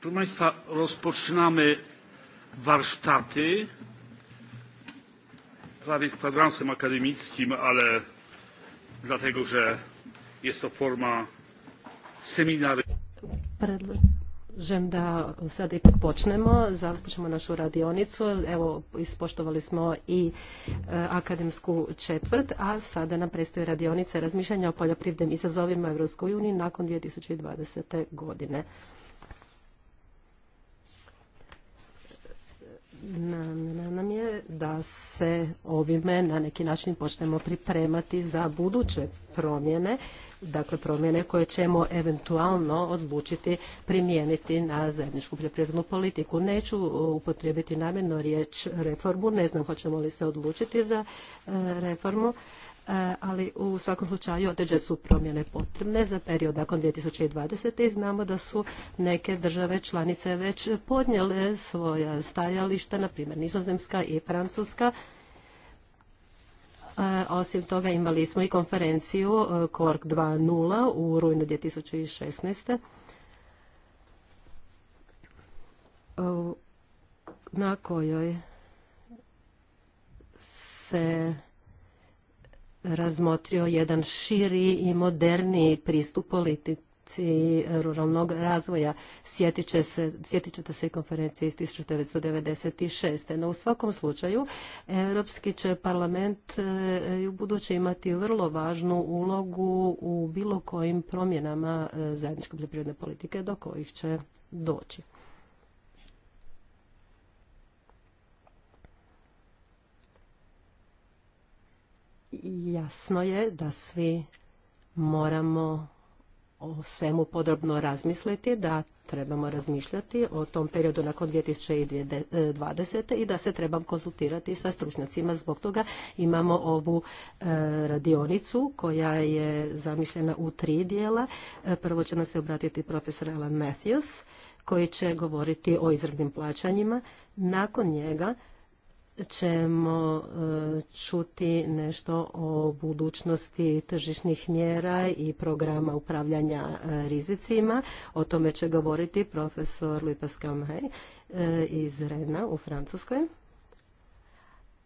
Proszę Państwa, rozpoczynamy warsztaty. Prawie z kwadransem akademickim, ale dlatego, że jest to forma seminary. Predlažem da sada ipak počnemo, započnemo našu radionicu. Evo, ispoštovali smo i e, akademsku četvrt, a sada nam predstavi radionica razmišljanja o poljoprivrednim izazovima Europskoj uniji nakon 2020. godine. namjena nam je da se ovime na neki način počnemo pripremati za buduće promjene, dakle promjene koje ćemo eventualno odlučiti primijeniti na zajedničku poljoprivrednu politiku. Neću upotrijebiti namjerno riječ reformu, ne znam hoćemo li se odlučiti za e, reformu. Eh, ali u svakom slučaju određe su promjene potrebne za period nakon 2020. i znamo da su neke države članice već podnijele svoja stajališta, na primjer Nizozemska i Francuska. Eh, osim toga imali smo i konferenciju eh, KORK 2.0 u rujnu 2016. na kojoj se razmotrio jedan širi i moderniji pristup politici ruralnog razvoja. Sjetit, se, ćete se i konferencije iz 1996. No u svakom slučaju, Europski će parlament e, i u imati vrlo važnu ulogu u bilo kojim promjenama e, zajedničke poljoprivredne politike do kojih će doći. Jasno je da svi moramo o svemu podrobno razmisliti, da trebamo razmišljati o tom periodu nakon 2020. i da se trebam konzultirati sa stručnjacima. Zbog toga imamo ovu e, radionicu koja je zamišljena u tri dijela. E, prvo će nam se obratiti profesor Alan Matthews koji će govoriti o izravnim plaćanjima. Nakon njega ćemo e, čuti nešto o budućnosti tržišnih mjera i programa upravljanja e, rizicima. O tome će govoriti profesor Louis Pascal e, iz Rena u Francuskoj.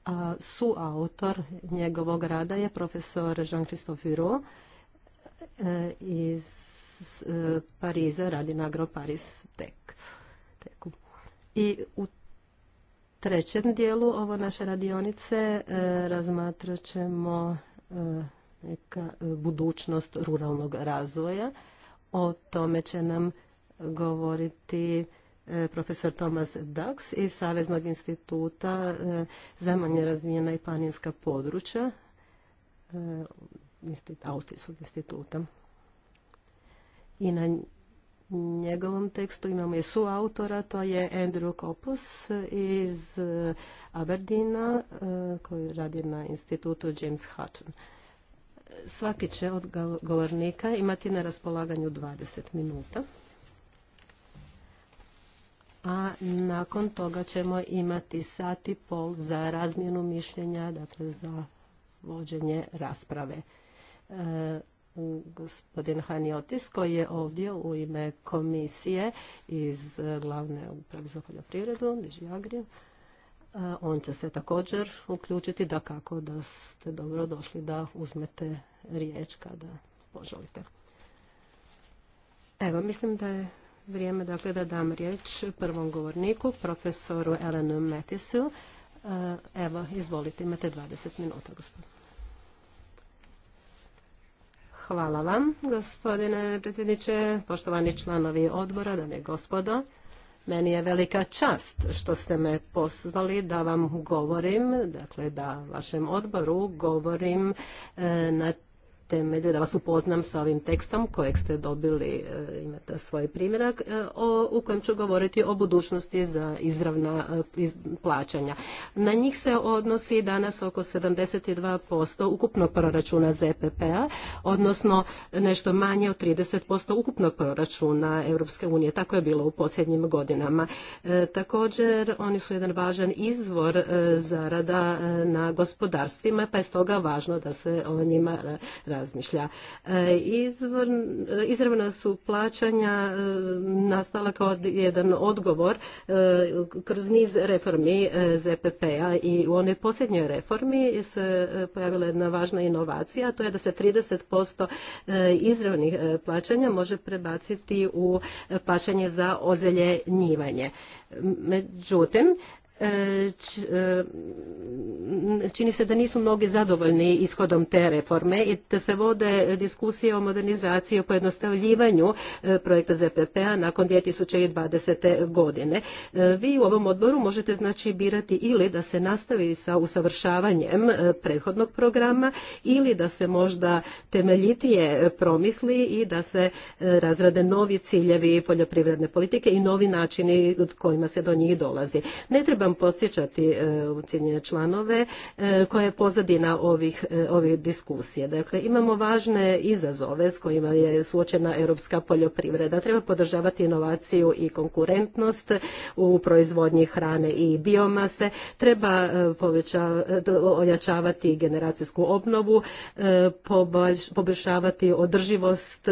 A suautor njegovog rada je profesor Jean-Christophe Viro iz Pariza, radi na Agro Paris Tech. I u trećem dijelu ovo naše radionice e, razmatrat ćemo e, neka e, budućnost ruralnog razvoja. O tome će nam govoriti profesor Tomas Dax iz Saveznog instituta za manje razvijena i planinska područja Austrijskog instituta. I na njegovom tekstu imamo i autora, to je Andrew Kopus iz e, Aberdina, e, koji radi na institutu James Hutton. Svaki će od govornika imati na raspolaganju 20 minuta. A nakon toga ćemo imati sat i pol za razmjenu mišljenja, dakle za vođenje rasprave. E, gospodin Haniotis koji je ovdje u ime komisije iz e, glavne uprave za poljoprivredu, Agri. E, on će se također uključiti da kako da ste dobro došli da uzmete riječ kada poželite. Evo, mislim da je vrijeme dakle, da dam riječ prvom govorniku, profesoru Elenu Metisu. E, evo, izvolite, imate 20 minuta, gospodin. Hvala vam, gospodine predsjedniče, poštovani članovi odbora, dame i gospodo. Meni je velika čast što ste me pozvali da vam govorim, dakle da vašem odboru govorim eh, na temelju da vas upoznam sa ovim tekstom kojeg ste dobili, e, imate svoj primjerak, e, u kojem ću govoriti o budućnosti za izravna e, plaćanja. Na njih se odnosi danas oko 72% ukupnog proračuna ZPP-a, odnosno nešto manje od 30% ukupnog proračuna Europske unije. Tako je bilo u posljednjim godinama. također, oni su jedan važan izvor zarada na gospodarstvima, pa je stoga važno da se o njima radi razmišlja. E, izravna su plaćanja e, nastala kao jedan odgovor e, kroz niz reformi ZPP-a i u one posljednjoj reformi se pojavila jedna važna inovacija, a to je da se 30% izravnih plaćanja može prebaciti u plaćanje za ozeljenjivanje. Međutim, E, e, čini se da nisu mnogi zadovoljni ishodom te reforme i da se vode diskusije o modernizaciji i o pojednostavljivanju e, projekta ZPP-a nakon 2020. godine. Vi u ovom odboru možete znači birati ili da se nastavi sa usavršavanjem prethodnog programa ili da se možda temeljitije promisli i da se razrade novi ciljevi poljoprivredne politike i novi načini kojima se do njih dolazi. Ne treba moram podsjećati e, ucijenjene članove e, koja je pozadina ovih, e, ovih diskusije. Dakle, imamo važne izazove s kojima je suočena europska poljoprivreda. Treba podržavati inovaciju i konkurentnost u proizvodnji hrane i biomase. Treba ojačavati generacijsku obnovu, poboljšavati održivost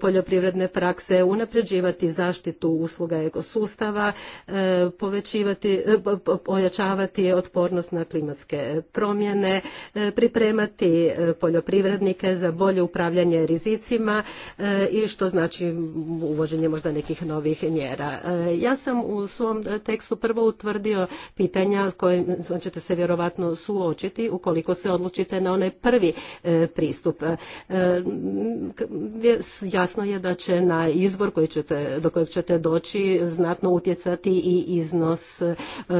poljoprivredne prakse, unapređivati zaštitu usluga ekosustava, povećivati, E, pojačavati otpornost na klimatske promjene, e, pripremati e, poljoprivrednike za bolje upravljanje rizicima i što znači uvođenje možda nekih novih mjera. Ja sam u svom tekstu prvo utvrdio pitanja s kojim ćete se vjerovatno suočiti ukoliko se odlučite na onaj prvi pristup. Jasno je da će na izbor koji do kojeg ćete doći znatno utjecati i iznos E,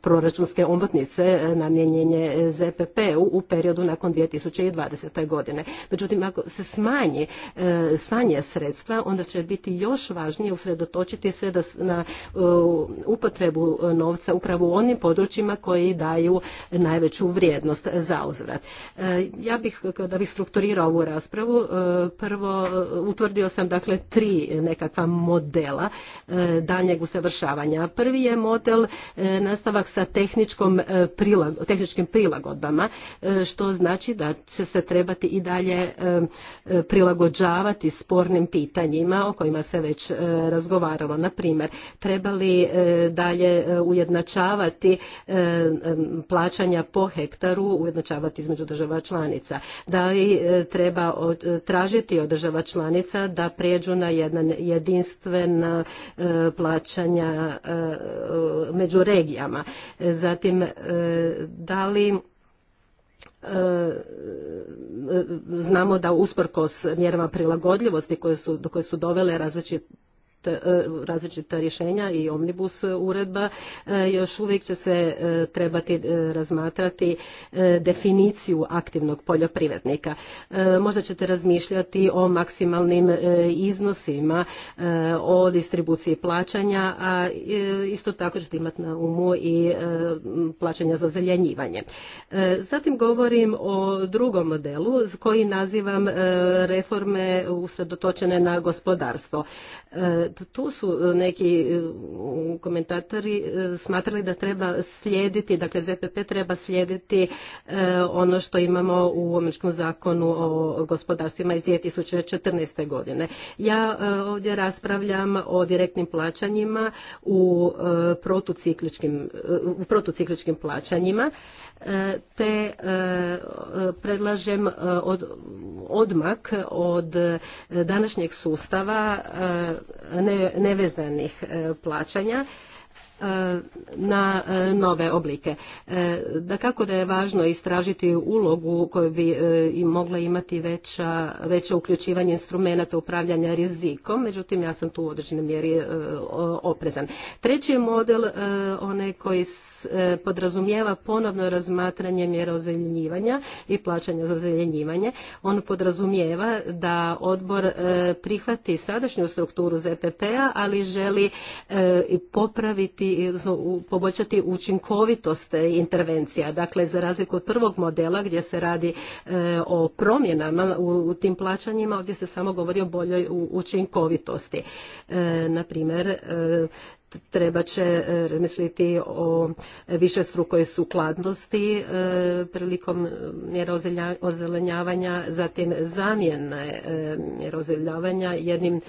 proračunske omotnice e, namjenjenje ZPP-u u periodu nakon 2020. godine. Međutim, ako se smanji, e, smanje sredstva, onda će biti još važnije usredotočiti se da na upotrebu novca upravo u onim područjima koji daju najveću vrijednost za uzvrat. Ja bih, da bih strukturirao ovu raspravu, prvo utvrdio sam dakle tri nekakva modela daljnjeg usavršavanja. Prvi je model model e, nastavak sa tehničkom e, tehničkim prilagodbama, e, što znači da će se trebati i dalje prilagođavati spornim pitanjima o kojima se već razgovaralo. Na primjer, treba li dalje ujednačavati plaćanja po hektaru, ujednačavati između država članica? Da li treba tražiti od država članica da prijeđu na jedan jedinstven plaćanja među regijama. E, zatim, e, da li e, znamo da usprkos mjerama prilagodljivosti koje su, do koje su dovele različite E, različita rješenja i omnibus uredba, e, još uvijek će se e, trebati razmatrati definiciju aktivnog poljoprivrednika. Možda ćete razmišljati o maksimalnim iznosima, o distribuciji plaćanja, a isto tako ćete imati na umu i plaćanja za zeljenjivanje. Zatim govorim o drugom modelu koji nazivam reforme usredotočene na gospodarstvo tu su e, neki e, komentatori e, smatrali da treba slijediti, dakle ZPP treba slijediti ono što imamo u Omečkom zakonu o gospodarstvima iz 2014. godine. Ja ovdje raspravljam o direktnim plaćanjima u u protucikličkim plaćanjima te e, predlažem e, odmak od e, današnjeg sustava nevezanih plaćanja na nove oblike. Da kako da je važno istražiti ulogu koju bi i mogla imati veća, veće uključivanje instrumenata upravljanja rizikom, međutim ja sam tu u određenoj mjeri oprezan. Treći je model onaj koji E, podrazumijeva ponovno razmatranje mjera ozeljenjivanja i plaćanja za ozeljenjivanje. On podrazumijeva da odbor e, prihvati sadašnju strukturu ZPP-a, ali želi e, popraviti, poboljšati učinkovitost intervencija. Dakle, za razliku od prvog modela gdje se radi o promjenama u tim plaćanjima, ovdje se samo govori o boljoj učinkovitosti. Na primjer, treba će e, razmisliti o više strukoj sukladnosti e, prilikom e, mjera ozelenjavanja, zatim zamjene mjera ozelenjavanja jednim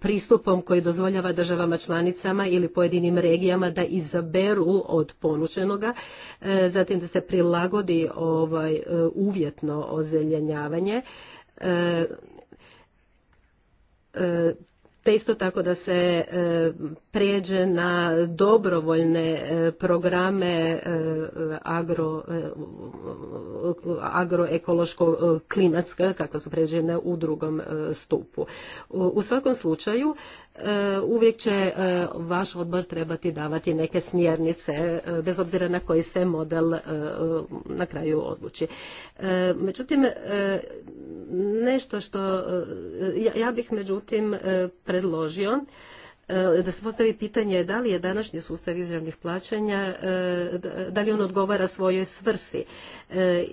pristupom koji dozvoljava državama članicama ili pojedinim regijama da izaberu od ponučenoga, zatim da se prilagodi ovaj uvjetno ozelenjavanje, te isto tako da se prijeđe na dobrovoljne e, programe e, agro, e, agroekološko klimatske kako su pređene u drugom stupu. U svakom slučaju uvijek će vaš odbor trebati davati neke smjernice bez obzira na koji se model na kraju odluči. Međutim, nešto što ja bih međutim predložio E, da se postavi pitanje da li je današnji sustav izravnih plaćanja, e, da li on odgovara svojoj svrsi. E,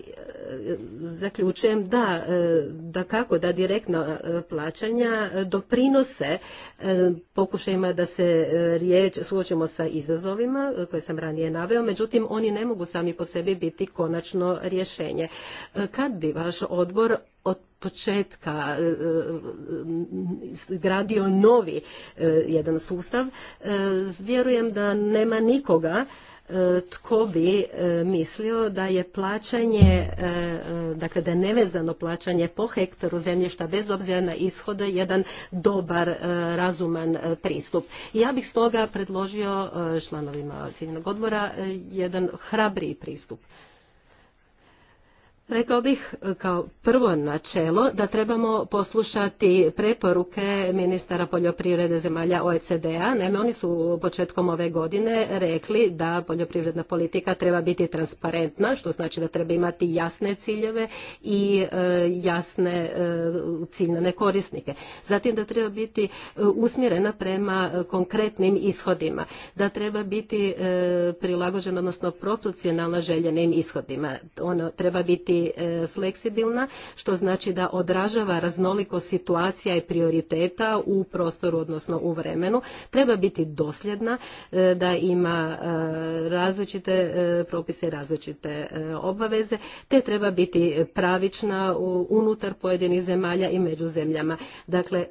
zaključujem da, da kako da direktna plaćanja doprinose pokušajima da se riječ suočimo sa izazovima koje sam ranije naveo, međutim oni ne mogu sami po sebi biti konačno rješenje. Kad bi vaš odbor od početka e, e, gradio novi e, jedan sustav, vjerujem da nema nikoga tko bi mislio da je plaćanje, dakle da je nevezano plaćanje po hektaru zemljišta bez obzira na ishode jedan dobar, razuman pristup. Ja bih stoga predložio članovima civilnog odbora jedan hrabriji pristup. Rekao bih e, kao prvo načelo da trebamo poslušati preporuke ministara poljoprivrede zemalja OECD-a. Naime, oni su početkom ove godine rekli da poljoprivredna politika treba biti transparentna, što znači da treba imati jasne ciljeve i e, jasne e, ciljane korisnike. Zatim da treba biti usmjerena prema konkretnim ishodima, da treba biti prilagođena, odnosno proporcionalna željenim ishodima. Ono treba biti E, fleksibilna, što znači da odražava raznoliko situacija i prioriteta u prostoru, odnosno u vremenu. Treba biti dosljedna e, da ima e, različite propise i različite obaveze, te treba biti pravična unutar pojedinih zemalja i među zemljama. Dakle,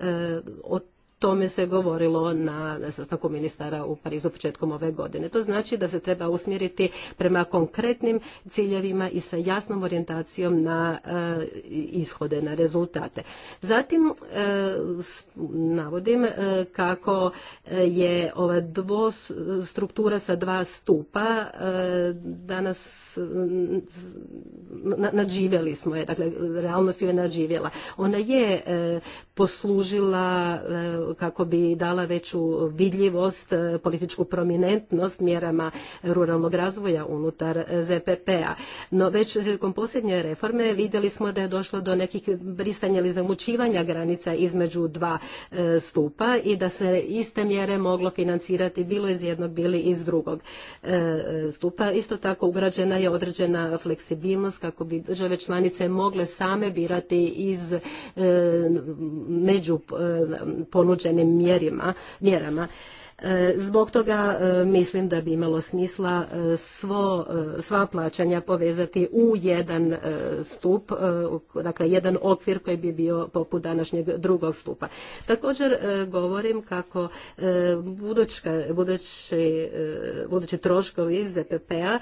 od tome se govorilo na sastanku ministara u Parizu početkom ove godine. To znači da se treba usmjeriti prema konkretnim ciljevima i sa jasnom orijentacijom na e, ishode, na rezultate. Zatim e, navodim e, kako je ova dvostruktura struktura sa dva stupa danas nadživjeli smo je, dakle realnost ju je nadživjela. Ona je poslužila kako bi dala veću vidljivost, e, političku prominentnost mjerama ruralnog razvoja unutar e, ZPP-a. No već tijekom posljednje reforme vidjeli smo da je došlo do nekih brisanja ili zamučivanja granica između dva e, stupa i da se iste mjere moglo financirati bilo iz jednog, bili iz drugog stupa. Isto tako ugrađena je određena fleksibilnost kako bi države članice mogle same birati iz među ponuđenim mjerama. E, zbog toga e, mislim da bi imalo smisla e, svo, sva plaćanja povezati u jedan stup, dakle jedan okvir koji bi bio poput današnjeg drugog stupa. Također govorim kako budućka, budući, budući troškovi ZPP-a,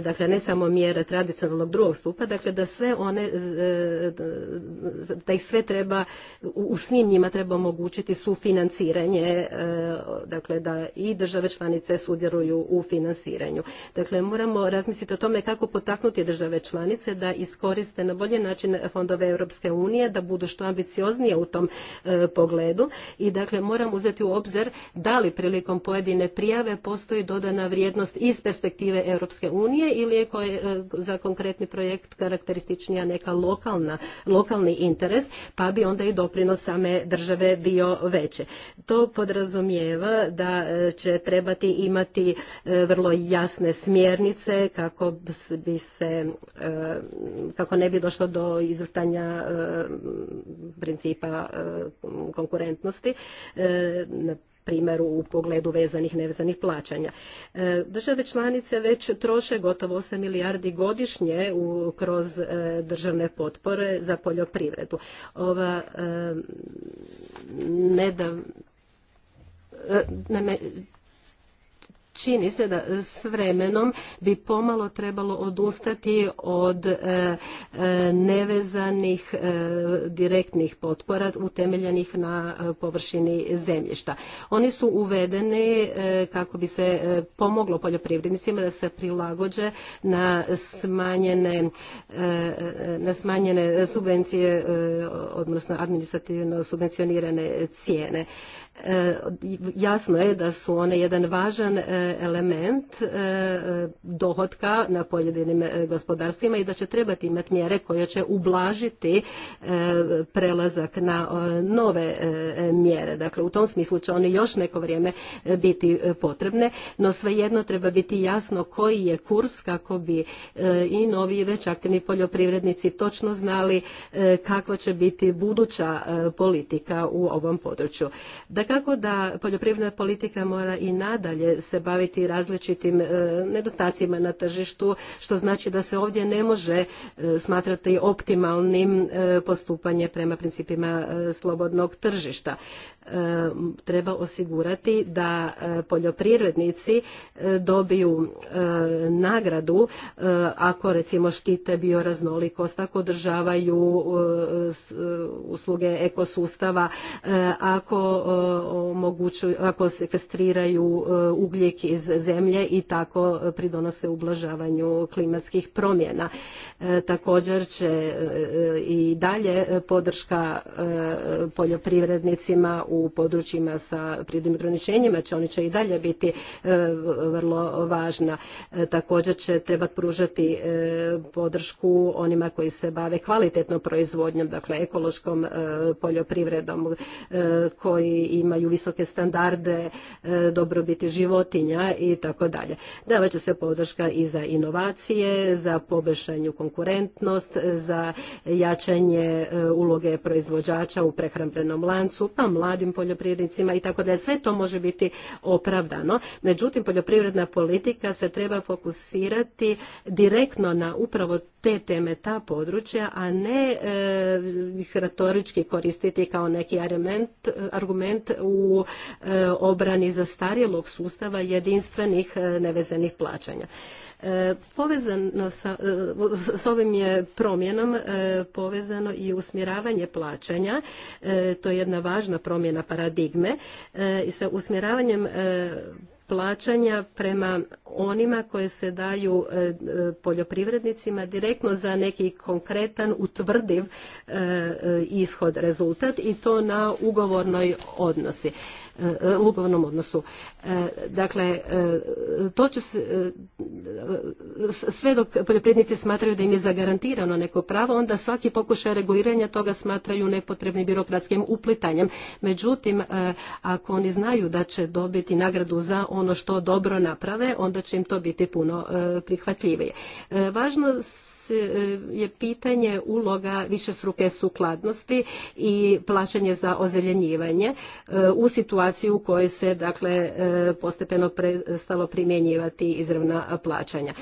dakle ne samo mjere tradicionalnog drugog stupa, dakle da sve one, da ih sve treba, u svim njima treba omogućiti sufinanciranje dakle, dakle da i države članice sudjeluju u financiranju. Dakle, moramo razmisliti o tome kako potaknuti države članice da iskoriste na bolji način fondove Europske unije, da budu što ambicioznije u tom e, pogledu i dakle moram uzeti u obzir da li prilikom pojedine prijave postoji dodana vrijednost iz perspektive Europske unije ili je e, za konkretni projekt karakterističnija neka lokalna, lokalni interes, pa bi onda i doprinos same države bio veće. To podrazumijeva da e, će trebati imati e, vrlo jasne smjernice kako bi se e, kako ne bi došlo do izvrtanja principa konkurentnosti na primjer u pogledu vezanih nevezanih plaćanja. Države članice već troše gotovo 8 milijardi godišnje kroz državne potpore za poljoprivredu. Ova da čini se da s vremenom bi pomalo trebalo odustati od e, e, nevezanih e, direktnih potpora utemeljenih na površini zemljišta. Oni su uvedeni kako bi se pomoglo poljoprivrednicima da se prilagođe na smanjene, na smanjene subvencije, odnosno administrativno subvencionirane cijene. E, jasno je da su one jedan važan e, element e, dohotka na pojedinim gospodarstvima i da će trebati imati mjere koje će ublažiti prelazak na nove mjere. Dakle, u tom smislu će one još neko vrijeme biti potrebne, no svejedno treba biti jasno koji je kurs kako bi i novi i već aktivni poljoprivrednici točno znali kakva će biti buduća politika u ovom području. Dakle, Dakako dakle, da poljoprivredna politika mora i nadalje se baviti različitim e, nedostacima na tržištu, što znači da se ovdje ne može e, smatrati optimalnim e, postupanje prema principima slobodnog tržišta. E, treba osigurati da e, poljoprivrednici e, dobiju nagradu ako recimo štite bioraznolikost, ako održavaju usluge ekosustava, ako omogućuju, ako sekvestriraju ugljik iz zemlje i tako pridonose ublažavanju klimatskih promjena. Također će i dalje podrška poljoprivrednicima u područjima sa prirodnim ograničenjima, će oni će i dalje biti e, vrlo važna. E, također će trebati pružati e, podršku onima koji se bave kvalitetnom proizvodnjom, dakle ekološkom poljoprivredom, koji imaju visoke standarde dobrobiti životinja i tako dalje. Davat će se podrška i za inovacije, za poboljšanju konkurentnost, za jačanje uloge proizvođača u prehrambenom lancu, pa mladi mladim poljoprivrednicima i tako da sve to može biti opravdano. Međutim, poljoprivredna politika se treba fokusirati direktno na upravo te teme, ta područja, a ne eh, ih retorički koristiti kao neki argument, argument u eh, obrani zastarjelog sustava jedinstvenih eh, nevezenih plaćanja. E, povezano sa, e, s ovim je promjenom e, povezano i usmjeravanje plaćanja. To je jedna važna promjena paradigme. I sa usmjeravanjem plaćanja prema onima koje se daju poljoprivrednicima direktno za neki konkretan utvrdiv ishod rezultat i to na ugovornoj odnosi. E, e, ugovornom odnosu. E, dakle, to će sve dok poljoprivrednici smatraju da im je zagarantirano neko pravo, onda svaki pokušaj reguliranja toga smatraju nepotrebnim birokratskim uplitanjem. Međutim, ako oni znaju da će dobiti nagradu za ono što dobro naprave, onda će im to biti puno prihvatljivije. Važno E, je pitanje uloga višestruke sukladnosti i plaćanje za ozeljenjivanje e, u situaciji u kojoj se dakle e, postepeno prestalo primjenjivati izravna plaćanja.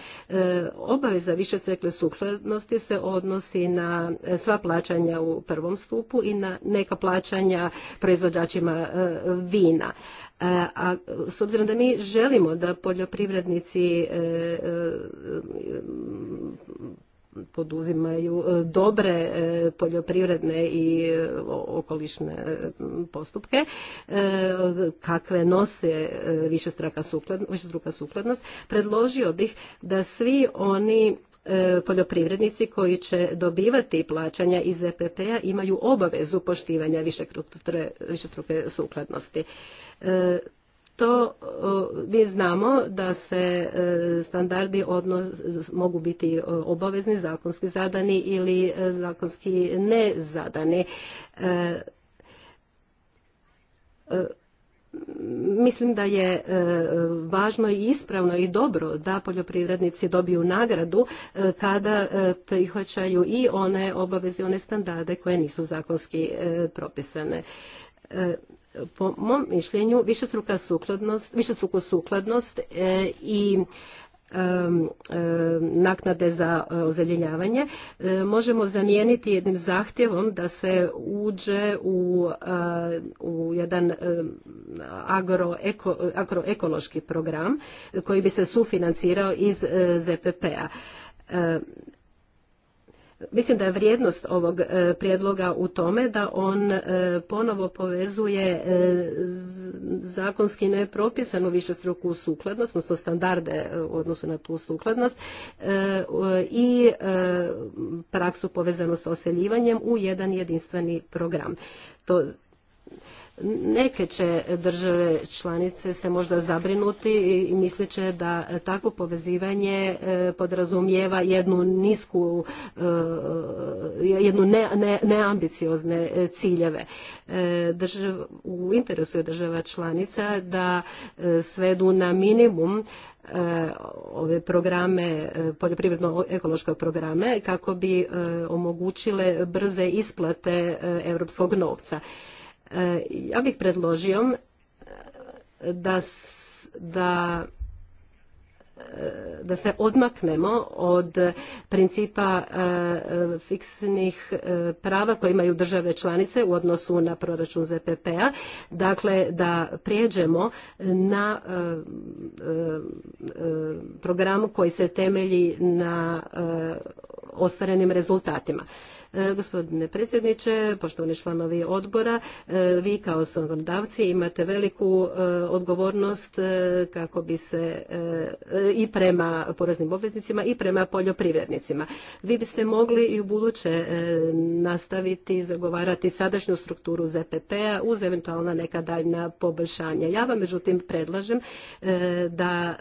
Obaveza višestruke sukladnosti se odnosi na sva plaćanja u prvom stupu i na neka plaćanja proizvođačima vina. A s obzirom da mi želimo da poljoprivrednici poduzimaju e, dobre e, poljoprivredne i e, okolišne postupke kakve nose višestruka sukladnost, predložio bih da svi oni poljoprivrednici koji će dobivati plaćanja iz EPP-a imaju obavezu poštivanja višestruke sukladnosti to mi znamo da se e, standardi odnos, mogu biti e, obavezni, zakonski zadani ili e, zakonski nezadani. Mislim da je važno i ispravno i dobro da poljoprivrednici dobiju nagradu kada prihvaćaju i one obaveze, one standarde koje nisu zakonski propisane po mom mišljenju višestruka sukladnost, višestruku sukladnost e, i naknade za e, ozeljenjavanje e, možemo zamijeniti jednim zahtjevom da se uđe u, jedan agroekološki program koji bi se sufinancirao iz ZPP-a Mislim da je vrijednost ovog e, prijedloga u tome da on e, ponovo povezuje e, zakonski nepropisanu višestruku sukladnost, odnosno standarde u odnosu na tu sukladnost i praksu povezanu s oseljivanjem u jedan jedinstveni program. To Neke će države članice se možda zabrinuti i mislit će da takvo povezivanje e, podrazumijeva jednu nisku, e, jednu neambiciozne e, ciljeve. u interesu je država članica da svedu na minimum ove programe, poljoprivredno-ekološke programe kako bi omogućile brze isplate europskog novca. Ja bih predložio e, da, da e, da se odmaknemo od principa e, fiksnih prava koje imaju države članice u odnosu na proračun ZPP-a, dakle da prijeđemo na programu koji se temelji na ostvarenim rezultatima. E, gospodine predsjedniče, poštovani članovi odbora, e, vi kao zakonodavci imate veliku e, odgovornost kako bi se i prema poreznim obveznicima i prema poljoprivrednicima. Vi biste mogli i u buduće nastaviti zagovarati sadašnju strukturu ZPP-a uz eventualna neka daljna poboljšanja. Ja vam međutim predlažem da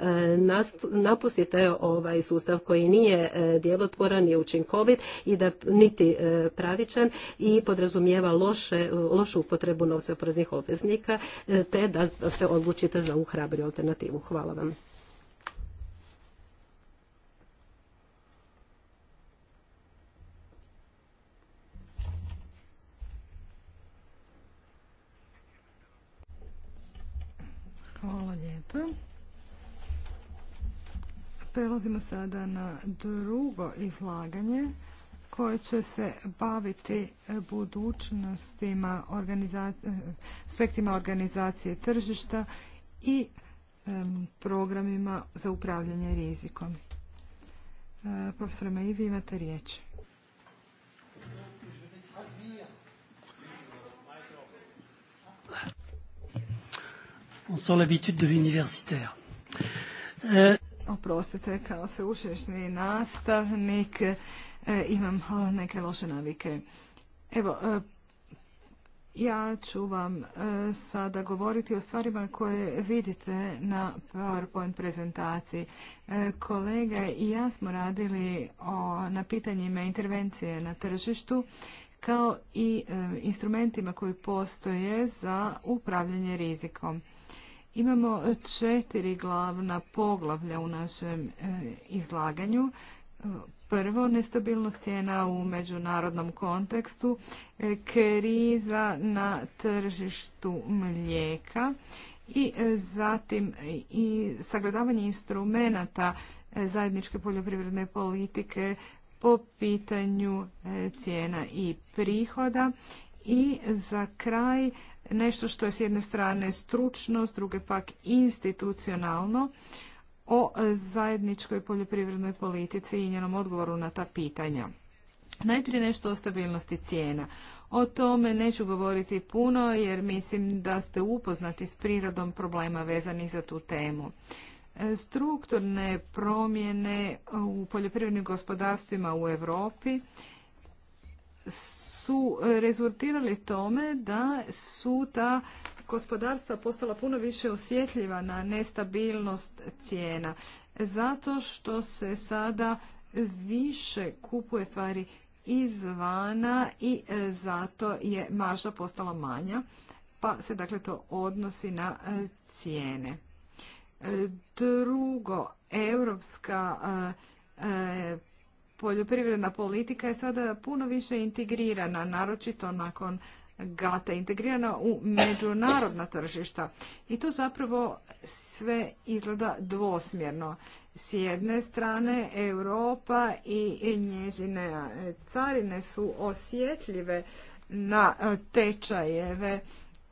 napustite ovaj sustav koji nije djelotvoran i učinkovit i da niti pravičan i podrazumijeva lošu upotrebu novca poreznih obveznika e, te da se odlučite za hrabriju alternativu. Hvala vam. Hvala lijepa. Prelazimo sada na drugo izlaganje koje će se baviti e, budućnostima, e, aspektima organizacije tržišta i programima za upravljanje rizikom. E, Profesor Mej, vi imate riječ. On l'habitude de l'universitaire. Euh, Oprostite, kao se učešni nastavnik, E, imam neke loše navike. Evo, e, ja ću vam e, sada govoriti o stvarima koje vidite na PowerPoint prezentaciji. Kolege i ja smo radili o, na pitanjima intervencije na tržištu kao i instrumentima koji postoje za upravljanje rizikom. Imamo četiri glavna poglavlja u našem izlaganju Prvo, nestabilnost cijena u međunarodnom kontekstu, e, kriza na tržištu mlijeka i e, zatim i sagledavanje instrumenata e, zajedničke poljoprivredne politike po pitanju cijena i prihoda i za kraj nešto što je s jedne strane stručno, s druge pak institucionalno o e, zajedničkoj poljoprivrednoj politici i njenom odgovoru na ta pitanja. Najprije nešto o stabilnosti cijena. O tome neću govoriti puno jer mislim da ste upoznati s prirodom problema vezanih za tu temu. E, strukturne promjene u poljoprivrednim gospodarstvima u Europi su rezultirali tome da su ta gospodarstva postala puno više osjetljiva na nestabilnost cijena zato što se sada više kupuje stvari izvana i e, zato je marža postala manja, pa se dakle to odnosi na e, cijene. E, drugo, europska poljoprivredna politika je sada puno više integrirana, naročito nakon gata integrirana u međunarodna tržišta. I to zapravo sve izgleda dvosmjerno. S jedne strane Europa i njezine e, carine su osjetljive na e, tečajeve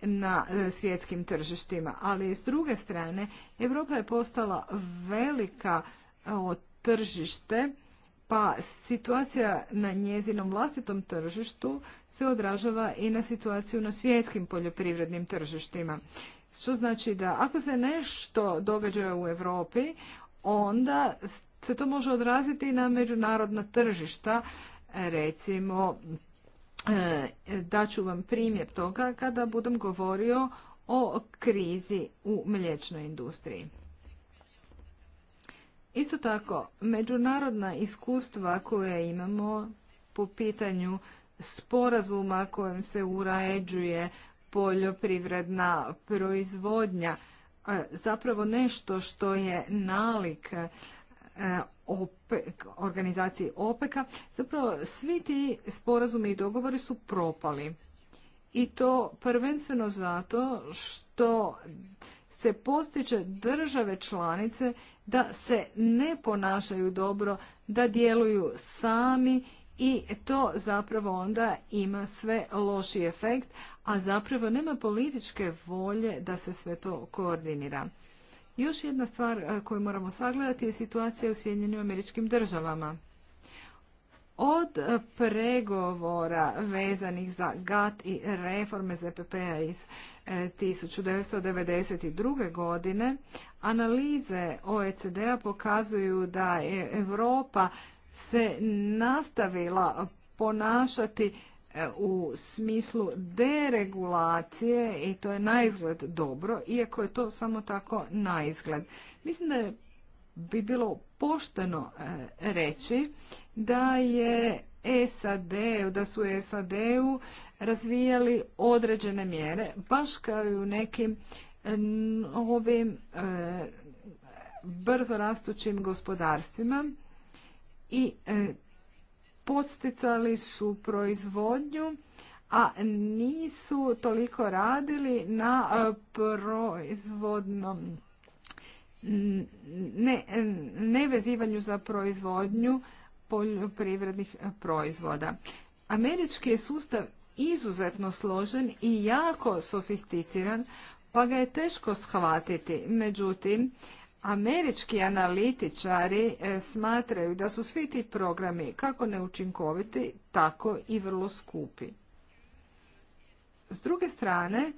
na e, svjetskim tržištima, ali s druge strane Europa je postala velika tržište pa situacija na njezinom vlastitom tržištu se odražava i na situaciju na svjetskim poljoprivrednim tržištima. Što znači da ako se nešto događa u Europi, onda se to može odraziti i na međunarodna tržišta, recimo e, ću vam primjer toga kada budem govorio o krizi u mliječnoj industriji. Isto tako, međunarodna iskustva koja imamo po pitanju sporazuma kojim se uređuje poljoprivredna proizvodnja, e, zapravo nešto što je nalik e, organizaciji OPEC-a, zapravo svi ti sporazumi i dogovori su propali. I to prvenstveno zato što se postiče države članice da se ne ponašaju dobro, da djeluju sami i to zapravo onda ima sve loši efekt, a zapravo nema političke volje da se sve to koordinira. Još jedna stvar e, koju moramo sagledati je situacija u Sjedinjenim američkim državama. Od pregovora vezanih za GATT i reforme ZPP-a iz 1992. godine analize OECD-a pokazuju da je Europa se nastavila ponašati e, u smislu deregulacije i to je na izgled dobro, iako je to samo tako na izgled. Mislim da bi bilo pošteno e, reći da je SAD, da su u razvijali određene mjere, baš kao i u nekim e, ovim e, brzo rastućim gospodarstvima i e, posticali su proizvodnju, a nisu toliko radili na proizvodnom ne, nevezivanju za proizvodnju poljoprivrednih eh, proizvoda. Američki je sustav izuzetno složen i jako sofisticiran, pa ga je teško shvatiti. Međutim, američki analitičari eh, smatraju da su svi ti programi kako neučinkoviti, tako i vrlo skupi. S druge strane,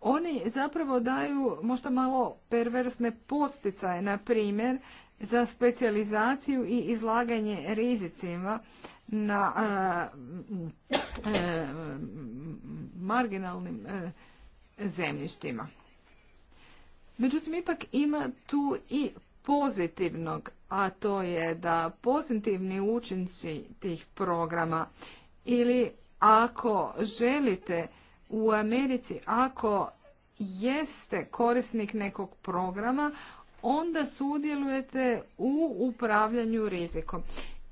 oni zapravo daju možda malo perversne posticaje. na primjer, za specijalizaciju i izlaganje rizicima na e, e, marginalnim e, zemljištima. Međutim, ipak ima tu i pozitivnog, a to je da pozitivni učinci tih programa ili ako želite u Americi, ako jeste korisnik nekog programa, onda sudjelujete u upravljanju rizikom.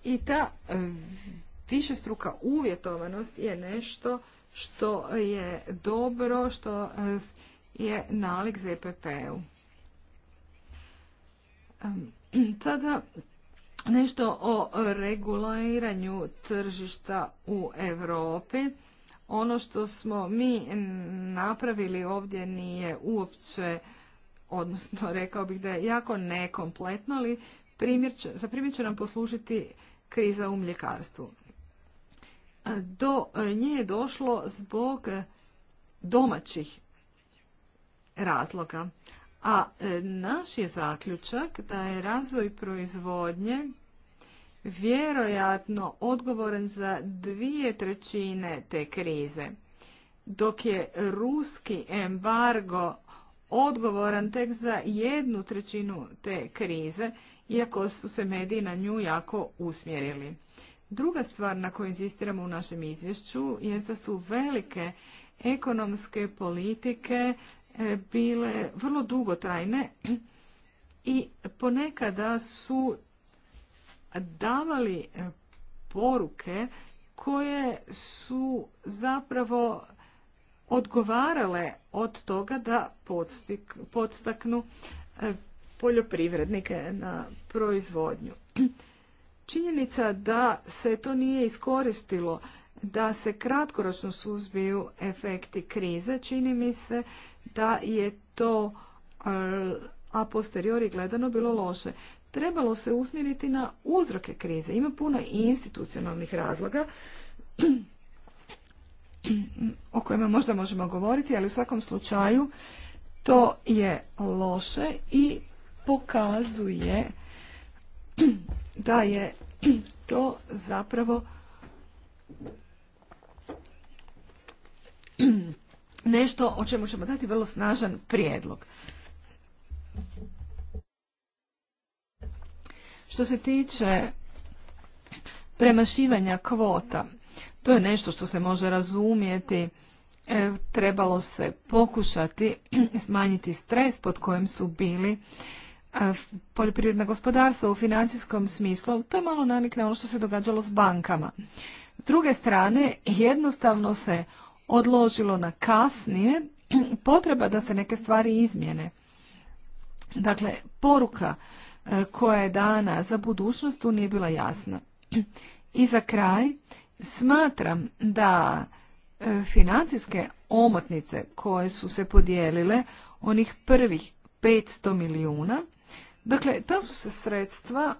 I ta e, višestruka uvjetovanost je nešto što je dobro, što e, je nalik ZPP-u. Sada nešto o reguliranju tržišta u Europi. Ono što smo mi napravili ovdje nije uopće odnosno rekao bih da je jako nekompletno, ali primjer, za primjer će nam poslužiti kriza u mljekarstvu. Do e, nje je došlo zbog e, domaćih razloga. A e, naš je zaključak da je razvoj proizvodnje vjerojatno odgovoran za dvije trećine te krize. Dok je ruski embargo odgovoran tek za jednu trećinu te krize, iako su se mediji na nju jako usmjerili. Druga stvar na koju insistiramo u našem izvješću je da su velike ekonomske politike e, bile vrlo dugotrajne i ponekada su davali e, poruke koje su zapravo odgovarale od toga da podstaknu e, poljoprivrednike na proizvodnju. Činjenica da se to nije iskoristilo, da se kratkoročno suzbiju efekti krize, čini mi se da je to e, a posteriori gledano bilo loše. Trebalo se usmjeriti na uzroke krize. Ima puno institucionalnih razloga o kojima možda možemo govoriti, ali u svakom slučaju to je loše i pokazuje da je to zapravo nešto o čemu ćemo dati vrlo snažan prijedlog. Što se tiče premašivanja kvota, to je nešto što se može razumjeti. E, trebalo se pokušati smanjiti stres pod kojim su bili e, poljoprivredna gospodarstva u financijskom smislu, to je malo nanikne ono što se događalo s bankama. S druge strane, jednostavno se odložilo na kasnije potreba da se neke stvari izmjene. Dakle, poruka e, koja je dana za budućnost tu nije bila jasna. I za kraj, Smatram da e, financijske omotnice koje su se podijelile, onih prvih 500 milijuna, dakle, ta su se sredstva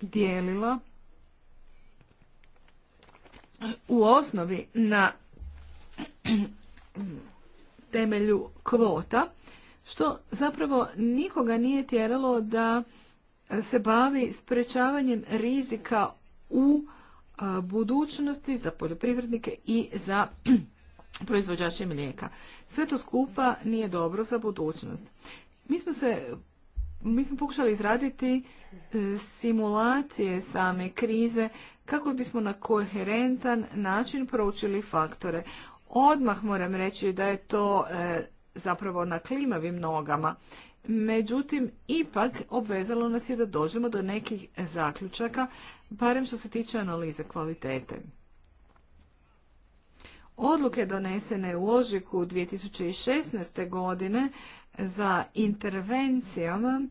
dijelila u osnovi na temelju kvota, što zapravo nikoga nije tjeralo da se bavi sprečavanjem rizika u budućnosti za poljoprivrednike i za proizvođače mlijeka. Sve to skupa nije dobro za budućnost. Mi smo se mi smo pokušali izraditi e, simulacije same krize kako bismo na koherentan način proučili faktore. Odmah moram reći da je to e, zapravo na klimavim nogama Međutim, ipak obvezalo nas je da dođemo do nekih zaključaka, barem što se tiče analize kvalitete. Odluke donesene u ožiku 2016. godine za intervencijama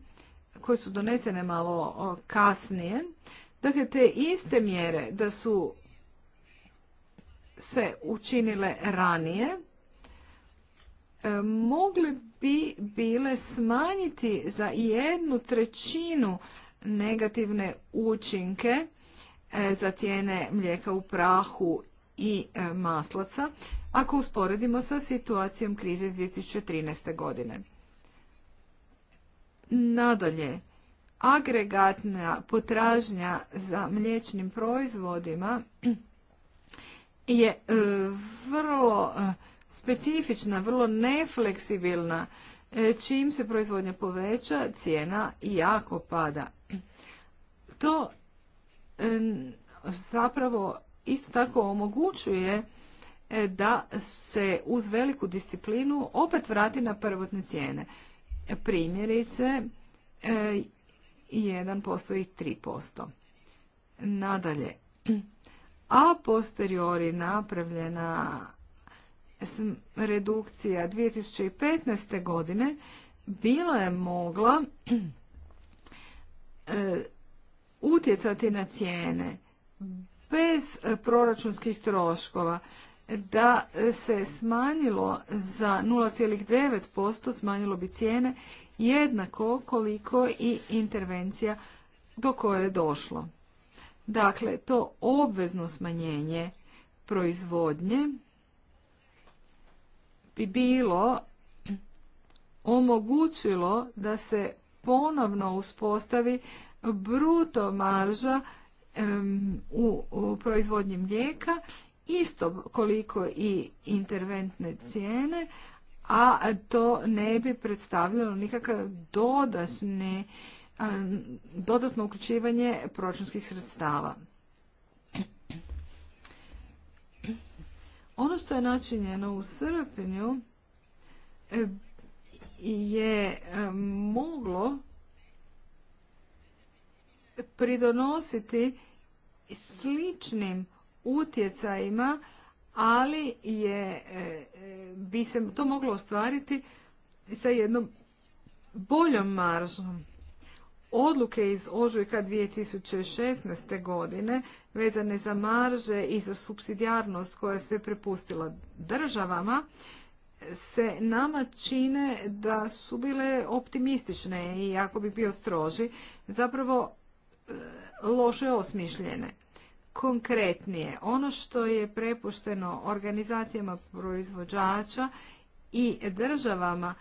koje su donesene malo kasnije, dakle te iste mjere da su se učinile ranije, E, mogle bi bile smanjiti za jednu trećinu negativne učinke e, za cijene mlijeka u prahu i e, maslaca ako usporedimo sa situacijom krize iz 2013. godine. Nadalje, agregatna potražnja za mliječnim proizvodima je vrlo specifična, vrlo nefleksibilna. E, čim se proizvodnja poveća, cijena jako pada. To e, zapravo isto tako omogućuje e, da se uz veliku disciplinu opet vrati na prvotne cijene. Primjerice 1% i 3%. Nadalje, a posteriori napravljena redukcija 2015. godine bila je mogla e, utjecati na cijene bez proračunskih troškova da se smanjilo za 0,9% smanjilo bi cijene jednako koliko i intervencija do koje je došlo. Dakle, to obvezno smanjenje proizvodnje bi bilo omogućilo da se ponovno uspostavi bruto marža u, proizvodnji mlijeka isto koliko i interventne cijene, a to ne bi predstavljalo nikakav dodatno uključivanje proračunskih sredstava. Ono što je načinjeno u srpnju e, je e, moglo pridonositi sličnim utjecajima, ali je, e, bi se to moglo ostvariti sa jednom boljom maržom odluke iz ožujka 2016. godine vezane za marže i za subsidijarnost koja se prepustila državama se nama čine da su bile optimistične i ako bi bio stroži, zapravo e, loše osmišljene. Konkretnije, ono što je prepušteno organizacijama proizvođača i državama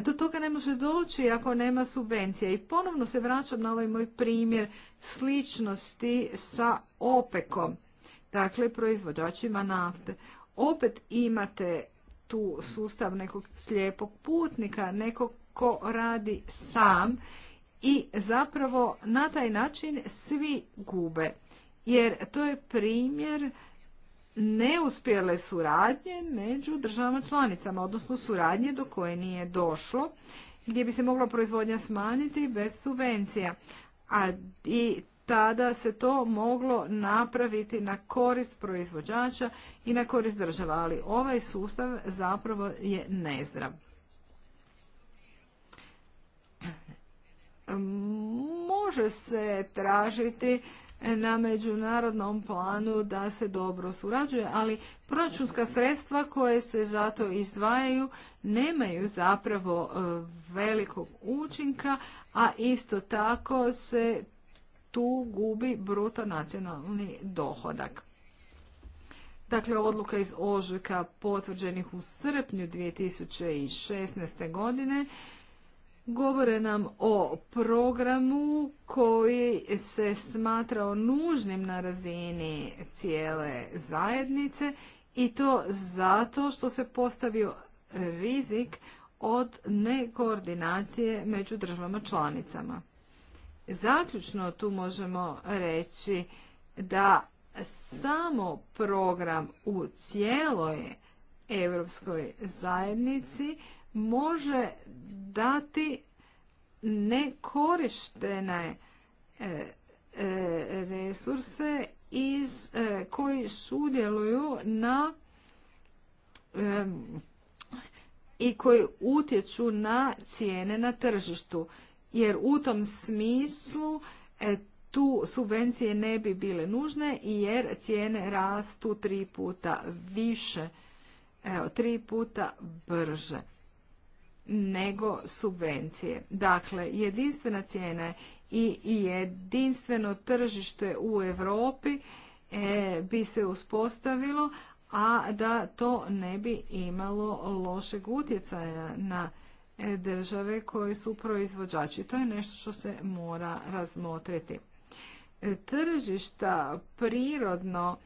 do toga ne može doći ako nema subvencija. I ponovno se vraćam na ovaj moj primjer sličnosti sa opekom. dakle proizvođačima nafte. Opet imate tu sustav nekog slijepog putnika, nekog ko radi sam i zapravo na taj način svi gube. Jer to je primjer neuspjele suradnje među državama članicama, odnosno suradnje do koje nije došlo, gdje bi se mogla proizvodnja smanjiti bez subvencija. A i tada se to moglo napraviti na korist proizvođača i na korist država, ali ovaj sustav zapravo je nezdrav. Može se tražiti na međunarodnom planu da se dobro surađuje, ali proračunska sredstva koje se zato izdvajaju nemaju zapravo e, velikog učinka, a isto tako se tu gubi bruto nacionalni dohodak. Dakle, odluka iz ožujka potvrđenih u srpnju 2016. godine govore nam o programu koji se smatrao nužnim na razini cijele zajednice i to zato što se postavio rizik od nekoordinacije među državama članicama. Zaključno tu možemo reći da samo program u cijeloj europskoj zajednici može dati nekorištene e, e, resurse iz e, koji sudjeluju na i koji utječu na cijene na tržištu. Jer u tom smislu tu subvencije ne bi bile nužne jer cijene rastu tri puta više, tri puta brže nego subvencije. Dakle, jedinstvena cijena i jedinstveno tržište u Europi e, bi se uspostavilo, a da to ne bi imalo lošeg utjecaja na e, države koje su proizvođači. To je nešto što se mora razmotriti. E, tržišta prirodno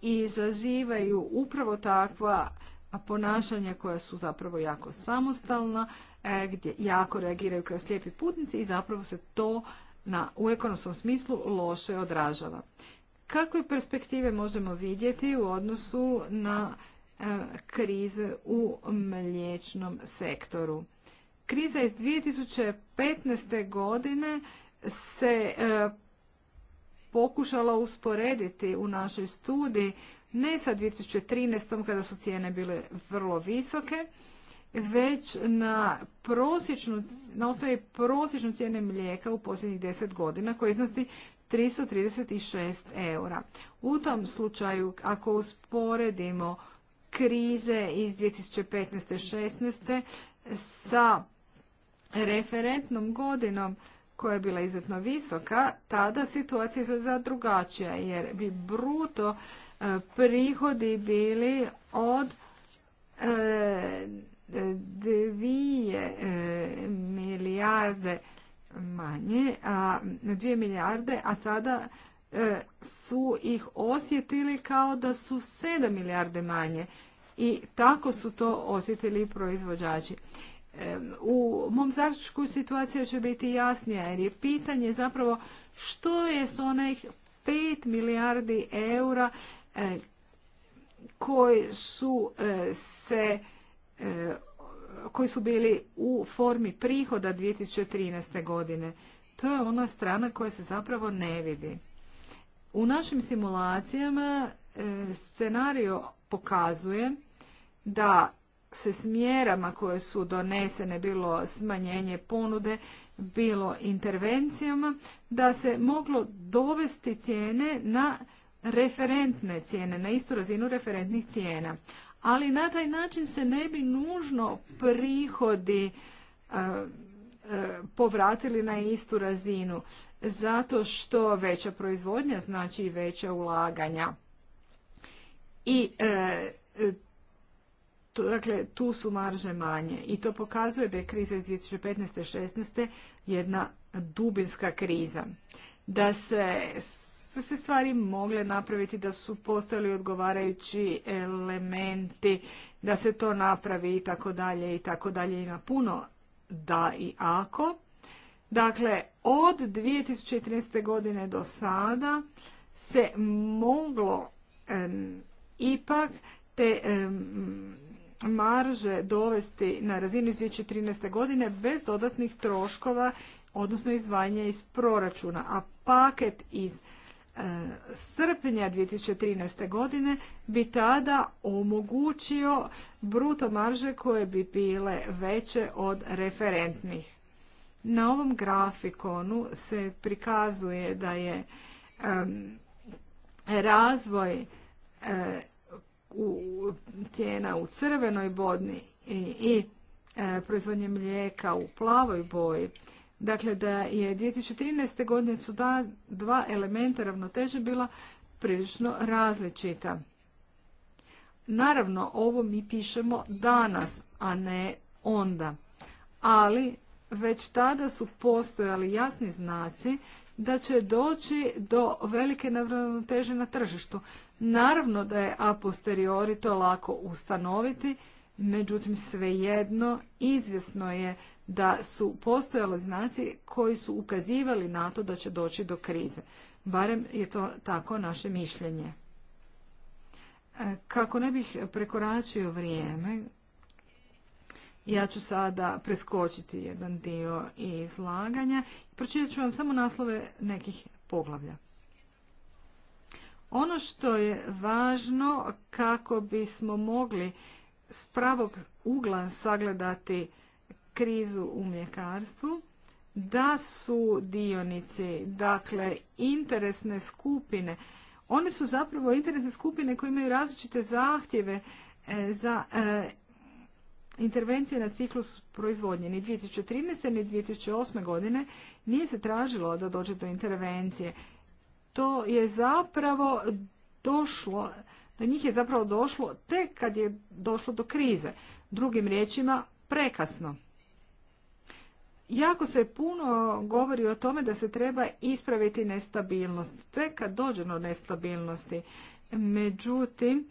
izazivaju upravo takva ponašanja koja su zapravo jako samostalna, e, gdje jako reagiraju kao slijepi putnici i zapravo se to na, u ekonomskom smislu loše odražava. Kakve perspektive možemo vidjeti u odnosu na e, krize u mliječnom sektoru? Kriza iz 2015. godine se e, pokušala usporediti u našoj studiji ne sa 2013. kada su cijene bile vrlo visoke, već na prosječnu, na osnovi prosječnu cijene mlijeka u posljednjih 10 godina koja iznosi 336 eura. U tom slučaju, ako usporedimo krize iz 2015. 16. sa referentnom godinom koja je bila izuzetno visoka, tada situacija izgleda drugačija jer bi bruto e, prihodi bili od e, dvije e, milijarde manje, a dvije milijarde, a sada su ih osjetili kao da su 7 milijarde manje i tako su to osjetili proizvođači. U mom zaključku situacija će biti jasnija jer je pitanje zapravo što je s onih 5 milijardi eura e, koji su e, se e, koji su bili u formi prihoda 2013. godine. To je ona strana koja se zapravo ne vidi. U našim simulacijama scenario pokazuje da se s mjerama koje su donesene, bilo smanjenje ponude, bilo intervencijama, da se moglo dovesti cijene na referentne cijene, na istu razinu referentnih cijena. Ali na taj način se ne bi nužno prihodi e, e, povratili na istu razinu, zato što veća proizvodnja znači i veća ulaganja. I e, Dakle, tu su marže manje i to pokazuje da je kriza iz 2015. 16. jedna dubinska kriza. Da se su se stvari mogle napraviti, da su postali odgovarajući elementi, da se to napravi i tako dalje i tako dalje. Ima puno da i ako. Dakle, od 2013. godine do sada se moglo ipak te marže dovesti na razinu 2013. godine bez dodatnih troškova, odnosno izvajanja iz proračuna. A paket iz e, srpnja 2013. godine bi tada omogućio bruto marže koje bi bile veće od referentnih. Na ovom grafikonu se prikazuje da je razvoj e, u, cijena u crvenoj bodni i, i e, proizvodnje mlijeka u plavoj boji. Dakle, da je 2013. godine su da dva elementa ravnoteže bila prilično različita. Naravno, ovo mi pišemo danas, a ne onda. Ali već tada su postojali jasni znaci da će doći do velike neravnoteže na tržištu. Naravno da je a posteriori to lako ustanoviti, međutim svejedno izvjesno je da su postojali znaci koji su ukazivali na to da će doći do krize. Barem je to tako naše mišljenje. E, kako ne bih prekoračio vrijeme, ja ću sada preskočiti jedan dio izlaganja i pročitat ću vam samo naslove nekih poglavlja. Ono što je važno kako bismo mogli s pravog ugla sagledati krizu u mljekarstvu, da su dionici, dakle interesne skupine, one su zapravo interesne skupine koje imaju različite zahtjeve e, za e, intervencije na ciklus proizvodnje. Ni 2013. ni 2008. godine nije se tražilo da dođe do intervencije to je zapravo došlo, do njih je zapravo došlo tek kad je došlo do krize. Drugim riječima, prekasno. Jako se puno govori o tome da se treba ispraviti nestabilnost, tek kad dođe do nestabilnosti. Međutim,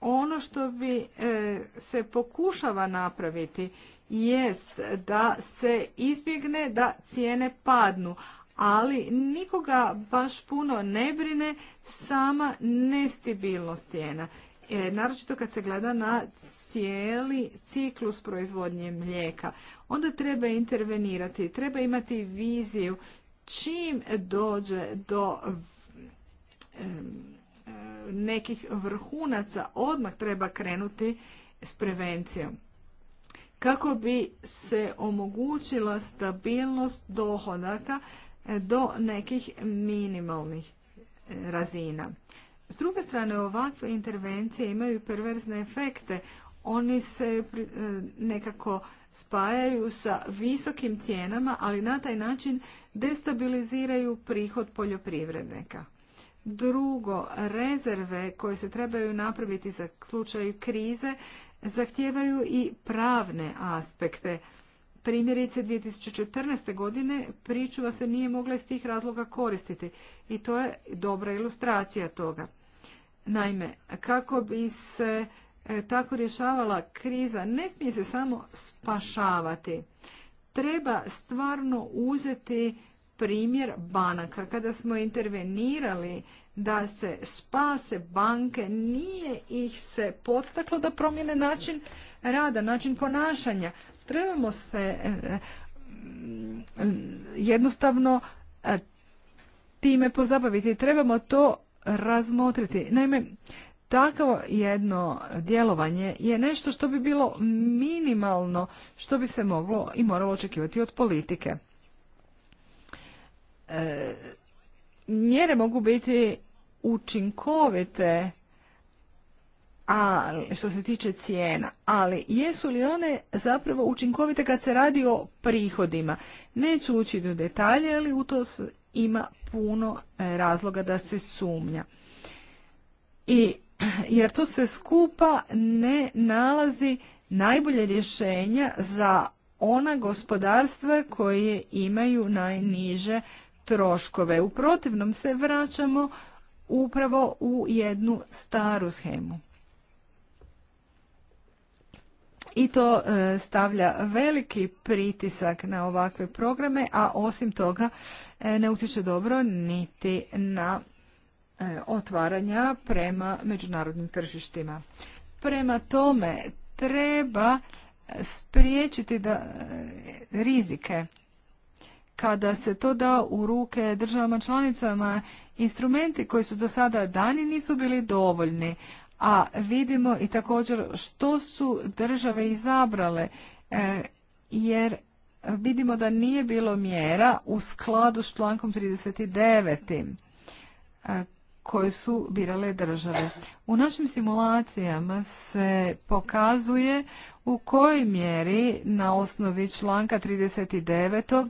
ono što bi e, se pokušava napraviti jest da se izbjegne da cijene padnu, ali nikoga baš puno ne brine sama nestabilnost cijena. E, naročito kad se gleda na cijeli ciklus proizvodnje mlijeka. Onda treba intervenirati, treba imati viziju čim dođe do nekih vrhunaca odmah treba krenuti s prevencijom. Kako bi se omogućila stabilnost dohodaka do nekih minimalnih e, razina. S druge strane, ovakve intervencije imaju perverzne efekte. Oni se e, nekako spajaju sa visokim cijenama, ali na taj način destabiliziraju prihod poljoprivrednika. Drugo, rezerve koje se trebaju napraviti za slučaj krize zahtijevaju i pravne aspekte Primjerice 2014. godine pričuva se nije mogla iz tih razloga koristiti i to je dobra ilustracija toga. Naime, kako bi se e, tako rješavala kriza, ne smije se samo spašavati. Treba stvarno uzeti primjer banaka. Kada smo intervenirali da se spase banke, nije ih se podstaklo da promijene način rada, način ponašanja. Trebamo se eh, jednostavno eh, time pozabaviti. Trebamo to razmotriti. Naime, takvo jedno djelovanje je nešto što bi bilo minimalno što bi se moglo i moralo očekivati od politike. Eh, mjere mogu biti učinkovite a, što se tiče cijena, ali jesu li one zapravo učinkovite kad se radi o prihodima? Neću ući u detalje, ali u to ima puno e, razloga da se sumnja. I, jer to sve skupa ne nalazi najbolje rješenja za ona gospodarstva koje imaju najniže troškove. U protivnom se vraćamo upravo u jednu staru schemu i to e, stavlja veliki pritisak na ovakve programe, a osim toga e, ne utječe dobro niti na e, otvaranja prema međunarodnim tržištima. Prema tome treba spriječiti da rizike kada se to da u ruke državama članicama, instrumenti koji su do sada dani nisu bili dovoljni a vidimo i također što su države izabrale e, jer vidimo da nije bilo mjera u skladu s člankom 39 e, koje su birale države. U našim simulacijama se pokazuje u kojoj mjeri na osnovi članka 39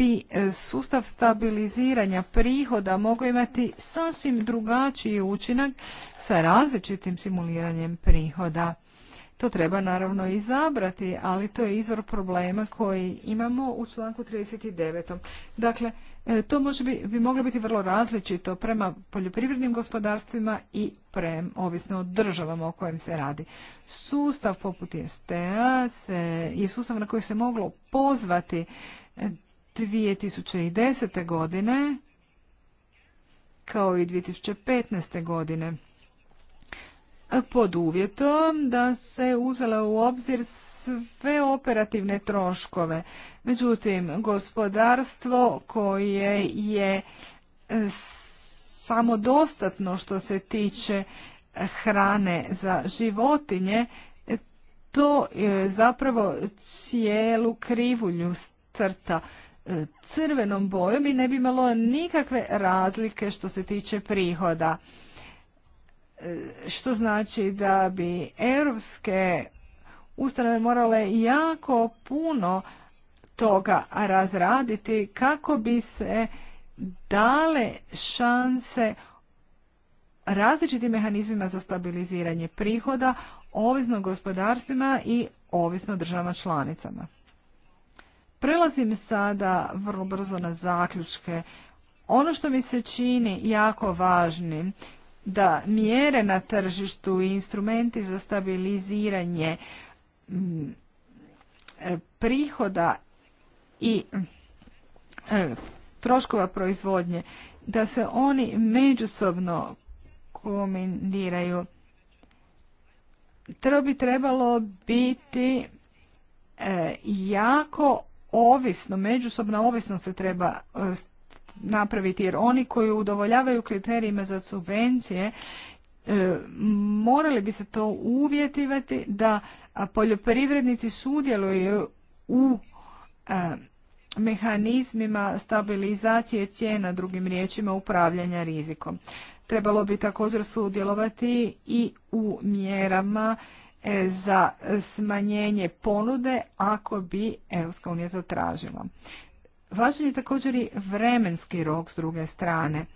bi e, sustav stabiliziranja prihoda mogao imati sasvim drugačiji učinak sa različitim simuliranjem prihoda. To treba naravno izabrati, ali to je izvor problema koji imamo u članku 39. Dakle, e, to može bi, moglo biti vrlo različito prema poljoprivrednim gospodarstvima i prema, ovisno o državama o kojem se radi. Sustav poput STA se, je sustav na koji se moglo pozvati 2010. godine kao i 2015. godine pod uvjetom da se uzela u obzir sve operativne troškove. Međutim, gospodarstvo koje je e, samodostatno što se tiče hrane za životinje, to zapravo cijelu krivulju crta crvenom bojom i ne bi imalo nikakve razlike što se tiče prihoda. E, što znači da bi europske ustanove morale jako puno toga razraditi kako bi se dale šanse različitim mehanizmima za stabiliziranje prihoda, ovisno gospodarstvima i ovisno državama članicama. Prelazim sada vrlo brzo na zaključke. Ono što mi se čini jako važnim da mjere na tržištu i instrumenti za stabiliziranje mm, prihoda i mm, troškova proizvodnje, da se oni međusobno kombiniraju. Treba bi trebalo biti e, jako ovisno, međusobna ovisnost se treba e, napraviti jer oni koji udovoljavaju kriterijima za subvencije e, morali bi se to uvjetivati da poljoprivrednici sudjeluju u e, mehanizmima stabilizacije cijena, drugim riječima upravljanja rizikom. Trebalo bi također sudjelovati i u mjerama E, za smanjenje ponude ako bi EU to tražila. Važan je također i vremenski rok s druge strane.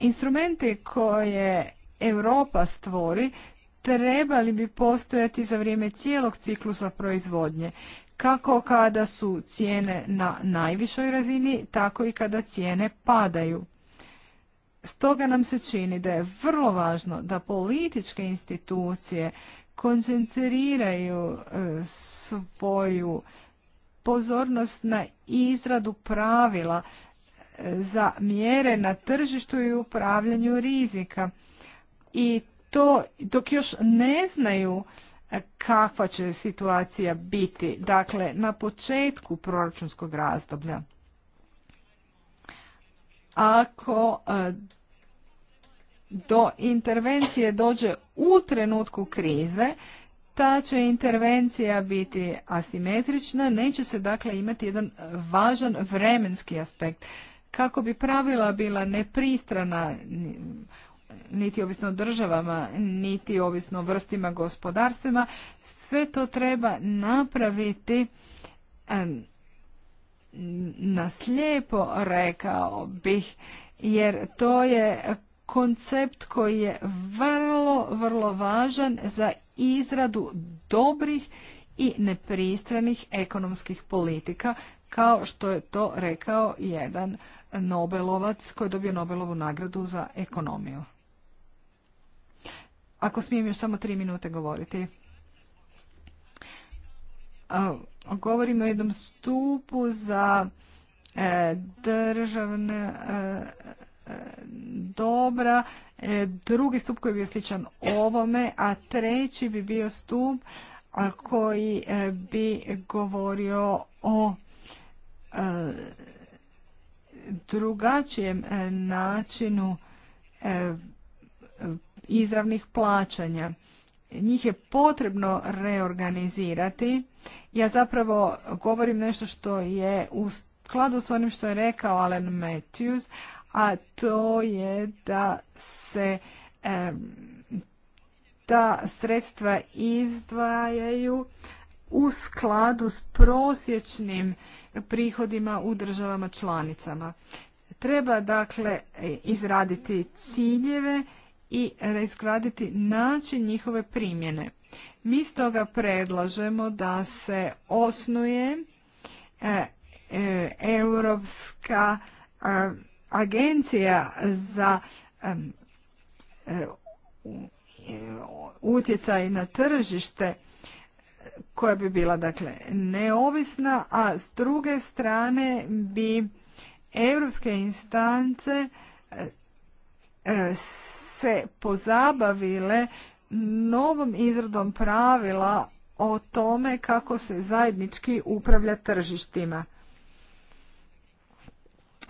Instrumente koje Europa stvori trebali bi postojati za vrijeme cijelog ciklusa proizvodnje, kako kada su cijene na najvišoj razini, tako i kada cijene padaju. Stoga nam se čini da je vrlo važno da političke institucije koncentriraju e, svoju pozornost na izradu pravila e, za mjere na tržištu i upravljanju rizika. I to dok još ne znaju e, kakva će situacija biti, dakle na početku proračunskog razdoblja. Ako do intervencije dođe u trenutku krize, ta će intervencija biti asimetrična, neće se dakle imati jedan važan vremenski aspekt. Kako bi pravila bila nepristrana, niti ovisno državama, niti ovisno vrstima gospodarstvima, sve to treba napraviti na slijepo rekao bih, jer to je koncept koji je vrlo, vrlo važan za izradu dobrih i nepristranih ekonomskih politika, kao što je to rekao jedan Nobelovac koji je dobio Nobelovu nagradu za ekonomiju. Ako smijem još samo tri minute govoriti. Govorimo o jednom stupu za e, državne e, dobra, e, drugi stup koji bi sličan ovome, a treći bi bio stup koji e, bi govorio o e, drugačijem načinu izravnih plaćanja. Njih je potrebno reorganizirati. Ja zapravo govorim nešto što je u skladu s onim što je rekao Alan Matthews, a to je da se ta sredstva izdvajaju u skladu s prosječnim prihodima u državama članicama. Treba dakle izraditi ciljeve i izgraditi način njihove primjene. Mi stoga predlažemo da se osnuje e, e, europska agencija za e, e, utjecaj na tržište koja bi bila dakle neovisna, a s druge strane bi europske instance e, se pozabavile novom izradom pravila o tome kako se zajednički upravlja tržištima.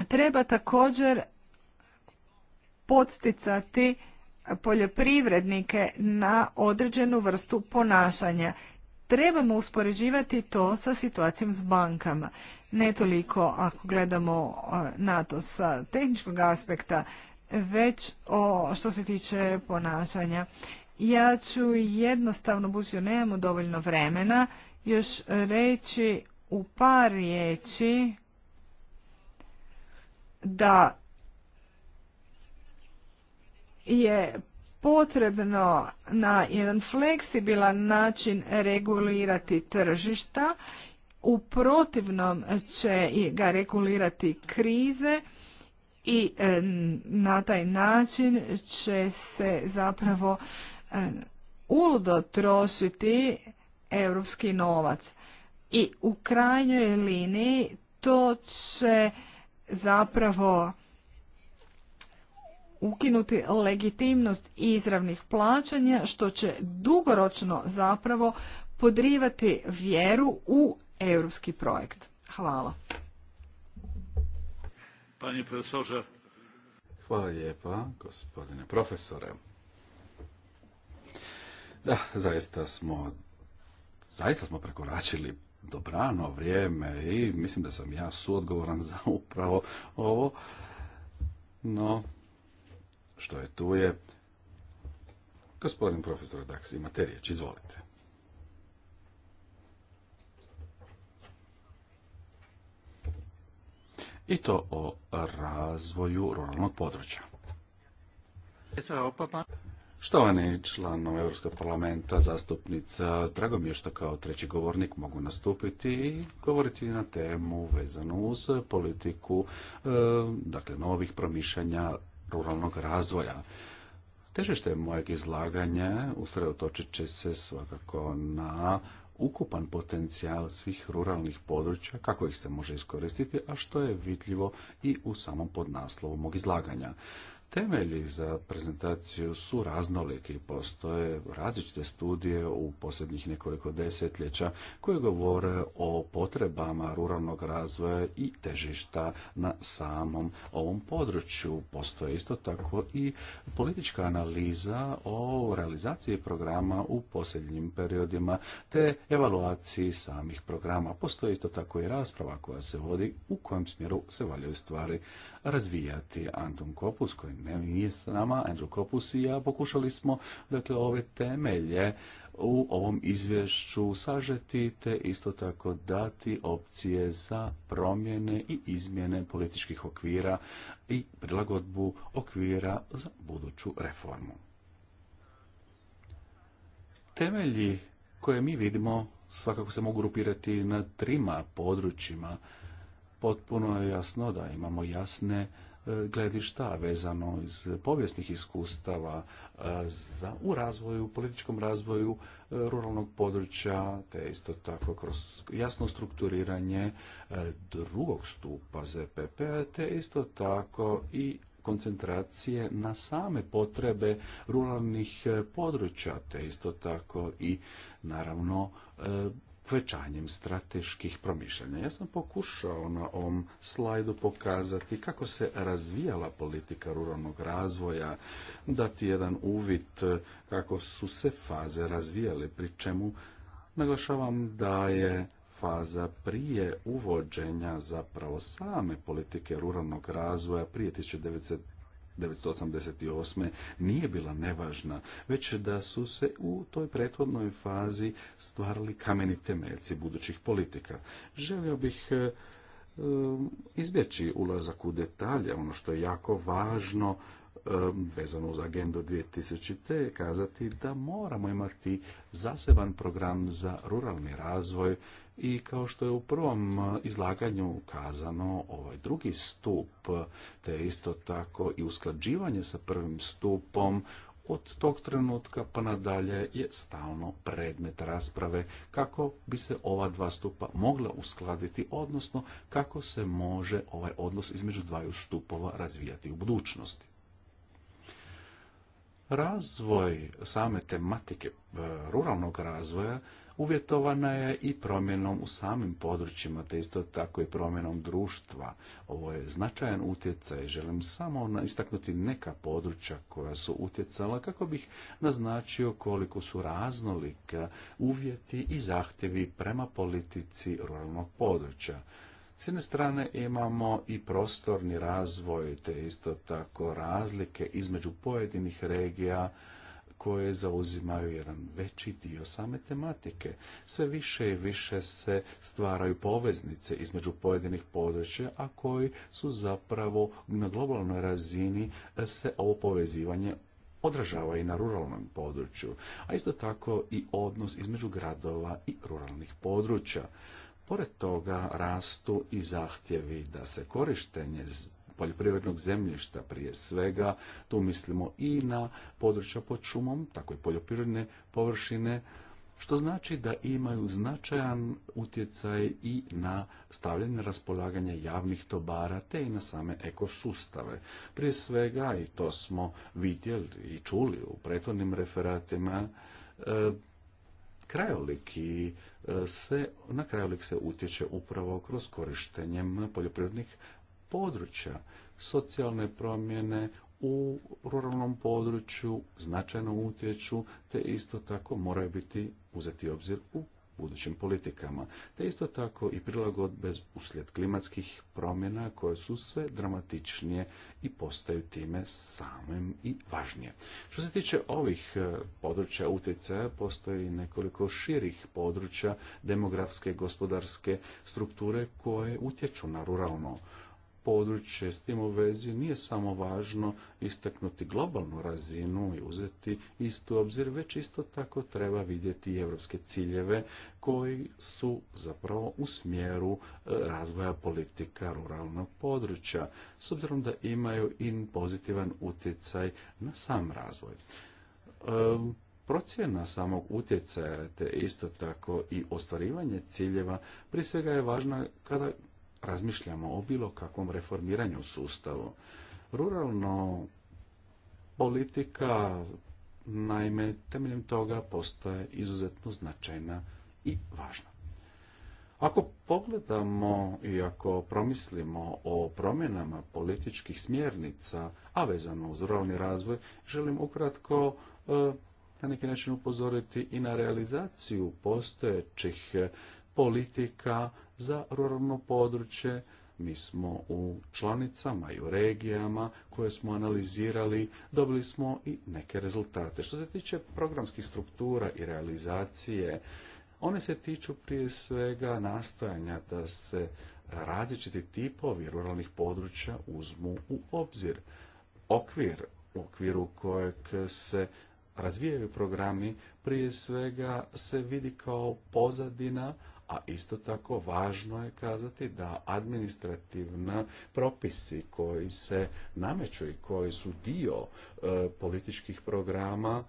Treba također podsticati poljoprivrednike na određenu vrstu ponašanja. Trebamo uspoređivati to sa situacijom s bankama. Ne toliko ako gledamo na to sa tehničkog aspekta, već o što se tiče ponašanja. Ja ću jednostavno, budući da nemamo dovoljno vremena, još reći u par riječi da je potrebno na jedan fleksibilan način regulirati tržišta, u protivnom će ga regulirati krize i e, na taj način će se zapravo e, uludo trošiti europski novac. I u krajnjoj liniji to će zapravo ukinuti legitimnost izravnih plaćanja što će dugoročno zapravo podrivati vjeru u europski projekt. Hvala. Panje profesorže. Hvala lijepa, gospodine profesore. Da, zaista smo zaista smo prekoračili dobrano vrijeme i mislim da sam ja suodgovoran za upravo ovo. No, što je tu je. Gospodin profesor Daks, imate riječ, izvolite. I to o razvoju ruralnog područja. Štovani članovi Europskog parlamenta, zastupnica, drago mi je što kao treći govornik mogu nastupiti i govoriti na temu vezanu uz politiku e, dakle, novih promišljanja ruralnog razvoja. Težište mojeg izlaganja usredotočit će se svakako na ukupan potencijal svih ruralnih područja, kako ih se može iskoristiti, a što je vidljivo i u samom podnaslovu mog izlaganja. Temelji za prezentaciju su raznoliki. Postoje različite studije u posljednjih nekoliko desetljeća koje govore o potrebama ruralnog razvoja i težišta na samom ovom području. Postoje isto tako i politička analiza o realizaciji programa u posljednjim periodima te evaluaciji samih programa. Postoje isto tako i rasprava koja se vodi u kojem smjeru se valjaju stvari razvijati. Anton Kopus, koji nije s nama, Andrew Kopus i ja pokušali smo dakle, ove temelje u ovom izvješću sažeti te isto tako dati opcije za promjene i izmjene političkih okvira i prilagodbu okvira za buduću reformu. Temelji koje mi vidimo svakako se mogu grupirati na trima područjima potpuno je jasno da imamo jasne e, gledišta vezano iz povijesnih iskustava e, za, u razvoju, u političkom razvoju e, ruralnog područja, te isto tako kroz jasno strukturiranje drugog stupa ZPP, te isto tako i koncentracije na same potrebe ruralnih područja, te isto tako i naravno povećanjem strateških promišljanja. Ja sam pokušao na ovom slajdu pokazati kako se razvijala politika ruralnog razvoja, dati jedan uvid kako su se faze razvijale, pri čemu naglašavam da je faza prije uvođenja zapravo same politike ruralnog razvoja prije 1988. nije bila nevažna, već da su se u toj prethodnoj fazi stvarali kameni temeljci budućih politika. Želio bih e, e, izbjeći ulazak u detalje, ono što je jako važno vezano uz agendu 2000. kazati da moramo imati zaseban program za ruralni razvoj i kao što je u prvom izlaganju kazano, ovaj drugi stup, te isto tako i usklađivanje sa prvim stupom, od tog trenutka pa nadalje je stalno predmet rasprave kako bi se ova dva stupa mogla uskladiti, odnosno kako se može ovaj odnos između dvaju stupova razvijati u budućnosti. Razvoj same tematike e, ruralnog razvoja uvjetovana je i promjenom u samim područjima, te isto tako i promjenom društva. Ovo je značajan utjecaj. Želim samo istaknuti neka područja koja su utjecala kako bih naznačio koliko su raznolika uvjeti i zahtjevi prema politici ruralnog područja. S jedne strane imamo i prostorni razvoj, te isto tako razlike između pojedinih regija koje zauzimaju jedan veći dio same tematike. Sve više i više se stvaraju poveznice između pojedinih područja, a koji su zapravo na globalnoj razini se ovo povezivanje odražava i na ruralnom području, a isto tako i odnos između gradova i ruralnih područja. Pored toga rastu i zahtjevi da se korištenje poljoprivrednog zemljišta prije svega, tu mislimo i na područja pod šumom, tako i poljoprivredne površine, što znači da imaju značajan utjecaj i na stavljanje raspolaganja javnih dobara te i na same ekosustave. Prije svega, i to smo vidjeli i čuli u prethodnim referatima, e, krajolik i e, se, na krajolik se utječe upravo kroz korištenjem poljoprivrednih područja. Socijalne promjene u ruralnom području značajno utječu, te isto tako moraju biti uzeti obzir u budućim politikama, te isto tako i prilagodbe uslijed klimatskih promjena koje su sve dramatičnije i postaju time samim i važnije. Što se tiče ovih e, područja utjecaja, postoji nekoliko širih područja demografske, gospodarske strukture koje utječu na ruralno područje s tim u vezi nije samo važno istaknuti globalnu razinu i uzeti istu obzir, već isto tako treba vidjeti i evropske ciljeve koji su zapravo u smjeru e, razvoja politika ruralnog područja, s obzirom da imaju i pozitivan utjecaj na sam razvoj. E, procjena samog utjecaja te isto tako i ostvarivanje ciljeva prije svega je važna kada razmišljamo o bilo kakvom reformiranju sustavu. Ruralno politika, naime, temeljem toga postaje izuzetno značajna i važna. Ako pogledamo i ako promislimo o promjenama političkih smjernica, a vezano uz ruralni razvoj, želim ukratko e, na neki način upozoriti i na realizaciju postojećih politika za ruralno područje. Mi smo u članicama i u regijama koje smo analizirali, dobili smo i neke rezultate. Što se tiče programskih struktura i realizacije, one se tiču prije svega nastojanja da se različiti tipovi ruralnih područja uzmu u obzir. Okvir u okviru kojeg se razvijaju programi prije svega se vidi kao pozadina a isto tako važno je kazati da administrativna propisi koji se nameću i koji su dio e, političkih programa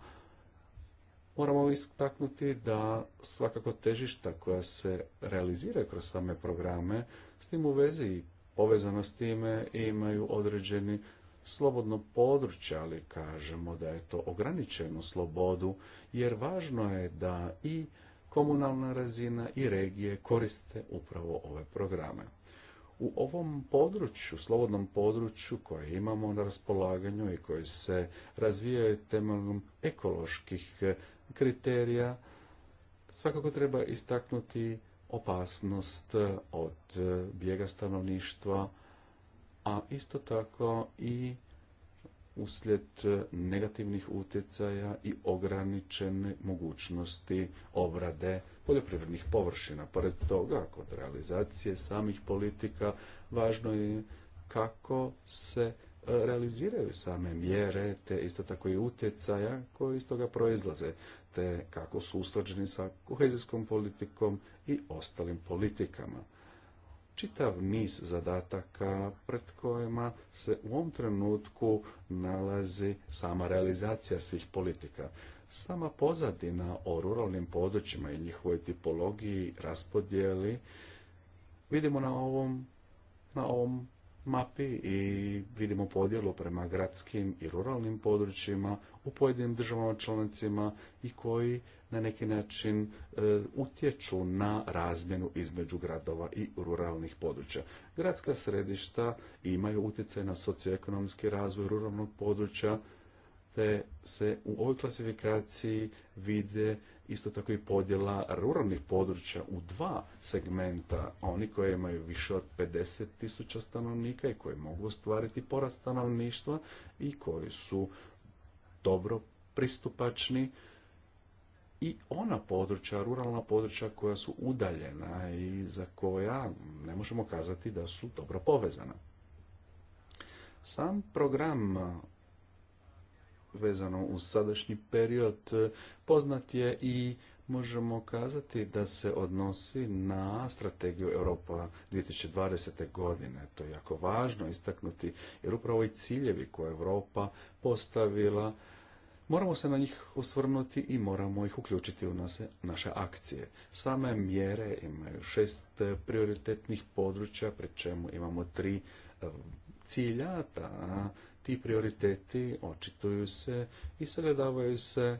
Moramo istaknuti da svakako težišta koja se realiziraju kroz same programe, s tim u vezi i povezano s time imaju određeni slobodno područje, ali kažemo da je to ograničenu slobodu, jer važno je da i komunalna razina i regije koriste upravo ove programe. U ovom području, slobodnom području koje imamo na raspolaganju i koje se razvijaju temeljom ekoloških eh, kriterija, svakako treba istaknuti opasnost eh, od eh, bijega stanovništva, a isto tako i uslijed e, negativnih utjecaja i ograničene mogućnosti obrade poljoprivrednih površina. Pored toga, kod realizacije samih politika, važno je kako se e, realiziraju same mjere, te isto tako i utjecaja koji iz toga proizlaze, te kako su usklađeni sa kohezijskom politikom i ostalim politikama čitav niz zadataka pred kojima se u ovom trenutku nalazi sama realizacija svih politika. Sama pozadina o ruralnim područjima i njihovoj tipologiji raspodjeli vidimo na ovom, na ovom mapi i vidimo podjelu prema gradskim i ruralnim područjima u pojedinim državama članicima i koji na neki način e, utječu na razmjenu između gradova i ruralnih područja. Gradska središta imaju utjecaj na socioekonomski razvoj ruralnog područja, te se u ovoj klasifikaciji vide isto tako i podjela ruralnih područja u dva segmenta, oni koji imaju više od 50.000 tisuća stanovnika i koji mogu ostvariti porast stanovništva i koji su dobro pristupačni i ona područja, ruralna područja koja su udaljena i za koja ne možemo kazati da su dobro povezana. Sam program vezano uz sadašnji period poznat je i možemo kazati da se odnosi na strategiju Europa 2020. godine. To je jako važno istaknuti jer upravo i ciljevi koje Europa postavila Moramo se na njih osvrnuti i moramo ih uključiti u naše akcije. Same mjere imaju šest e, prioritetnih područja, pri čemu imamo tri e, cilja, da ti prioriteti očituju se i sagledavaju se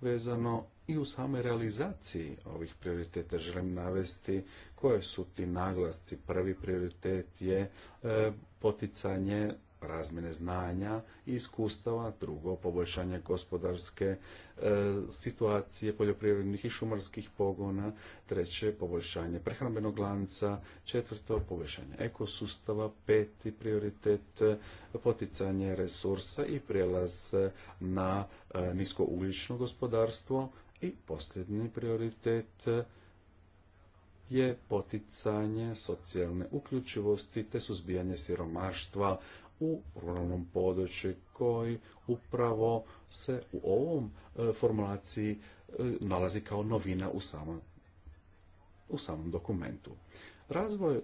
vezano i u same realizaciji ovih prioriteta želim navesti koje su ti naglasci. Prvi prioritet je e, poticanje razmjene znanja i iskustava, drugo poboljšanje gospodarske e, situacije poljoprivrednih i šumarskih pogona, treće poboljšanje prehrambenog lanca, četvrto poboljšanje ekosustava, peti prioritet poticanje resursa i prijelaz na e, niskougljično gospodarstvo i posljednji prioritet je poticanje socijalne uključivosti te suzbijanje siromaštva u ruralnom području koji upravo se u ovom e, formulaciji e, nalazi kao novina u samom, u samom dokumentu. Razvoj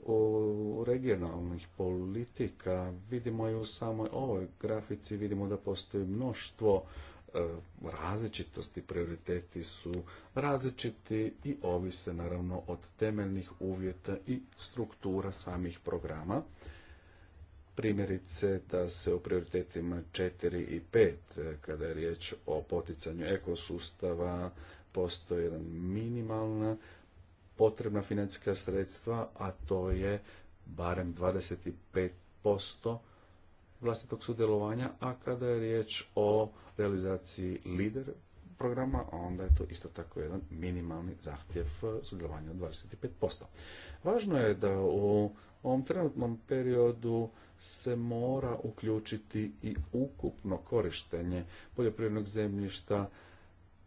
regionalnih politika vidimo i u samoj ovoj grafici, vidimo da postoji mnoštvo e, različitosti, prioriteti su različiti i ovise naravno od temeljnih uvjeta i struktura samih programa primjerice da se u prioritetima 4 i 5, e, kada je riječ o poticanju ekosustava, postoji jedan minimalna potrebna financijska sredstva, a to je barem 25% vlastitog sudjelovanja, a kada je riječ o realizaciji lider programa, onda je to isto tako jedan minimalni zahtjev e, sudjelovanja od 25%. Važno je da u ovom trenutnom periodu se mora uključiti i ukupno korištenje poljoprivrednog zemljišta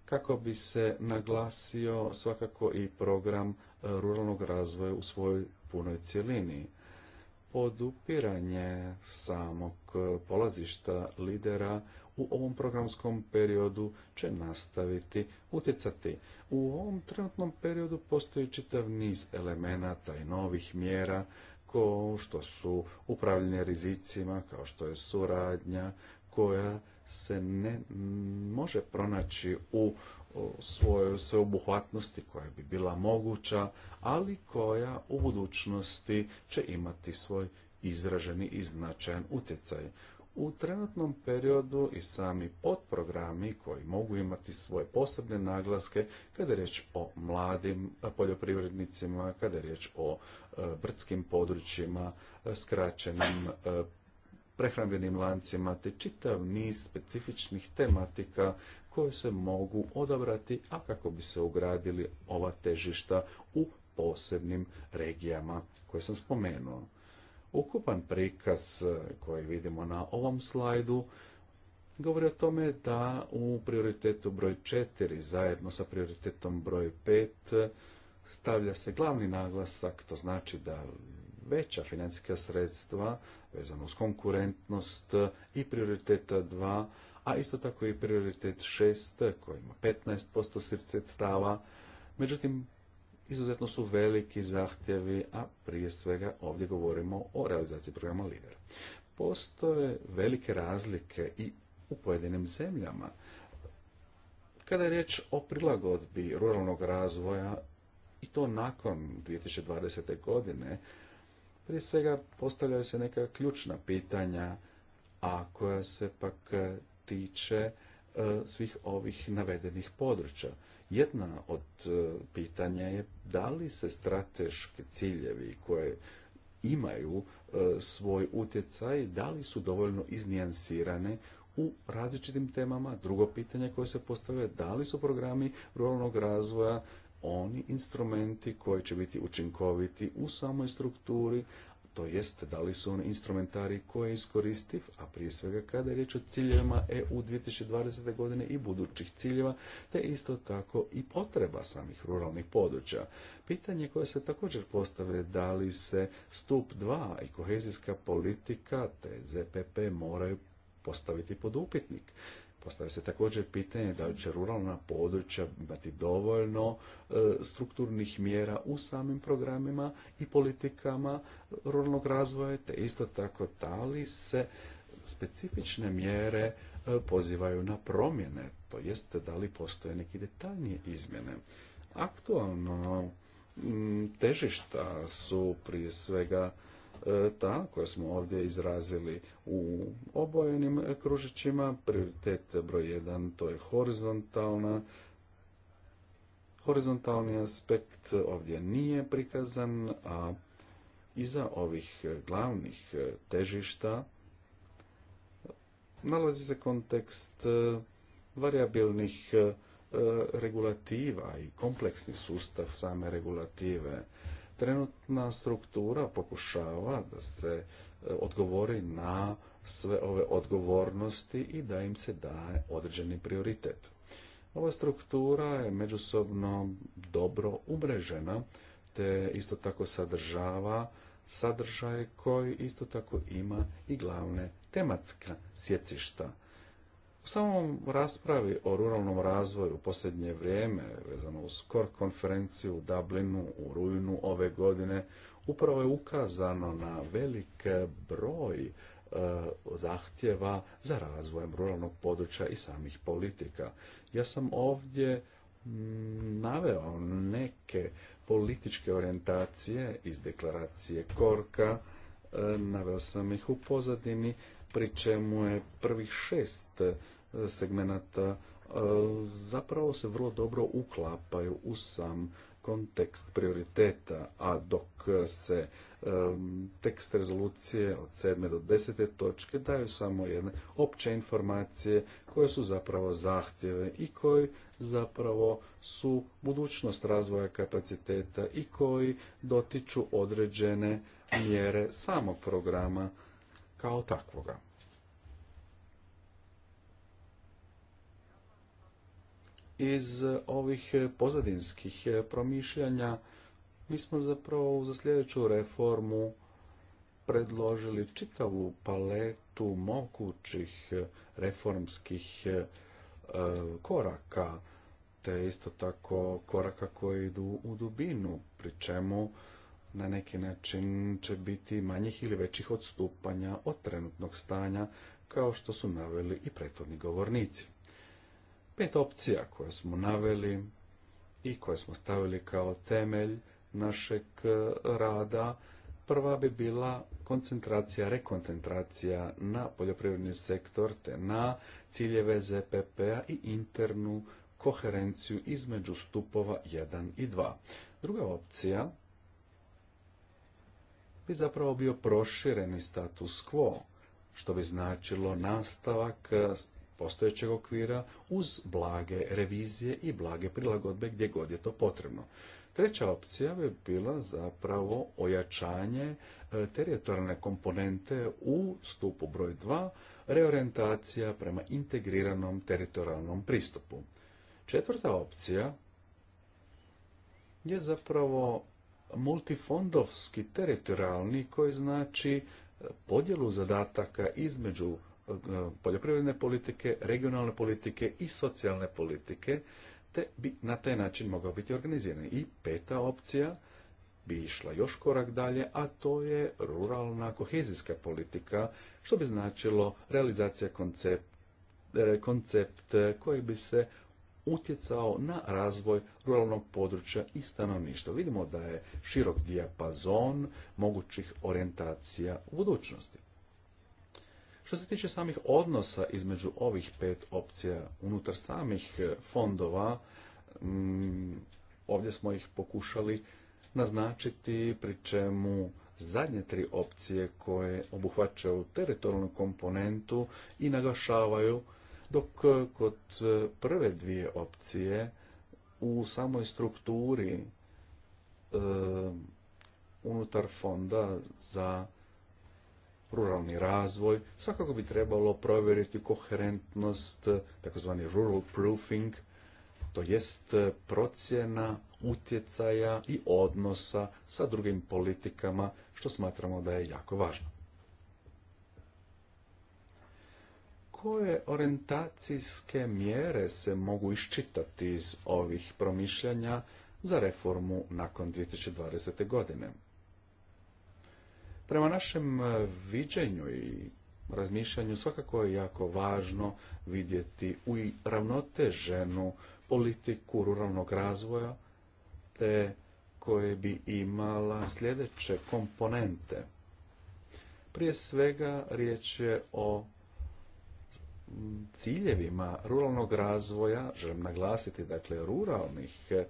kako bi se naglasio svakako i program e, ruralnog razvoja u svojoj punoj cjelini. Podupiranje samog e, polazišta lidera u ovom programskom periodu će nastaviti utjecati. U ovom trenutnom periodu postoji čitav niz elemenata i novih mjera kao što su upravljene rizicima, kao što je suradnja koja se ne može pronaći u svojoj sveobuhvatnosti koja bi bila moguća, ali koja u budućnosti će imati svoj izraženi i značajan utjecaj. U trenutnom periodu i sami podprogrami koji mogu imati svoje posebne naglaske kada je riječ o mladim poljoprivrednicima, kada je riječ o e, brdskim područjima, e, skraćenim e, prehrambenim lancima, te čitav niz specifičnih tematika koje se mogu odabrati, a kako bi se ugradili ova težišta u posebnim regijama koje sam spomenuo. Ukupan prikaz eh, koji vidimo na ovom slajdu govori o tome da u prioritetu broj 4 zajedno sa prioritetom broj 5 eh, stavlja se glavni naglasak, to znači da veća financijska sredstva vezano uz konkurentnost eh, i prioriteta 2, a isto tako i prioritet 6 koji ima 15% sredstava. Međutim, izuzetno su veliki zahtjevi, a prije svega ovdje govorimo o realizaciji programa LIDER. Postoje velike razlike i u pojedinim zemljama. Kada je riječ o prilagodbi ruralnog razvoja, i to nakon 2020. godine, prije svega postavljaju se neka ključna pitanja, a koja se pak tiče e, svih ovih navedenih područja. Jedna od e, pitanja je da li se strateški ciljevi koje imaju e, svoj utjecaj, da li su dovoljno iznijansirane u različitim temama. Drugo pitanje koje se postavlja je da li su programi ruralnog razvoja oni instrumenti koji će biti učinkoviti u samoj strukturi, to jest da li su on instrumentari koje je iskoristiv, a prije svega kada je riječ o ciljevima EU 2020. godine i budućih ciljeva, te isto tako i potreba samih ruralnih područja. Pitanje koje se također postave da li se stup 2 i kohezijska politika te ZPP moraju postaviti pod upitnik. Postavlja se također pitanje da li će ruralna područja imati dovoljno e, strukturnih mjera u samim programima i politikama ruralnog razvoja, te isto tako da li se specifične mjere e, pozivaju na promjene, to jeste da li postoje neke detaljnije izmjene. Aktualno težišta su prije svega E, ta koja smo ovdje izrazili u obojenim kružićima. Prioritet broj 1 to je horizontalna Horizontalni aspekt ovdje nije prikazan, a iza ovih glavnih težišta nalazi se kontekst variabilnih e, regulativa i kompleksni sustav same regulative. Trenutna struktura pokušava da se e, odgovori na sve ove odgovornosti i da im se daje određeni prioritet. Ova struktura je međusobno dobro umrežena, te isto tako sadržava sadržaj koji isto tako ima i glavne tematska sjecišta u samom raspravi o ruralnom razvoju u posljednje vrijeme, vezano uz KOR konferenciju u Dublinu u rujnu ove godine, upravo je ukazano na velik broj e, zahtjeva za razvojem ruralnog područja i samih politika. Ja sam ovdje naveo neke političke orijentacije iz deklaracije Korka, e, naveo sam ih u pozadini pri čemu je prvih šest e, segmenata e, zapravo se vrlo dobro uklapaju u sam kontekst prioriteta, a dok se e, tekst rezolucije od 7. do 10. točke daju samo jedne opće informacije koje su zapravo zahtjeve i koji zapravo su budućnost razvoja kapaciteta i koji dotiču određene mjere samog programa kao takvoga. Iz e, ovih e, pozadinskih e, promišljanja mi smo zapravo za sljedeću reformu predložili čitavu paletu mogućih reformskih koraka, te isto tako koraka koji idu u dubinu, pri čemu na neki način će biti manjih ili većih odstupanja od trenutnog stanja, kao što su naveli i prethodni govornici. Pet opcija koje smo naveli i koje smo stavili kao temelj našeg e, rada, prva bi bila koncentracija, rekoncentracija na poljoprivredni sektor te na ciljeve ZPP-a i internu koherenciju između stupova 1 i 2. Druga opcija bi zapravo bio prošireni status quo, što bi značilo nastavak eh, postojećeg okvira uz blage revizije i blage prilagodbe gdje god je to potrebno. Treća opcija bi bila zapravo ojačanje eh, teritorijalne komponente u stupu broj 2, reorientacija prema integriranom teritorijalnom pristupu. Četvrta opcija je zapravo multifondovski teritorijalni koji znači podjelu zadataka između e, poljoprivredne politike, regionalne politike i socijalne politike, te bi na taj način mogao biti organiziran. I peta opcija bi išla još korak dalje, a to je ruralna kohezijska politika, što bi značilo realizacija koncept, e, koncept koji bi se utjecao na razvoj ruralnog područja i stanovništva. Vidimo da je širok dijapazon mogućih orijentacija u budućnosti. Što se tiče samih odnosa između ovih pet opcija unutar samih e, fondova, mm, ovdje smo ih pokušali naznačiti, pri čemu zadnje tri opcije koje obuhvaćaju teritorijalnu komponentu i naglašavaju dok eh, kod eh, prve dvije opcije u samoj strukturi eh, unutar fonda za ruralni razvoj svakako bi trebalo provjeriti koherentnost takozvani rural proofing to jest procjena utjecaja i odnosa sa drugim politikama što smatramo da je jako važno koje orientacijske mjere se mogu iščitati iz ovih promišljanja za reformu nakon 2020. godine? Prema našem viđenju i razmišljanju svakako je jako važno vidjeti u ravnoteženu politiku ruralnog razvoja, te koje bi imala sljedeće komponente. Prije svega riječ je o ciljevima ruralnog razvoja, želim naglasiti, dakle, ruralnih eh,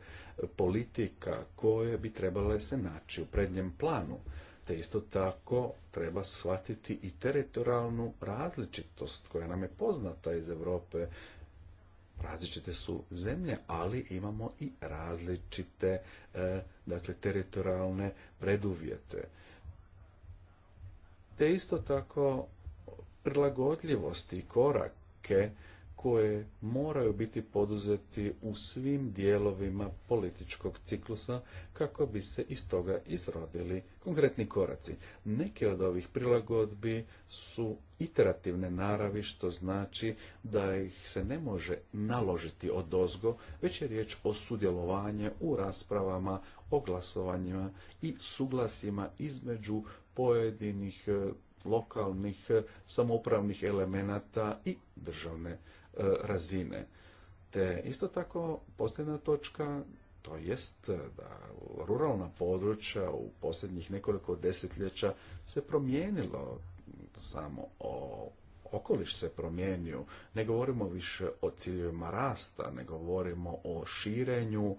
politika koje bi trebale se naći u prednjem planu. Te isto tako treba shvatiti i teritorijalnu različitost koja nam je poznata iz Europe. Različite su zemlje, ali imamo i različite eh, dakle, teritorijalne preduvjete. Te isto tako prilagodljivosti i korake koje moraju biti poduzeti u svim dijelovima političkog ciklusa kako bi se iz toga izrodili konkretni koraci. Neke od ovih prilagodbi su iterativne naravi što znači da ih se ne može naložiti od ozgo, već je riječ o sudjelovanje u raspravama, o glasovanjima i suglasima između pojedinih lokalnih eh, samoupravnih elemenata i državne eh, razine. Te isto tako posljedna točka, to jest eh, da ruralna područja u posljednjih nekoliko desetljeća se promijenilo samo o okoliš se promijenio, ne govorimo više o ciljevima rasta, ne govorimo o širenju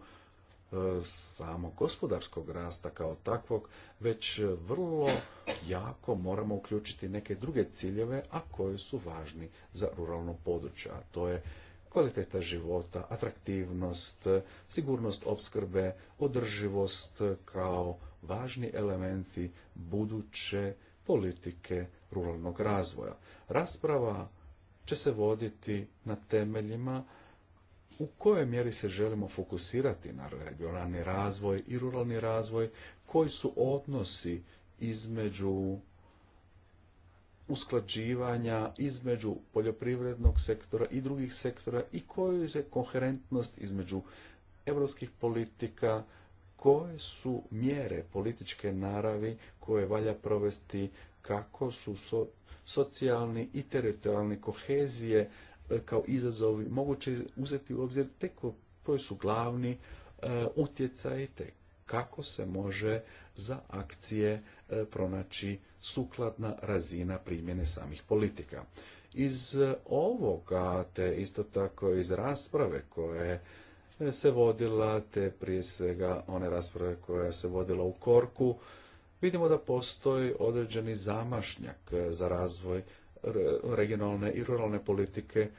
E, samog gospodarskog rasta kao takvog, već vrlo jako moramo uključiti neke druge ciljeve, a koje su važni za ruralno područje, a to je kvaliteta života, atraktivnost, sigurnost opskrbe, održivost kao važni elementi buduće politike ruralnog razvoja. Rasprava će se voditi na temeljima u kojoj mjeri se želimo fokusirati na regionalni razvoj i ruralni razvoj, koji su odnosi između usklađivanja između poljoprivrednog sektora i drugih sektora i koju je koherentnost između europskih politika, koje su mjere političke naravi koje valja provesti, kako su socijalni i teritorijalni kohezije E, kao izazovi moguće uzeti u obzir te koji su glavni e, utjecaj te kako se može za akcije e, pronaći sukladna razina primjene samih politika. Iz ovoga, te isto tako iz rasprave koje se vodila, te prije svega one rasprave koja se vodila u Korku, vidimo da postoji određeni zamašnjak za razvoj regionalne i ruralne politike,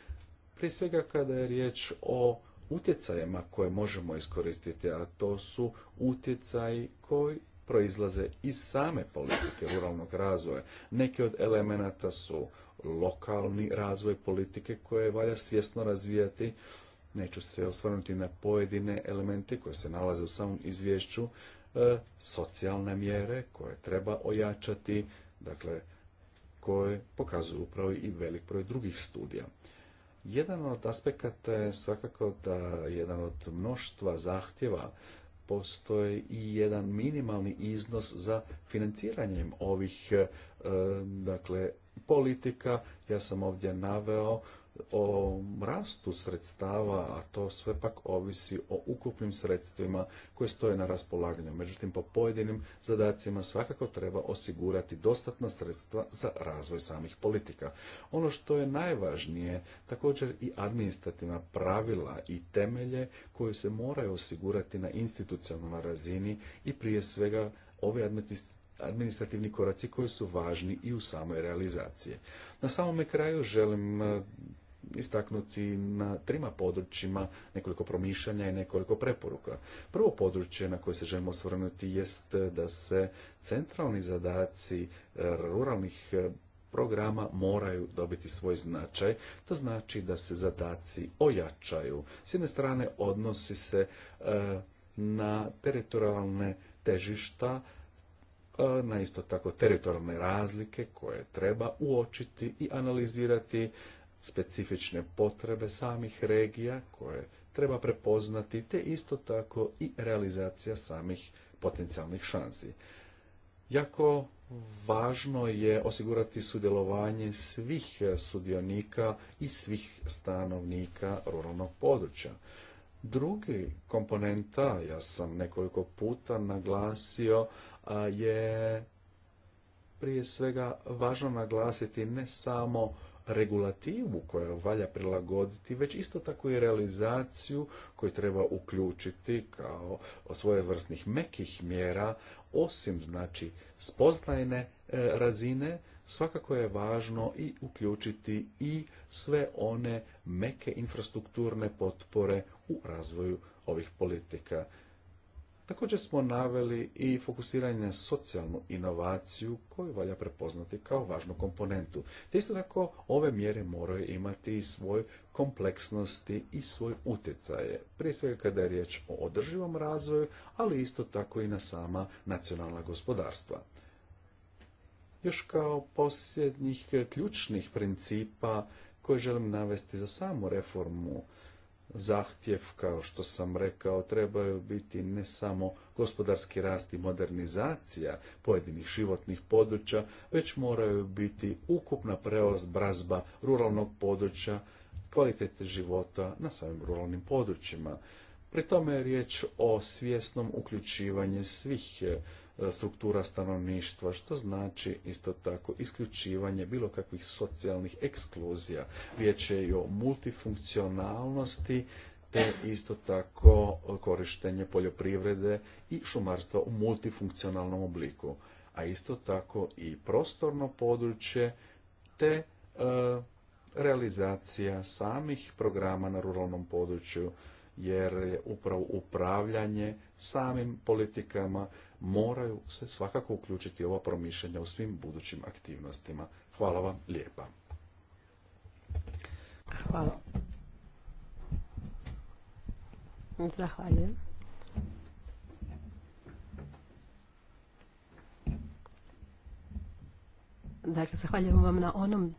prije svega kada je riječ o utjecajima koje možemo iskoristiti, a to su utjecaji koji proizlaze iz same politike ruralnog razvoja. Neki od elemenata su lokalni razvoj politike koje valja svjesno razvijati. Neću se osvrnuti na pojedine elemente koje se nalaze u samom izvješću, e, socijalne mjere koje treba ojačati, dakle koje pokazuju upravo i velik broj drugih studija. Jedan od aspekata je svakako da jedan od mnoštva zahtjeva postoji i jedan minimalni iznos za financiranjem ovih eh, dakle politika. Ja sam ovdje naveo o rastu sredstava, a to sve pak ovisi o ukupnim sredstvima koje stoje na raspolaganju. Međutim, po pojedinim zadacima svakako treba osigurati dostatna sredstva za razvoj samih politika. Ono što je najvažnije, također i administrativna pravila i temelje koje se moraju osigurati na institucionalnoj razini i prije svega ove administrativni koraci koji su važni i u samoj realizaciji. Na samome kraju želim eh, istaknuti na trima područjima nekoliko promišljanja i nekoliko preporuka. Prvo područje na koje se želimo osvrnuti jest da se centralni zadaci e, ruralnih e, programa moraju dobiti svoj značaj. To znači da se zadaci ojačaju. S jedne strane odnosi se e, na teritorijalne težišta, na isto tako teritorijalne razlike koje treba uočiti i analizirati specifične potrebe samih regija koje treba prepoznati, te isto tako i realizacija samih potencijalnih šansi. Jako važno je osigurati sudjelovanje svih sudionika i svih stanovnika ruralnog područja. Drugi komponenta, ja sam nekoliko puta naglasio, je prije svega važno naglasiti ne samo regulativu koju valja prilagoditi, već isto tako i realizaciju koju treba uključiti kao svoje vrsnih mekih mjera, osim znači spoznajne e, razine, svakako je važno i uključiti i sve one meke infrastrukturne potpore u razvoju ovih politika. Također smo naveli i fokusiranje na socijalnu inovaciju koju valja prepoznati kao važnu komponentu. isto tako ove mjere moraju imati i svoj kompleksnosti i svoj utjecaje, prije svega kada je riječ o održivom razvoju, ali isto tako i na sama nacionalna gospodarstva. Još kao posljednjih ključnih principa koje želim navesti za samu reformu zahtjev, kao što sam rekao, trebaju biti ne samo gospodarski rast i modernizacija pojedinih životnih područja, već moraju biti ukupna preobrazba ruralnog područja, kvalitete života na samim ruralnim područjima. Pri tome je riječ o svjesnom uključivanju svih E, struktura stanovništva, što znači isto tako isključivanje bilo kakvih socijalnih ekskluzija. Riječ je i o multifunkcionalnosti te isto tako korištenje poljoprivrede i šumarstva u multifunkcionalnom obliku, a isto tako i prostorno područje te e, realizacija samih programa na ruralnom području jer je upravo upravljanje samim politikama moraju se svakako uključiti ova promišljenja u svim budućim aktivnostima. Hvala vam lijepa. Hvala. Zahvaljujem. Dakle, zahvaljujem vam na onom,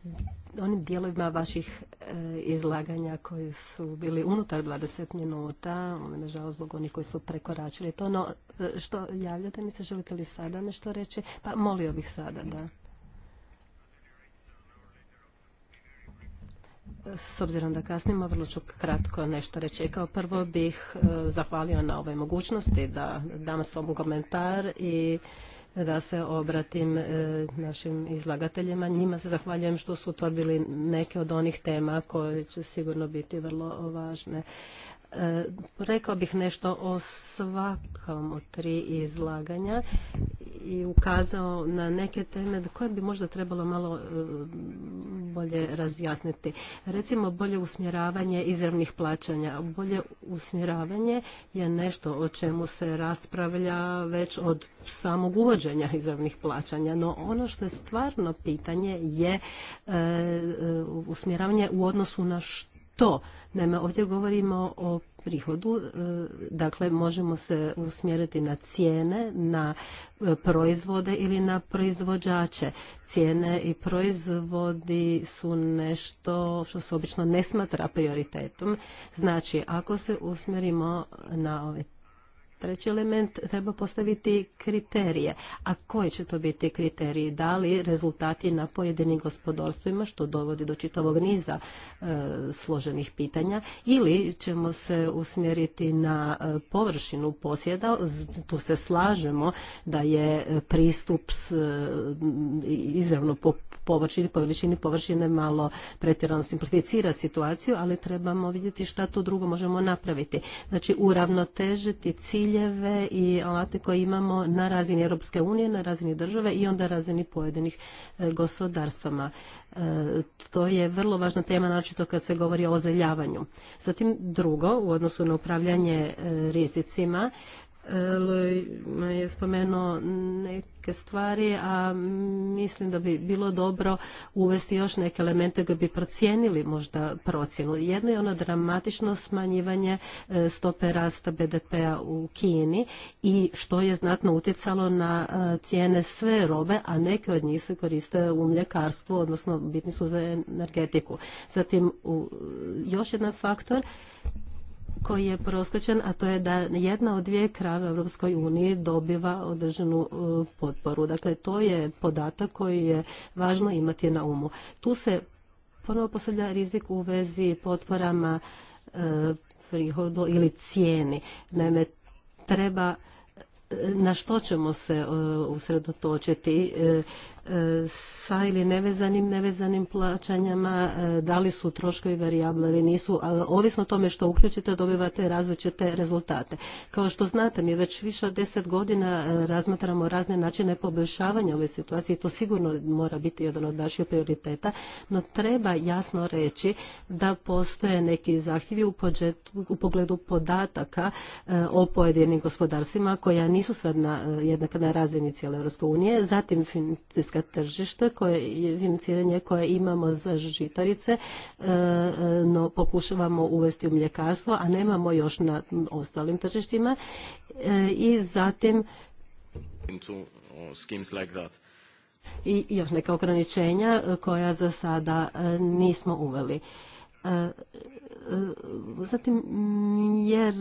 onim dijelovima vaših e, izlaganja koji su bili unutar 20 minuta, ono, nažalost zbog onih koji su prekoračili to, no što javljate mi se, želite li sada nešto reći? Pa molio bih sada, da. S obzirom da kasnimo, vrlo ću kratko nešto reći. E, kao prvo bih e, zahvalio na ovoj mogućnosti da dam svom komentar i da se obratim e, našim izlagateljima. Njima se zahvaljujem što su utvorili neke od onih tema koje će sigurno biti vrlo važne. E, Rekao bih nešto o svakom od tri izlaganja i ukazao na neke teme koje bi možda trebalo malo e, bolje razjasniti. Recimo bolje usmjeravanje izravnih plaćanja. Bolje usmjeravanje je nešto o čemu se raspravlja već od samog uvođenja izravnih plaćanja. No ono što je stvarno pitanje je e, usmjeravanje u odnosu na što? Naime, ovdje govorimo o prihodu, e, dakle možemo se usmjeriti na cijene, na e, proizvode ili na proizvođače. Cijene i proizvodi su nešto što se obično ne smatra prioritetom. Znači, ako se usmjerimo na ove Treći element treba postaviti kriterije. A koji će to biti kriteriji? Da li rezultati na pojedinim gospodarstvima što dovodi do čitavog niza e, složenih pitanja ili ćemo se usmjeriti na e, površinu posjeda, tu se slažemo da je e, pristup izravno po površini, površini površine malo pretjerano simplificira situaciju, ali trebamo vidjeti šta tu drugo možemo napraviti. Znači uravnotežiti cilj i alate koje imamo na razini Europske unije, na razini države i onda razini pojedinih e, gospodarstvama. E, to je vrlo važna tema, naročito kad se govori o ozeljavanju. Zatim drugo, u odnosu na upravljanje e, rizicima, je spomenuo neke stvari, a mislim da bi bilo dobro uvesti još neke elemente koji bi procijenili možda procjenu. Jedno je ono dramatično smanjivanje e, stope rasta BDP-a u Kini i što je znatno utjecalo na e, cijene sve robe, a neke od njih se koriste u mljekarstvu, odnosno bitni su za energetiku. Zatim, još jedan faktor koji je proskočen, a to je da jedna od dvije krave u Europskoj uniji dobiva određenu e, potporu. Dakle, to je podatak koji je važno imati na umu. Tu se ponovo postavlja rizik u vezi potporama e, prihodu ili cijeni. Naime, treba e, na što ćemo se usredotočiti E, sa ili nevezanim nevezanim plaćanjama, e, da li su troškovi varijable ili nisu, ali ovisno o tome što uključite dobivate različite rezultate. Kao što znate, mi već više od deset godina e, razmatramo razne načine poboljšavanja ove situacije i to sigurno mora biti jedan od vaših prioriteta, no treba jasno reći da postoje neki zahtjevi u, pogledu podataka o pojedinim gospodarstvima koja nisu sad na, jednaka na razini cijele Europske unije, zatim tržište, tržišta koje financiranje koje imamo za žitarice e, e, no pokušavamo uvesti u mljekarstvo a nemamo još na ostalim tržištima e, i zatim i još neka ograničenja koja za sada nismo uveli zatim jer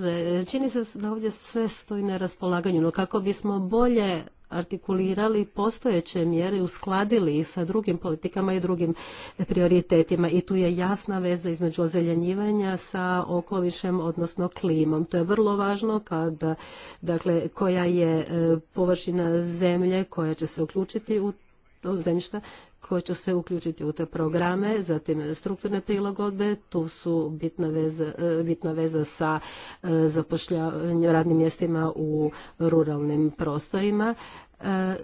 čini se da ovdje sve stoji na raspolaganju, no kako bismo bolje artikulirali postojeće mjere, uskladili sa drugim politikama i drugim prioritetima. I tu je jasna veza između ozeljenjivanja sa okolišem, odnosno klimom. To je vrlo važno kada, dakle, koja je e, površina zemlje koja će se uključiti u to zemljišta koje će se uključiti u te programe, zatim strukturne prilagodbe, tu su bitna veza, e, bitna veza sa e, zapošljavanjem radnim mjestima u ruralnim prostorima. E,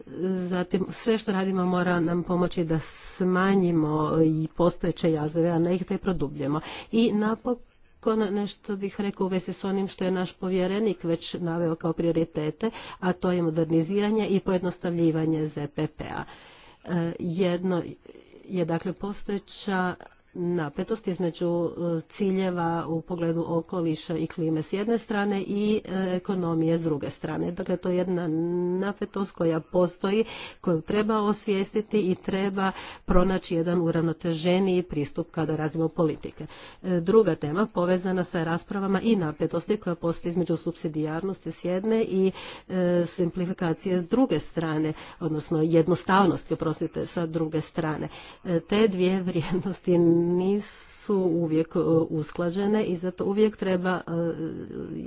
zatim sve što radimo mora nam pomoći da smanjimo i postojeće jazove, a ne ih te produbljemo. I napokon nešto bih rekao u vezi s onim što je naš povjerenik već naveo kao prioritete, a to je moderniziranje i pojednostavljivanje ZPP-a. E, jedno je dakle postojeća napetost između e, ciljeva u pogledu okoliša i klime s jedne strane i e, ekonomije s druge strane. Dakle, to je jedna napetost koja postoji, koju treba osvijestiti i treba pronaći jedan uravnoteženiji pristup kada razvijemo politike. E, druga tema povezana sa raspravama i napetosti koja postoji između subsidijarnosti s jedne i simplifikacije s druge strane, odnosno jednostavnosti, oprostite, sa druge strane. Te dvije vrijednosti nisu uvijek e, usklađene i zato uvijek treba e,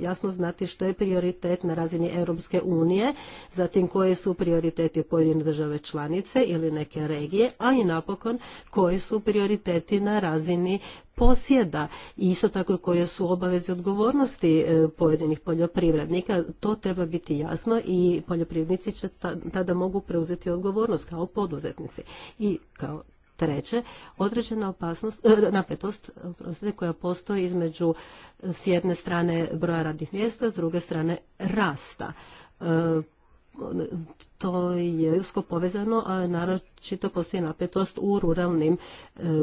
jasno znati što je prioritet na razini Europske unije, zatim koji su prioriteti pojedine države članice ili neke regije, a i napokon koji su prioriteti na razini posjeda i isto tako koje su obaveze odgovornosti e, pojedinih poljoprivrednika. To treba biti jasno i poljoprivrednici će tada mogu preuzeti odgovornost kao poduzetnici i kao Treće, određena opasnost, eh, napetost koja postoji između eh, s jedne strane broja radnih mjesta, s druge strane rasta. Eh, to je usko povezano, a naročito postoji napetost u ruralnim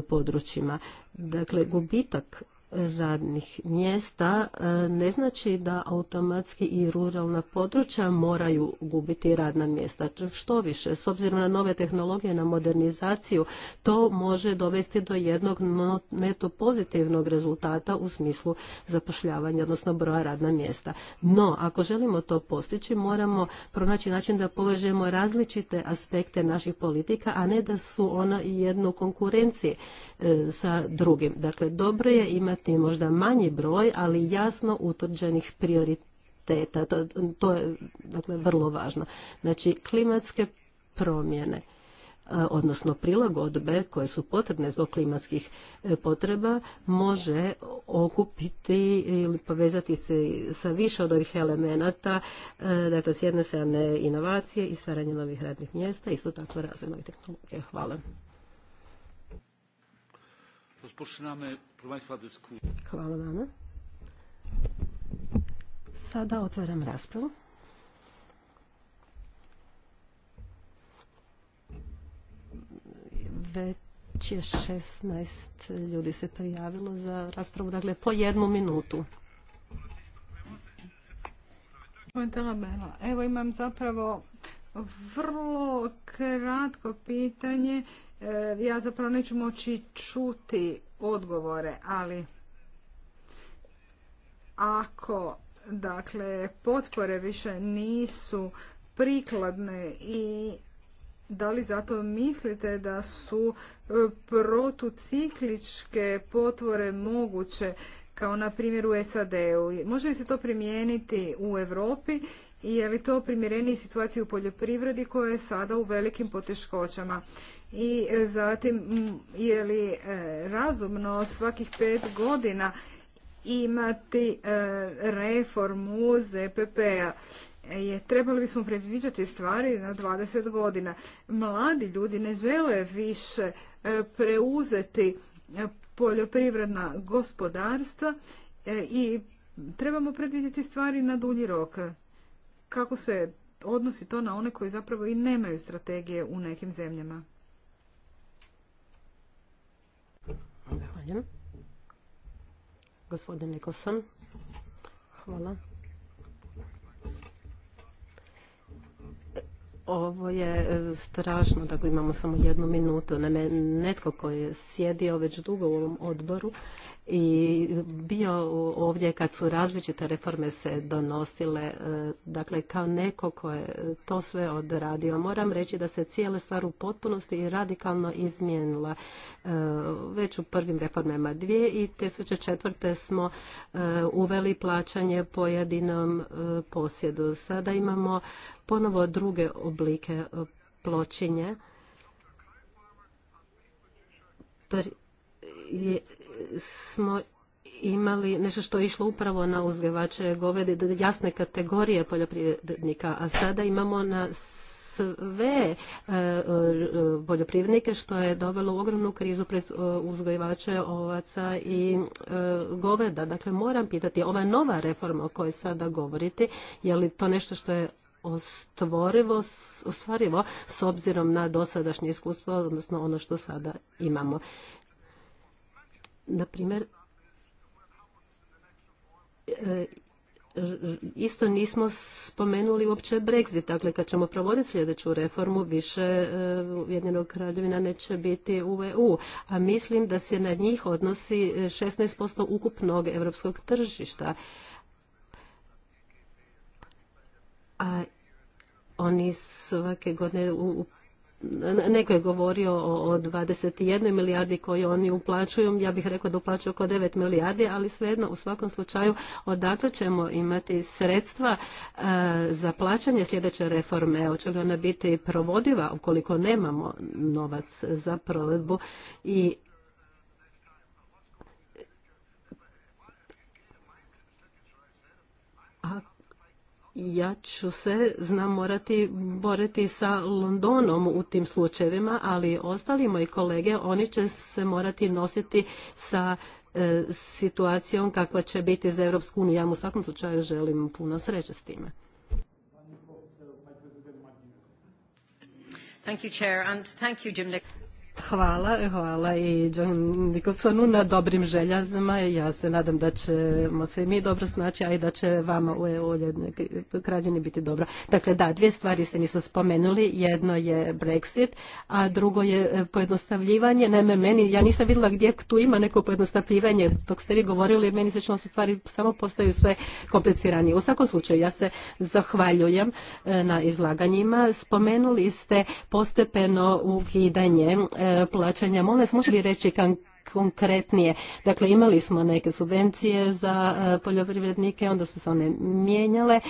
područjima. Dakle, gubitak radnih mjesta e, ne znači da automatski i ruralna područja moraju gubiti radna mjesta. Što više, s obzirom na nove tehnologije, na modernizaciju, to može dovesti do jednog neto pozitivnog rezultata u smislu zapošljavanja, odnosno broja radna mjesta. No, ako želimo to postići, moramo pronaći način da povežemo različite aspekte naših politika, a ne da su ona i jedno u konkurenciji e, sa drugim. Dakle, dobro je imati imati možda manji broj, ali jasno utvrđenih prioriteta. To, to je dakle, vrlo važno. Znači, klimatske promjene e, odnosno prilagodbe koje su potrebne zbog klimatskih e, potreba može okupiti ili povezati se sa više od ovih elemenata, e, dakle s jedne strane inovacije i stvaranje novih radnih mjesta, isto tako razvoj novih tehnologija. Hvala. Hvala vama. Sada otvaram raspravu. Već je 16 ljudi se prijavilo za raspravu, dakle po jednu minutu. Evo imam zapravo vrlo kratko pitanje E, ja zapravo neću moći čuti odgovore, ali ako dakle potpore više nisu prikladne i da li zato mislite da su e, protucikličke potvore moguće kao na primjer u SAD-u? Može li se to primijeniti u Europi i je li to primjereniji situaciji u poljoprivredi koja je sada u velikim poteškoćama? i e, zatim je li e, razumno svakih pet godina imati e, reformu ZPP-a. Je, trebali bismo predviđati stvari na 20 godina. Mladi ljudi ne žele više preuzeti poljoprivredna gospodarstva i trebamo predvidjeti stvari na dulji rok. Kako se odnosi to na one koji zapravo i nemaju strategije u nekim zemljama? Zahvaljujem. Gospodin Nikolson. Hvala. Ovo je e, strašno, tako imamo samo jednu minutu. Naime, netko koji je sjedio već dugo u ovom odboru i bio ovdje kad su različite reforme se donosile, e, dakle kao neko ko je to sve odradio. Moram reći da se cijela stvar u potpunosti i radikalno izmijenila e, već u prvim reformama dvije i 2004. smo e, uveli plaćanje pojedinom posjedu. Sada imamo ponovo druge oblike pločinje smo imali nešto što je išlo upravo na uzgajivače govede, jasne kategorije poljoprivrednika, a sada imamo na sve e, e, poljoprivrednike što je dovelo u ogromnu krizu pred e, uzgojivače ovaca i goveda. Dakle, moram pitati, ova nova reforma o kojoj sada govorite, je li to nešto što je ostvarivo s obzirom na dosadašnje iskustvo, odnosno ono što sada imamo na primjer, e, isto nismo spomenuli uopće Brexit. Dakle, kad ćemo provoditi sljedeću reformu, više e, Ujedinjenog kraljevina neće biti u EU. A mislim da se na njih odnosi 16% e, ukupnog europskog tržišta. A oni svake godine u neko je govorio o, 21 milijardi koju oni uplaćuju, ja bih rekao da uplaćuju oko 9 milijardi, ali svejedno u svakom slučaju odakle ćemo imati sredstva e, za plaćanje sljedeće reforme, hoće li ona biti provodiva ukoliko nemamo novac za provedbu i ja ću se znam morati boriti sa Londonom u tim slučajevima, ali ostali moji kolege, oni će se morati nositi sa e, situacijom kakva će biti za Europsku uniju. Ja mu u svakom slučaju želim puno sreće s time. Thank you, Chair, and thank you, Hvala, hvala i John Nicholsonu na dobrim željazima. Ja se nadam da ćemo se mi dobro snaći, a i da će vama u EU biti dobro. Dakle, da, dvije stvari se nisu spomenuli. Jedno je Brexit, a drugo je pojednostavljivanje. Naime, meni, ja nisam vidjela gdje tu ima neko pojednostavljivanje. Dok ste vi govorili, meni se su stvari samo postaju sve kompliciranije. U svakom slučaju, ja se zahvaljujem e, na izlaganjima. Spomenuli ste postepeno ukidanje e, plaćanja. Molim vas, može li reći konkretnije. Dakle, imali smo neke subvencije za e, poljoprivrednike, onda su se one mijenjale e,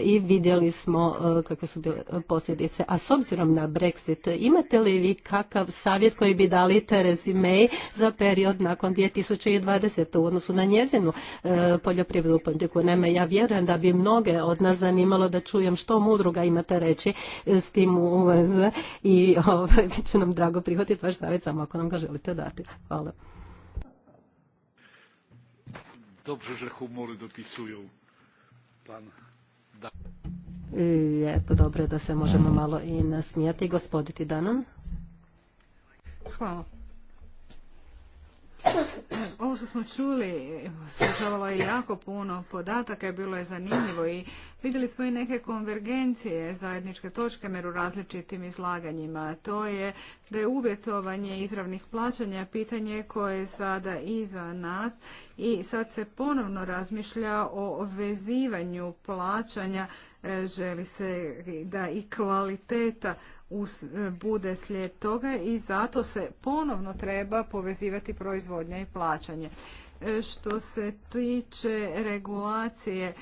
i vidjeli smo e, kakve su bile posljedice. A s obzirom na Brexit, imate li vi kakav savjet koji bi dali Terezi May za period nakon 2020. u odnosu na njezinu poljoprivrednu politiku? nema ja vjerujem da bi mnoge od nas zanimalo da čujem što mudruga imate reći s tim i ovaj, bit će nam drago prihvatiti vaš savjet samo ako nam ga želite dati. Hvala. Dobrze, że humory dopisują. Pan da. dobro je da se možemo malo i nasmijati. Gospoditi Danan. Hvala ovo što smo čuli, slušavalo je jako puno podataka, je bilo je zanimljivo i vidjeli smo i neke konvergencije zajedničke točke meru različitim izlaganjima. To je da je uvjetovanje izravnih plaćanja pitanje koje je sada iza nas i sad se ponovno razmišlja o vezivanju plaćanja, e, želi se da i kvaliteta E, bude slijed toga i zato se ponovno treba povezivati proizvodnja i plaćanje. E, što se tiče regulacije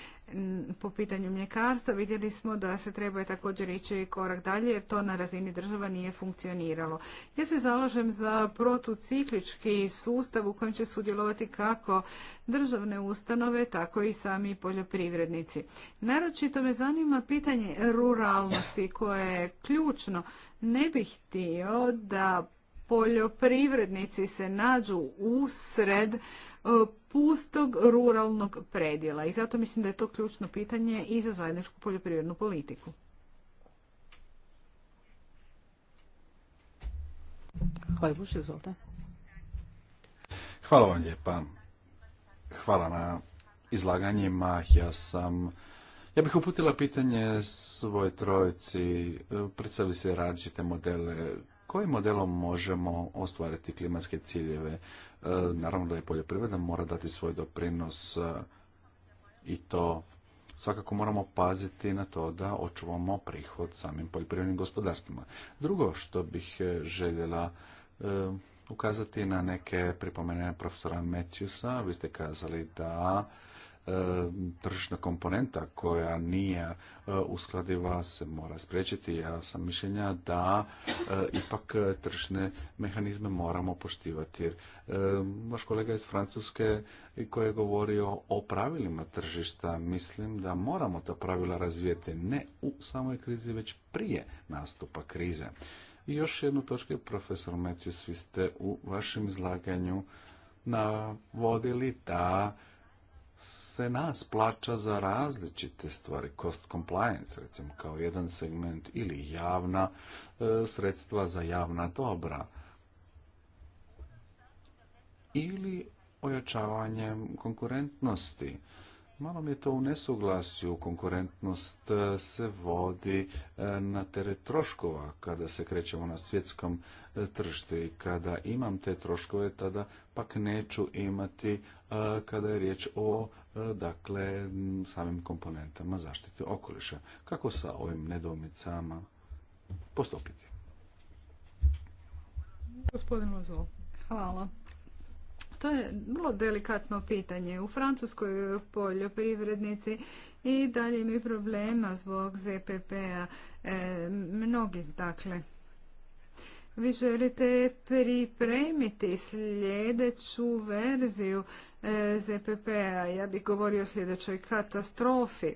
po pitanju mljekarstva vidjeli smo da se treba također ići korak dalje jer to na razini država nije funkcioniralo. Ja se zalažem za protuciklički sustav u kojem će sudjelovati kako državne ustanove, tako i sami poljoprivrednici. Naročito me zanima pitanje ruralnosti koje je ključno. Ne bih htio da poljoprivrednici se nađu usred E, pustog ruralnog predjela i zato mislim da je to ključno pitanje i za zajedničku poljoprivrednu politiku. Hvala, vam lijepa. Hvala na izlaganjima. Ja sam... Ja bih uputila pitanje svoje trojici. Predstavili se različite modele kojim modelom možemo ostvariti klimatske ciljeve. E, naravno da je poljoprivreda mora dati svoj doprinos e, i to svakako moramo paziti na to da očuvamo prihod samim poljoprivrednim gospodarstvima. Drugo što bih e, željela ukazati na neke pripomene profesora Metjusa. vi ste kazali da E, tržišna komponenta koja nije e, uskladiva se mora spriječiti. Ja sam mišljenja da e, ipak tržišne mehanizme moramo poštivati. Vaš kolega iz Francuske koji je govorio o pravilima tržišta, mislim da moramo ta pravila razvijeti ne u samoj krizi, već prije nastupa krize. I još jednu točku, profesor Matthews, vi ste u vašem izlaganju navodili da se nas plaća za različite stvari, cost compliance recimo kao jedan segment ili javna e, sredstva za javna dobra ili ojačavanje konkurentnosti. Malo mi je to u nesuglasju. Konkurentnost e, se vodi e, na teret troškova kada se krećemo na svjetskom tržištu i kada imam te troškove, tada pak neću imati kada je riječ o dakle samim komponentama zaštite okoliša. Kako sa ovim nedomicama postupiti? Gospodin Lozo, hvala. To je vrlo delikatno pitanje. U Francuskoj poljoprivrednici i dalje imaju problema zbog ZPP-a. E, mnogi, dakle, vi želite pripremiti sljedeću verziju E, ZPP-a. Ja bih govorio o sljedećoj katastrofi.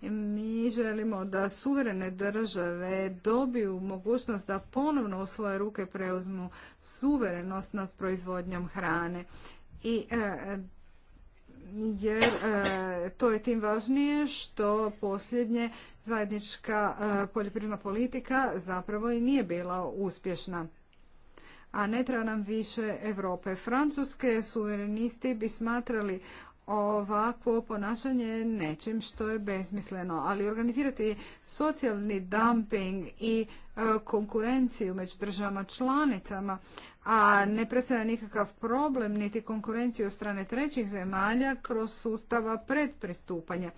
Mi želimo da suverene države dobiju mogućnost da ponovno u svoje ruke preuzmu suverenost nad proizvodnjom hrane. I e, jer e, to je tim važnije što posljednje zajednička e, poljoprivredna politika zapravo i nije bila uspješna a ne treba nam više Europe. Francuske suverenisti bi smatrali ovakvo ponašanje nečim što je besmisleno, ali organizirati socijalni dumping i e, konkurenciju među državama članicama, a ne predstavlja nikakav problem niti konkurenciju od strane trećih zemalja kroz sustava predpristupanja.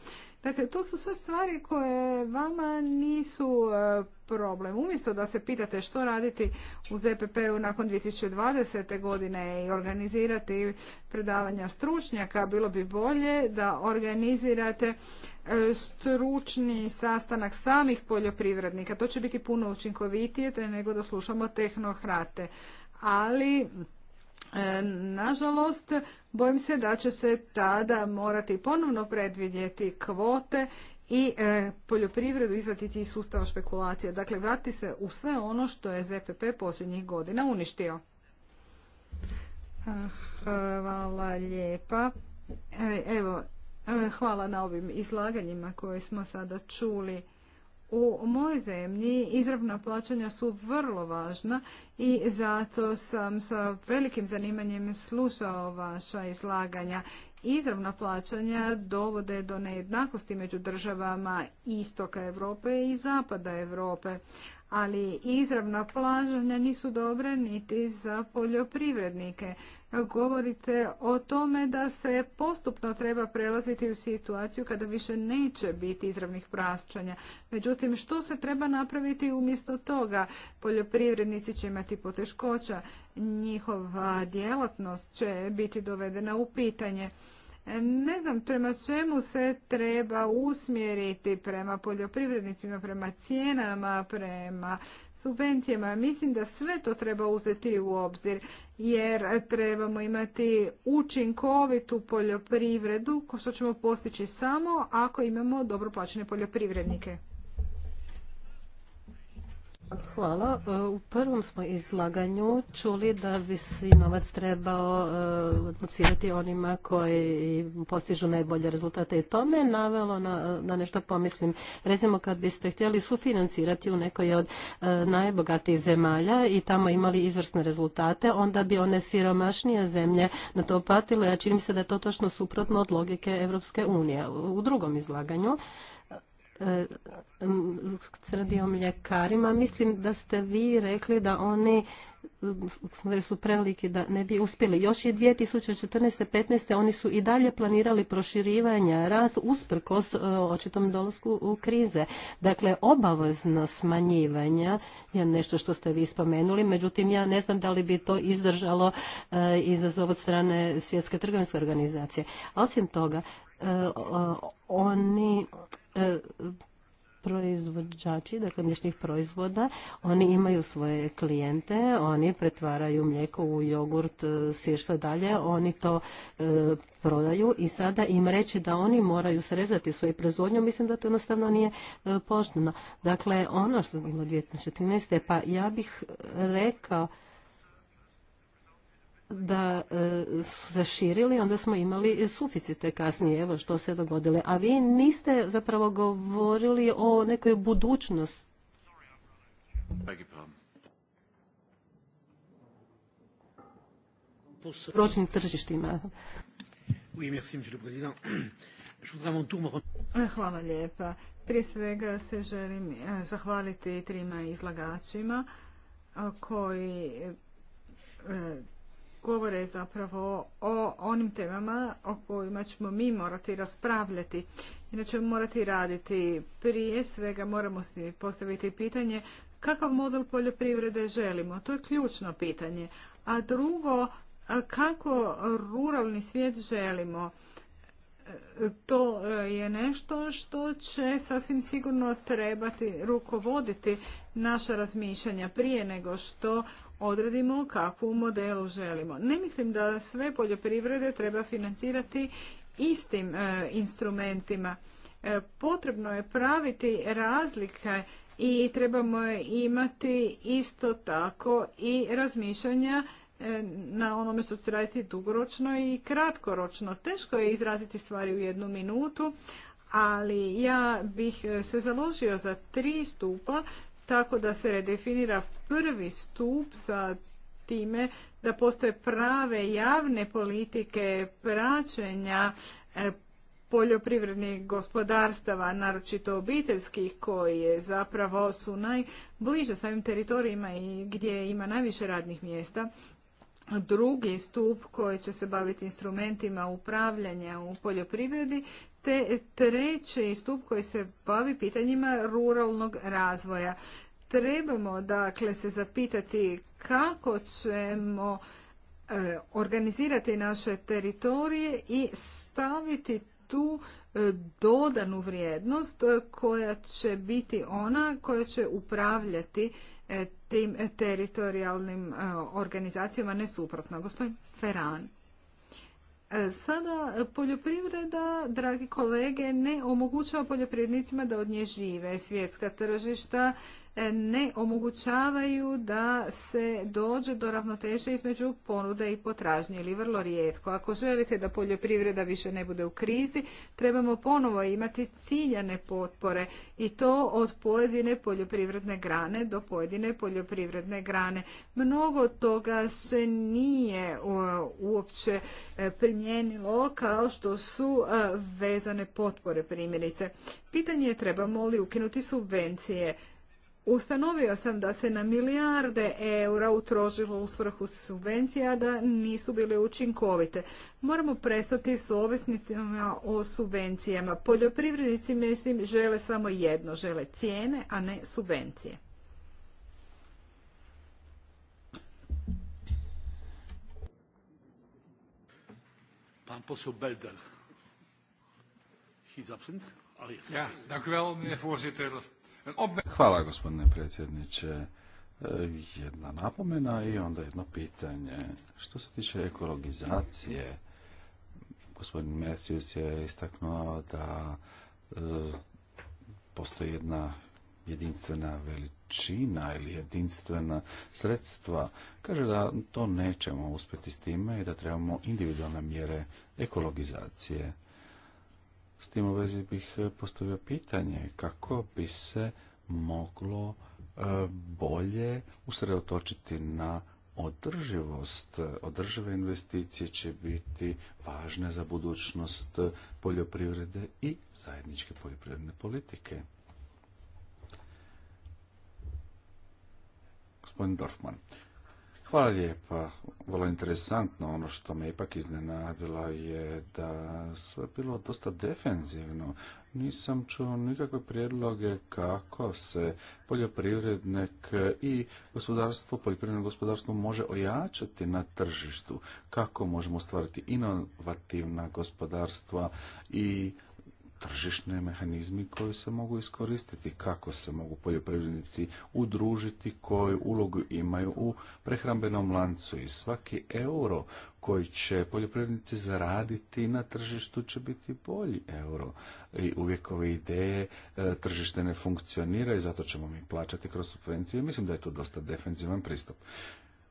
Dakle, to su sve stvari koje vama nisu e, problem. Umjesto da se pitate što raditi u ZPP-u nakon 2020. godine i organizirati predavanja stručnjaka, bilo bi bolje da organizirate e, stručni sastanak samih poljoprivrednika. To će biti puno učinkovitije nego da slušamo tehnohrate. Ali e, Nažalost, bojim se da će se tada morati ponovno predvidjeti kvote i e, poljoprivredu izvatiti iz sustava špekulacije. Dakle, vrati se u sve ono što je ZPP posljednjih godina uništio. Ah, hvala lijepa. E, evo, e, hvala na ovim izlaganjima koje smo sada čuli. U mojoj zemlji izravna plaćanja su vrlo važna i zato sam sa velikim zanimanjem slušao vaša izlaganja izravna plaćanja dovode do nejednakosti među državama istoka Europe i zapada Europe, ali izravna plaćanja nisu dobre niti za poljoprivrednike govorite o tome da se postupno treba prelaziti u situaciju kada više neće biti izravnih praćanja. Međutim, što se treba napraviti umjesto toga? Poljoprivrednici će imati poteškoća, njihova djelatnost će biti dovedena u pitanje. Ne znam prema čemu se treba usmjeriti prema poljoprivrednicima, prema cijenama, prema subvencijama. Mislim da sve to treba uzeti u obzir jer trebamo imati učinkovitu poljoprivredu što ćemo postići samo ako imamo dobro plaćene poljoprivrednike. Hvala. E, u prvom smo izlaganju čuli da bi si novac trebao odmocirati e, onima koji postižu najbolje rezultate i to me navelo na, da nešto pomislim. Recimo kad biste htjeli sufinancirati u nekoj od e, najbogatijih zemalja i tamo imali izvrsne rezultate, onda bi one siromašnije zemlje na to patile, a čini mi se da je to točno suprotno od logike Europske unije. U drugom izlaganju mljekarima. Mislim da ste vi rekli da oni su preliki da ne bi uspjeli. Još je 2014. 15. oni su i dalje planirali proširivanja raz usprkos e, očitom dolasku u krize. Dakle, obavezno smanjivanja je nešto što ste vi spomenuli, međutim ja ne znam da li bi to izdržalo e, izazov od strane Svjetske trgovinske organizacije. osim toga, Eh, oni eh, proizvođači, dakle mlječnih proizvoda, oni imaju svoje klijente, oni pretvaraju mlijeko u jogurt, eh, sir što dalje, oni to prodaju i sada im reći da oni moraju srezati svoju proizvodnju, mislim da to jednostavno nije pošteno. Dakle, ono što je bilo 2013. pa ja bih rekao da e, zaširili, se širili, onda smo imali suficite kasnije, evo što se dogodilo. A vi niste zapravo govorili o nekoj budućnosti. Pročnim tržištima. Hvala lijepa. Prije svega se želim e, zahvaliti trima izlagačima koji e, govore zapravo o onim temama o kojima ćemo mi morati raspravljati. Inače morati raditi. Prije svega moramo si postaviti pitanje kakav model poljoprivrede želimo. To je ključno pitanje. A drugo, kako ruralni svijet želimo to e, je nešto što će sasvim sigurno trebati rukovoditi naša razmišljanja prije nego što odredimo kakvu modelu želimo. Ne mislim da sve poljoprivrede treba financirati istim e, instrumentima. E, potrebno je praviti razlike i trebamo imati isto tako i razmišljanja E, na onome što raditi dugoročno i kratkoročno. Teško je izraziti stvari u jednu minutu, ali ja bih e, se založio za tri stupa tako da se redefinira prvi stup sa time da postoje prave javne politike praćenja e, poljoprivrednih gospodarstava, naročito obiteljskih, koje zapravo su najbliže samim teritorijima i gdje ima najviše radnih mjesta, drugi stup koji će se baviti instrumentima upravljanja u poljoprivredi, te treći stup koji se bavi pitanjima ruralnog razvoja. Trebamo dakle se zapitati kako ćemo e, organizirati naše teritorije i staviti tu e, dodanu vrijednost e, koja će biti ona koja će upravljati tim teritorijalnim e, organizacijama, ne suprotno. Gospodin Ferran. E, sada poljoprivreda, dragi kolege, ne omogućava poljoprivrednicima da od nje žive. Svjetska tržišta E, ne omogućavaju da se dođe do ravnoteže između ponude i potražnje ili vrlo rijetko. Ako želite da poljoprivreda više ne bude u krizi, trebamo ponovo imati ciljane potpore i to od pojedine poljoprivredne grane do pojedine poljoprivredne grane. Mnogo toga se nije e, uopće e, primijenilo kao što su vezane potpore primjerice. Pitanje je trebamo li ukinuti subvencije. Ustanovio sam da se na milijarde eura utrožilo u svrhu subvencija da nisu bile učinkovite. Moramo prestati s ovisnicima o subvencijama. Poljoprivrednici, mislim, žele samo jedno, žele cijene, a ne subvencije. Pan Hvala gospodine predsjedniče. E, jedna napomena i onda jedno pitanje. Što se tiče ekologizacije, gospodin Mercius je istaknuo da e, postoji jedna jedinstvena veličina ili jedinstvena sredstva. Kaže da to nećemo uspjeti s time i da trebamo individualne mjere ekologizacije. S tim u vezi bih e, postavio pitanje kako bi se moglo e, bolje usredotočiti na održivost. Održive investicije će biti važne za budućnost poljoprivrede i zajedničke poljoprivredne politike. Gospodin Dorfman, Hvala lijepa. Vrlo interesantno. Ono što me ipak iznenadilo je da sve bilo dosta defenzivno. Nisam čuo nikakve prijedloge kako se poljoprivrednik i gospodarstvo, poljoprivredno gospodarstvo može ojačati na tržištu, kako možemo stvariti inovativna gospodarstva i tržišne mehanizmi koji se mogu iskoristiti, kako se mogu poljoprivrednici udružiti, koju ulogu imaju u prehrambenom lancu i svaki euro koji će poljoprivrednici zaraditi na tržištu će biti bolji euro. I uvijek ove ideje e, tržište ne funkcionira i zato ćemo mi plaćati kroz subvencije. Mislim da je to dosta defensivan pristup.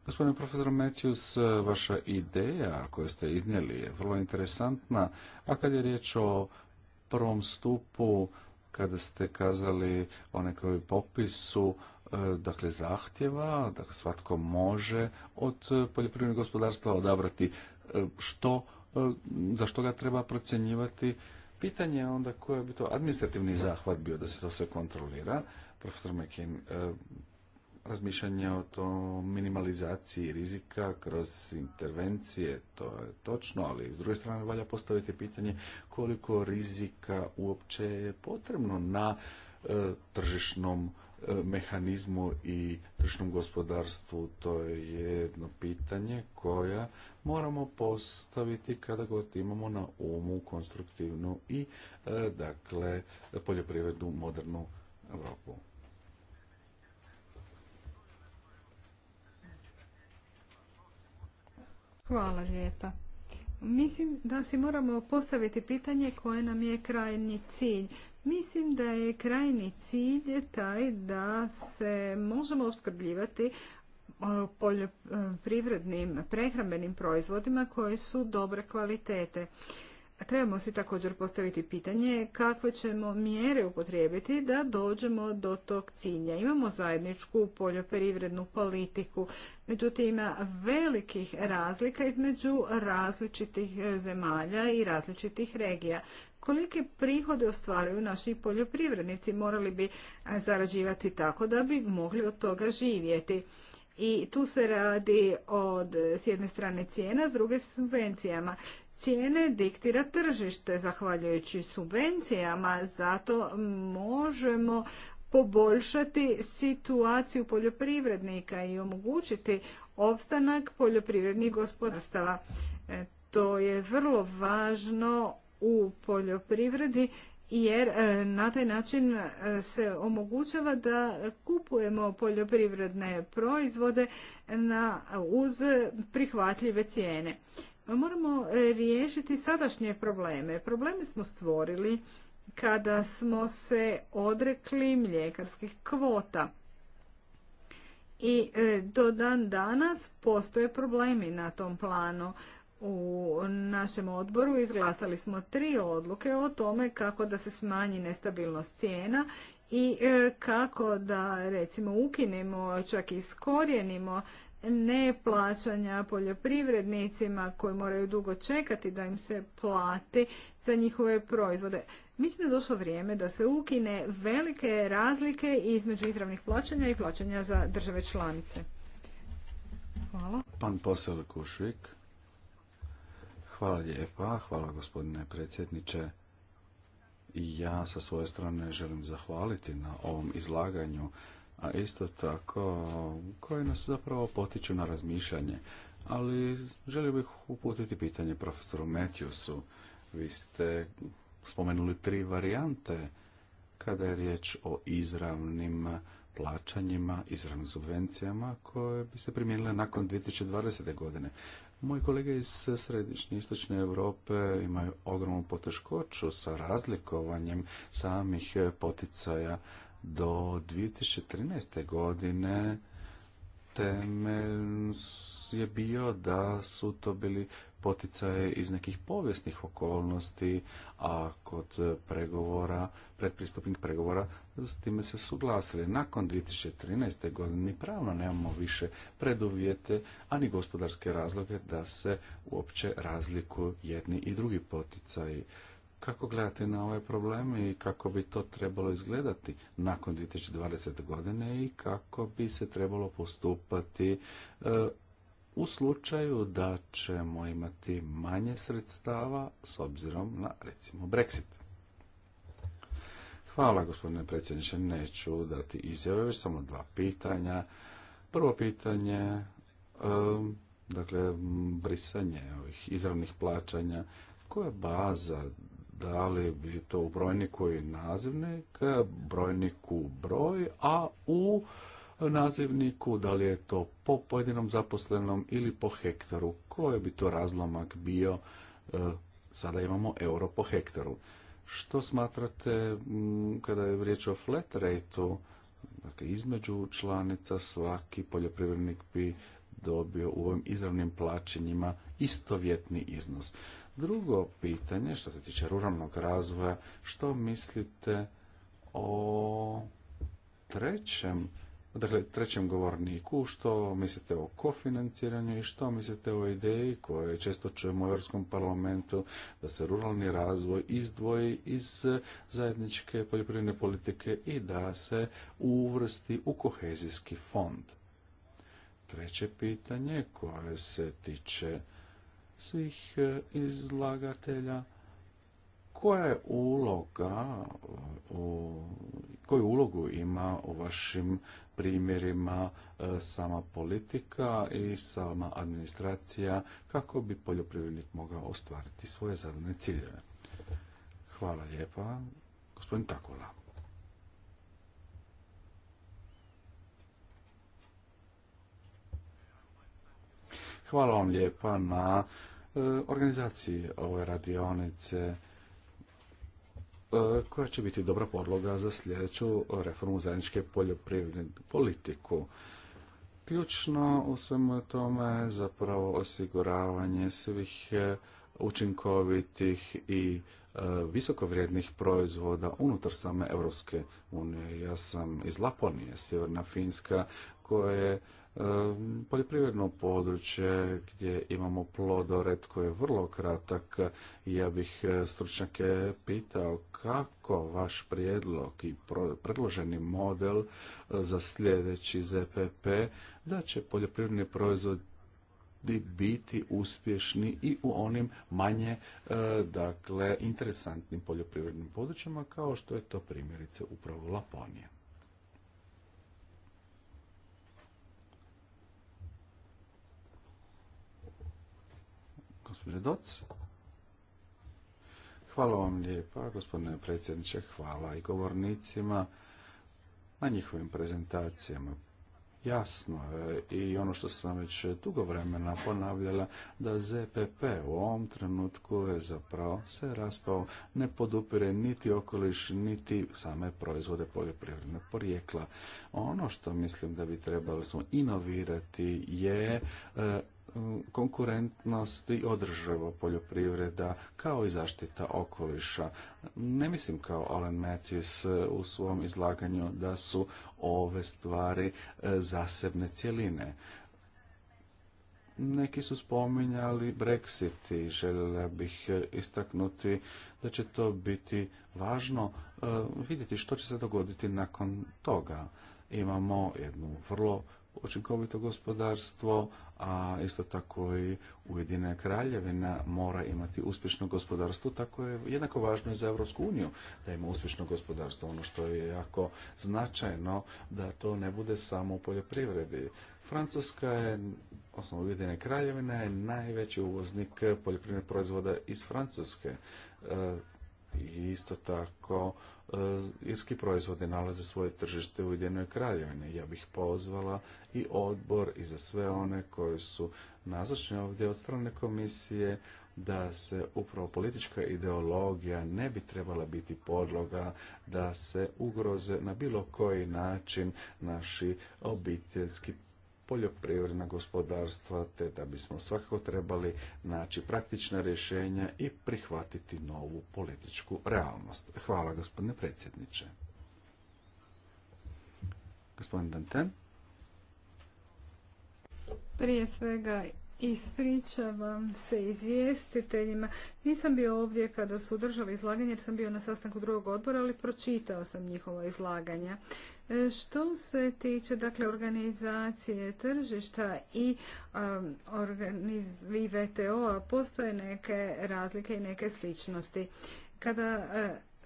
Gospodine profesor Matthews, vaša ideja koju ste iznijeli je vrlo interesantna, a kad je riječ o prvom stupu kada ste kazali o nekoj popisu e, dakle zahtjeva, da dakle, svatko može od poljoprivrednog gospodarstva odabrati e, što, e, za što ga treba procjenjivati. Pitanje je onda koji bi to administrativni zahvat bio da se to sve kontrolira. Profesor Mekin, razmišljanje o to minimalizaciji rizika kroz intervencije, to je točno, ali s druge strane valja postaviti pitanje koliko rizika uopće je potrebno na e, tržišnom e, mehanizmu i tržišnom gospodarstvu. To je jedno pitanje koja moramo postaviti kada god imamo na umu konstruktivnu i e, dakle poljoprivredu modernu Europu. Hvala lijepa. Mislim da si moramo postaviti pitanje koje nam je krajnji cilj. Mislim da je krajni cilj taj da se možemo opskrbljivati e, poljoprivrednim prehrambenim proizvodima koji su dobre kvalitete trebamo si također postaviti pitanje kakve ćemo mjere upotrijebiti da dođemo do tog cilja. Imamo zajedničku poljoprivrednu politiku, međutim ima velikih razlika između različitih zemalja i različitih regija. Kolike prihode ostvaruju naši poljoprivrednici morali bi zarađivati tako da bi mogli od toga živjeti. I tu se radi od s jedne strane cijena, s druge subvencijama cijene diktira tržište zahvaljujući subvencijama, zato možemo poboljšati situaciju poljoprivrednika i omogućiti opstanak poljoprivrednih gospodarstava. E, to je vrlo važno u poljoprivredi jer e, na taj način e, se omogućava da kupujemo poljoprivredne proizvode na, uz prihvatljive cijene. Moramo e, riješiti sadašnje probleme. Probleme smo stvorili kada smo se odrekli mljekarskih kvota. I e, do dan danas postoje problemi na tom planu. U našem odboru izglasali smo tri odluke o tome kako da se smanji nestabilnost cijena i e, kako da recimo ukinemo, čak i iskorijenimo neplaćanja poljoprivrednicima koji moraju dugo čekati da im se plati za njihove proizvode. Mislim da je došlo vrijeme da se ukine velike razlike između izravnih plaćanja i plaćanja za države članice. Hvala. Pan posel Kušvik. Hvala lijepa, hvala gospodine predsjedniče. I ja sa svoje strane želim zahvaliti na ovom izlaganju a isto tako koje nas zapravo potiču na razmišljanje. Ali želio bih uputiti pitanje profesoru Matthewsu. Vi ste spomenuli tri varijante kada je riječ o izravnim plaćanjima, izravnim subvencijama koje bi se primijenile nakon 2020. godine. Moji kolege iz središnje istočne Europe imaju ogromnu poteškoću sa razlikovanjem samih poticaja do 2013. godine temelj je bio da su to bili poticaje iz nekih povijesnih okolnosti, a kod pregovora, predpristupnih pregovora, s time se suglasili. Nakon 2013. godine ni pravno nemamo više preduvjete, ani gospodarske razloge da se uopće razlikuju jedni i drugi poticaji kako gledate na ove ovaj probleme i kako bi to trebalo izgledati nakon 2020. godine i kako bi se trebalo postupati e, u slučaju da ćemo imati manje sredstava s obzirom na recimo Brexit. Hvala gospodine predsjedniče, neću dati izjave, već samo dva pitanja. Prvo pitanje, e, dakle, brisanje ovih izravnih plaćanja, koja je baza da li bi to u brojniku i nazivnik, brojniku broj, a u nazivniku da li je to po pojedinom zaposlenom ili po hektaru, koji bi to razlomak bio, e, sada imamo euro po hektaru. Što smatrate kada je riječ o flat rateu, dakle između članica svaki poljoprivrednik bi dobio u ovim izravnim plaćanjima istovjetni iznos. Drugo pitanje, što se tiče ruralnog razvoja, što mislite o trećem Dakle, trećem govorniku, što mislite o kofinanciranju i što mislite o ideji koje često čujemo u Europskom parlamentu da se ruralni razvoj izdvoji iz zajedničke poljoprivredne politike i da se uvrsti u kohezijski fond. Treće pitanje koje se tiče svih e, izlagatelja koja je uloga koju ulogu ima u vašim primjerima e, sama politika i sama administracija kako bi poljoprivrednik mogao ostvariti svoje zadane ciljeve. Hvala lijepa, gospodin Takula. Hvala vam lijepa na e, organizaciji ove radionice e, koja će biti dobra podloga za sljedeću reformu zajedničke poljoprivredne politiku. Ključno u svemu tome je zapravo osiguravanje svih e, učinkovitih i visokovrijednih proizvoda unutar same Europske unije. Ja sam iz Laponije, Sjeverna Finska, koja je poljoprivredno područje gdje imamo plodored koji je vrlo kratak ja bih e, stručnjake pitao kako vaš prijedlog i predloženi model e, za sljedeći ZPP da će poljoprivredni proizvod biti uspješni i u onim manje e, dakle interesantnim poljoprivrednim područjima kao što je to primjerice upravo Laponija. gospođe Doc. Hvala vam lijepa, gospodine predsjedniče, hvala i govornicima na njihovim prezentacijama. Jasno je i ono što sam već dugo vremena ponavljala da ZPP u ovom trenutku je zapravo se raspao ne podupire niti okoliš niti same proizvode poljoprivredne porijekla. Ono što mislim da bi trebali smo inovirati je e, Mm, konkurentnost i održivo poljoprivreda kao i zaštita okoliša. Ne mislim kao Alan Matthews e, u svom izlaganju da su ove stvari e, zasebne cjeline. Neki su spominjali Brexit i željela bih e, istaknuti da će to biti važno vidjeti što će se dogoditi nakon toga. Imamo jednu vrlo učinkovito gospodarstvo, a isto tako i Ujedinjena kraljevina mora imati uspješno gospodarstvo, tako je jednako važno i za Europsku uniju da ima uspješno gospodarstvo. Ono što je jako značajno da to ne bude samo u poljoprivredi. Francuska je, osnovno Ujedinjena kraljevina je najveći uvoznik poljoprivrednih proizvoda iz Francuske. I e, isto tako E, irski proizvodi nalaze svoje tržište u Ujedinoj kraljevini. Ja bih pozvala i odbor i za sve one koji su nazočni ovdje od strane komisije da se upravo politička ideologija ne bi trebala biti podloga da se ugroze na bilo koji način naši obiteljski poljoprivredna gospodarstva, te da bismo svakako trebali naći praktična rješenja i prihvatiti novu političku realnost. Hvala gospodine predsjedniče. Gospodin Danten. Prije svega Ispričavam se izvjestiteljima. Nisam bio ovdje kada su držali izlaganje jer sam bio na sastanku drugog odbora, ali pročitao sam njihova izlaganja. E, što se tiče dakle, organizacije tržišta i um, VTO-a, postoje neke razlike i neke sličnosti. Kada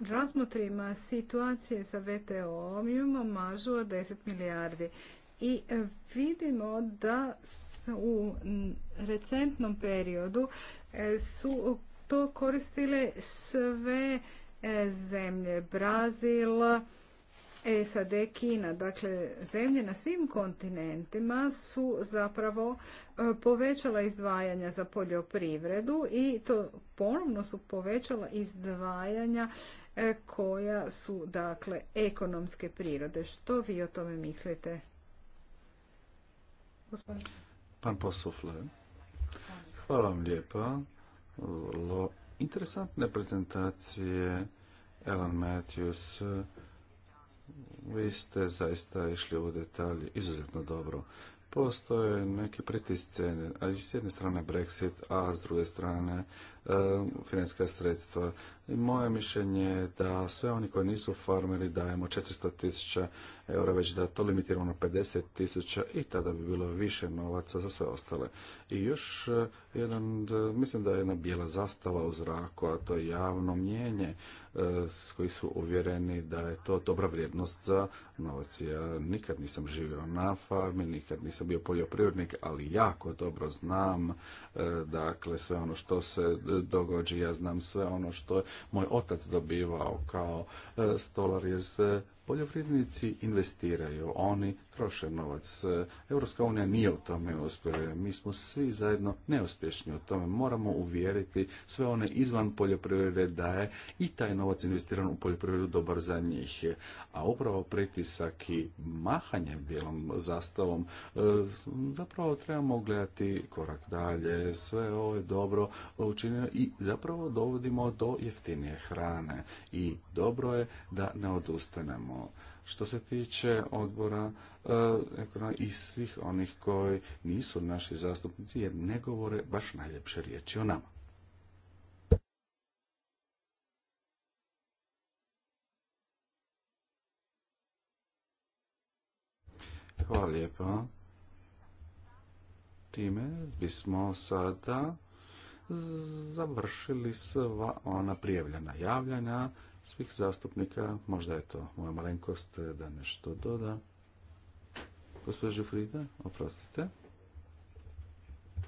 uh, razmotrimo situacije sa VTO-om, imamo mažu od 10 milijardi i e, vidimo da u recentnom periodu e, su to koristile sve e, zemlje Brazil, SAD, Kina, dakle zemlje na svim kontinentima su zapravo povećala izdvajanja za poljoprivredu i to ponovno su povećala izdvajanja koja su dakle ekonomske prirode. Što vi o tome mislite? Pan Posufle. Hvala vam lijepa. Vrlo interesantne prezentacije. Alan Matthews, vi ste zaista išli u detalje izuzetno dobro. Postoje neke pritisci, a s jedne strane Brexit, a s druge strane e, financijska sredstva. Moje mišljenje je da sve oni koji nisu farmeri dajemo 400 tisuća eura, već da to limitiramo na 50 tisuća i tada bi bilo više novaca za sve ostale. I još e, jedan, mislim da je jedna bijela zastava u zraku, a to je javno mnjenje e, s koji su uvjereni da je to dobra vrijednost za novac. Ja nikad nisam živio na farmi, nikad nisam bio poljoprivrednik, ali jako dobro znam e, dakle sve ono što se događa, ja znam sve ono što moj otac dobivao kao e, stolar jer se Poljoprivrednici investiraju, oni troše novac. Europska unija nije u tome uspjela. Mi smo svi zajedno neuspješni u tome. Moramo uvjeriti sve one izvan poljoprivrede da je i taj novac investiran u poljoprivredu dobar za njih. A upravo pritisak i mahanje bijelom zastavom e, zapravo trebamo gledati korak dalje. Sve ovo je dobro učinjeno i zapravo dovodimo do jeftinije hrane. I dobro je da ne odustanemo što se tiče odbora e, i svih onih koji nisu naši zastupnici jer ne govore baš najljepše riječi o nama. Hvala lijepo. Time bismo sada završili sva ona prijavljena javljanja svih zastupnika. Možda je to moja malenkost eh, da nešto doda. Gospođo Frida, oprostite.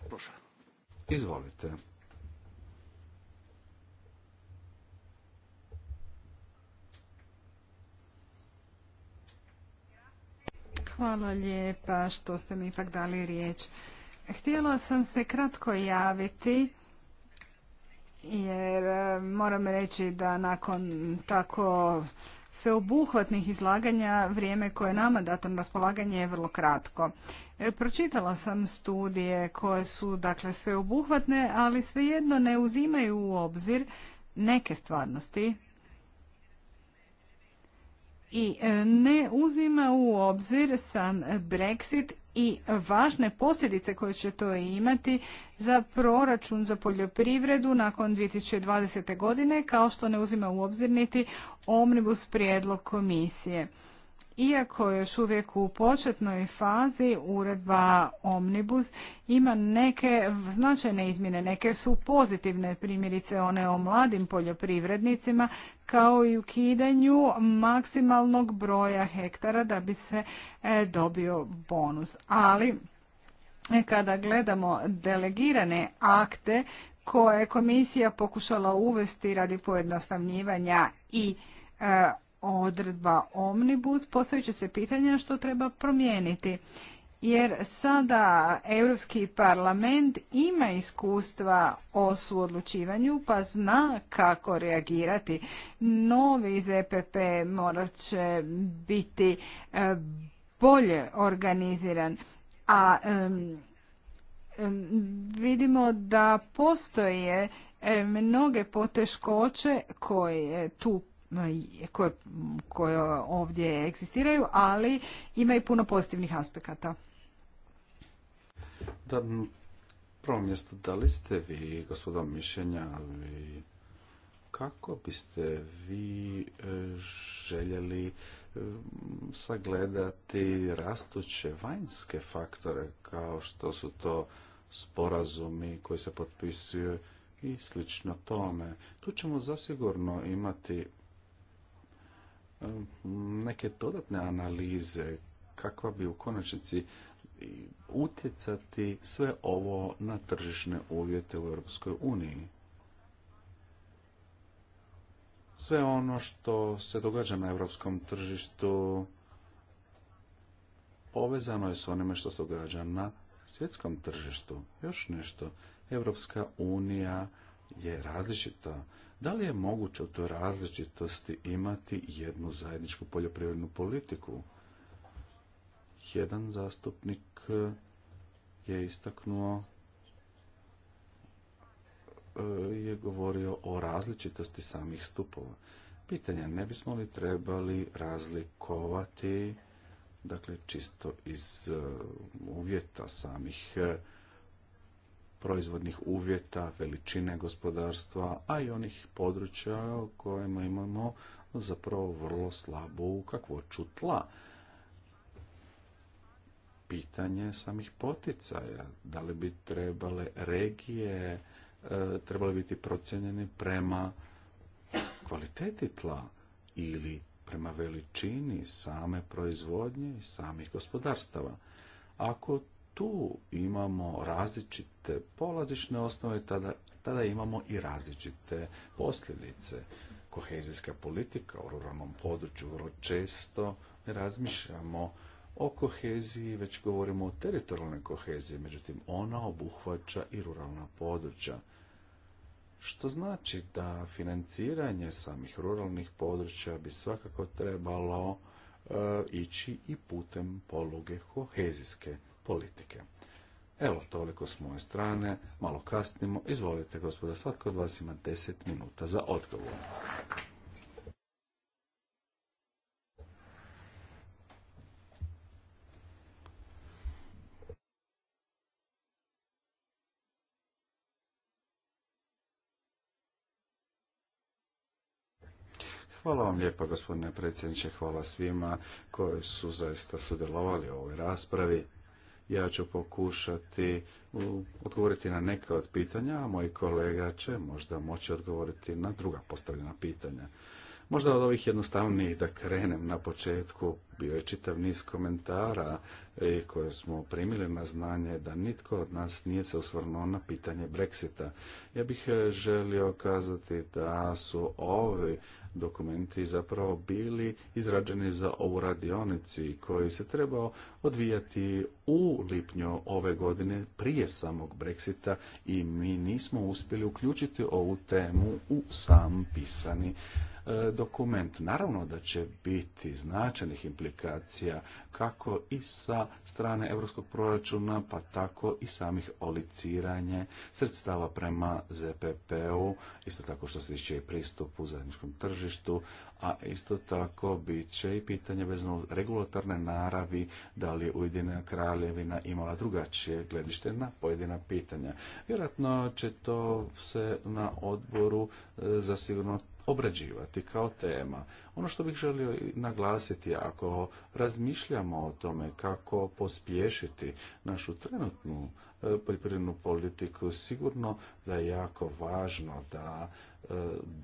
Prošla. Izvolite. Hvala lijepa što ste mi ipak dali riječ. Htjela sam se kratko javiti jer e, moram reći da nakon tako sveobuhvatnih izlaganja vrijeme koje je nama dato raspolaganje je vrlo kratko. E, pročitala sam studije koje su dakle sveobuhvatne, ali svejedno ne uzimaju u obzir neke stvarnosti i e, ne uzima u obzir sam Brexit i važne posljedice koje će to imati za proračun za poljoprivredu nakon 2020. godine, kao što ne uzima u obzir niti omnibus prijedlog komisije. Iako je još uvijek u početnoj fazi uredba Omnibus ima neke značajne izmjene, neke su pozitivne primjerice one o mladim poljoprivrednicima kao i ukidanju maksimalnog broja hektara da bi se e, dobio bonus. Ali e, kada gledamo delegirane akte koje je komisija pokušala uvesti radi pojednostavnjivanja i e, odredba Omnibus, postavit će se pitanje što treba promijeniti. Jer sada Europski parlament ima iskustva o suodlučivanju pa zna kako reagirati. Novi ZPP e morat će biti e, bolje organiziran, a vidimo da postoje mnoge poteškoće koje tu koje, koje ovdje egzistiraju, ali ima i puno pozitivnih aspekata. Da, prvo mjesto, da li ste vi, gospodo, mišljenja, kako biste vi e, željeli e, sagledati rastuće vanjske faktore kao što su to sporazumi koji se potpisuju i slično tome. Tu ćemo zasigurno imati neke dodatne analize kakva bi u konačnici utjecati sve ovo na tržišne uvjete u Europskoj uniji. Sve ono što se događa na europskom tržištu povezano je s onime što se događa na svjetskom tržištu. Još nešto. Europska unija je različita. Da li je moguće u toj različitosti imati jednu zajedničku poljoprivrednu politiku? Jedan zastupnik eh, je istaknuo eh, je govorio o različitosti samih stupova. Pitanje, ne bismo li trebali razlikovati dakle čisto iz eh, uvjeta samih proizvodnih uvjeta, veličine gospodarstva, a i onih područja u kojima imamo zapravo vrlo slabu kakvoću tla. Pitanje samih poticaja, da li bi trebale regije, e, trebali biti procenjeni prema kvaliteti tla ili prema veličini same proizvodnje i samih gospodarstava. Ako tu imamo različite polazične osnove, tada, tada imamo i različite posljedice. Kohezijska politika u ruralnom području vrlo često ne razmišljamo o koheziji, već govorimo o teritorijalnoj koheziji, međutim ona obuhvaća i ruralna područja. Što znači da financiranje samih ruralnih područja bi svakako trebalo e, ići i putem poluge kohezijske politike. Evo, toliko s moje strane, malo kasnimo. Izvolite, gospoda, svatko od vas ima deset minuta za odgovor. Hvala vam lijepa, gospodine predsjedniče. Hvala svima koji su zaista sudjelovali u ovoj raspravi. Ja ću pokušati odgovoriti na neka od pitanja, a moji kolega će možda moći odgovoriti na druga postavljena pitanja. Možda od ovih jednostavnijih da krenem na početku, bio je čitav niz komentara e, koje smo primili na znanje da nitko od nas nije se osvrnuo na pitanje Brexita. Ja bih e, želio kazati da su ovi dokumenti zapravo bili izrađeni za ovu radionici koji se trebao odvijati u lipnju ove godine prije samog Brexita i mi nismo uspjeli uključiti ovu temu u sam pisani E, dokument. Naravno da će biti značajnih implikacija kako i sa strane europskog proračuna, pa tako i samih oliciranje sredstava prema ZPP-u, isto tako što se tiče i pristupu zajedničkom tržištu, a isto tako bit će i pitanje vezano regulatorne naravi da li je Ujedinjena kraljevina imala drugačije gledište na pojedina pitanja. Vjerojatno će to se na odboru e, za sigurno obrađivati kao tema. Ono što bih želio naglasiti, ako razmišljamo o tome kako pospješiti našu trenutnu e, poljoprivrednu politiku, sigurno da je jako važno da e,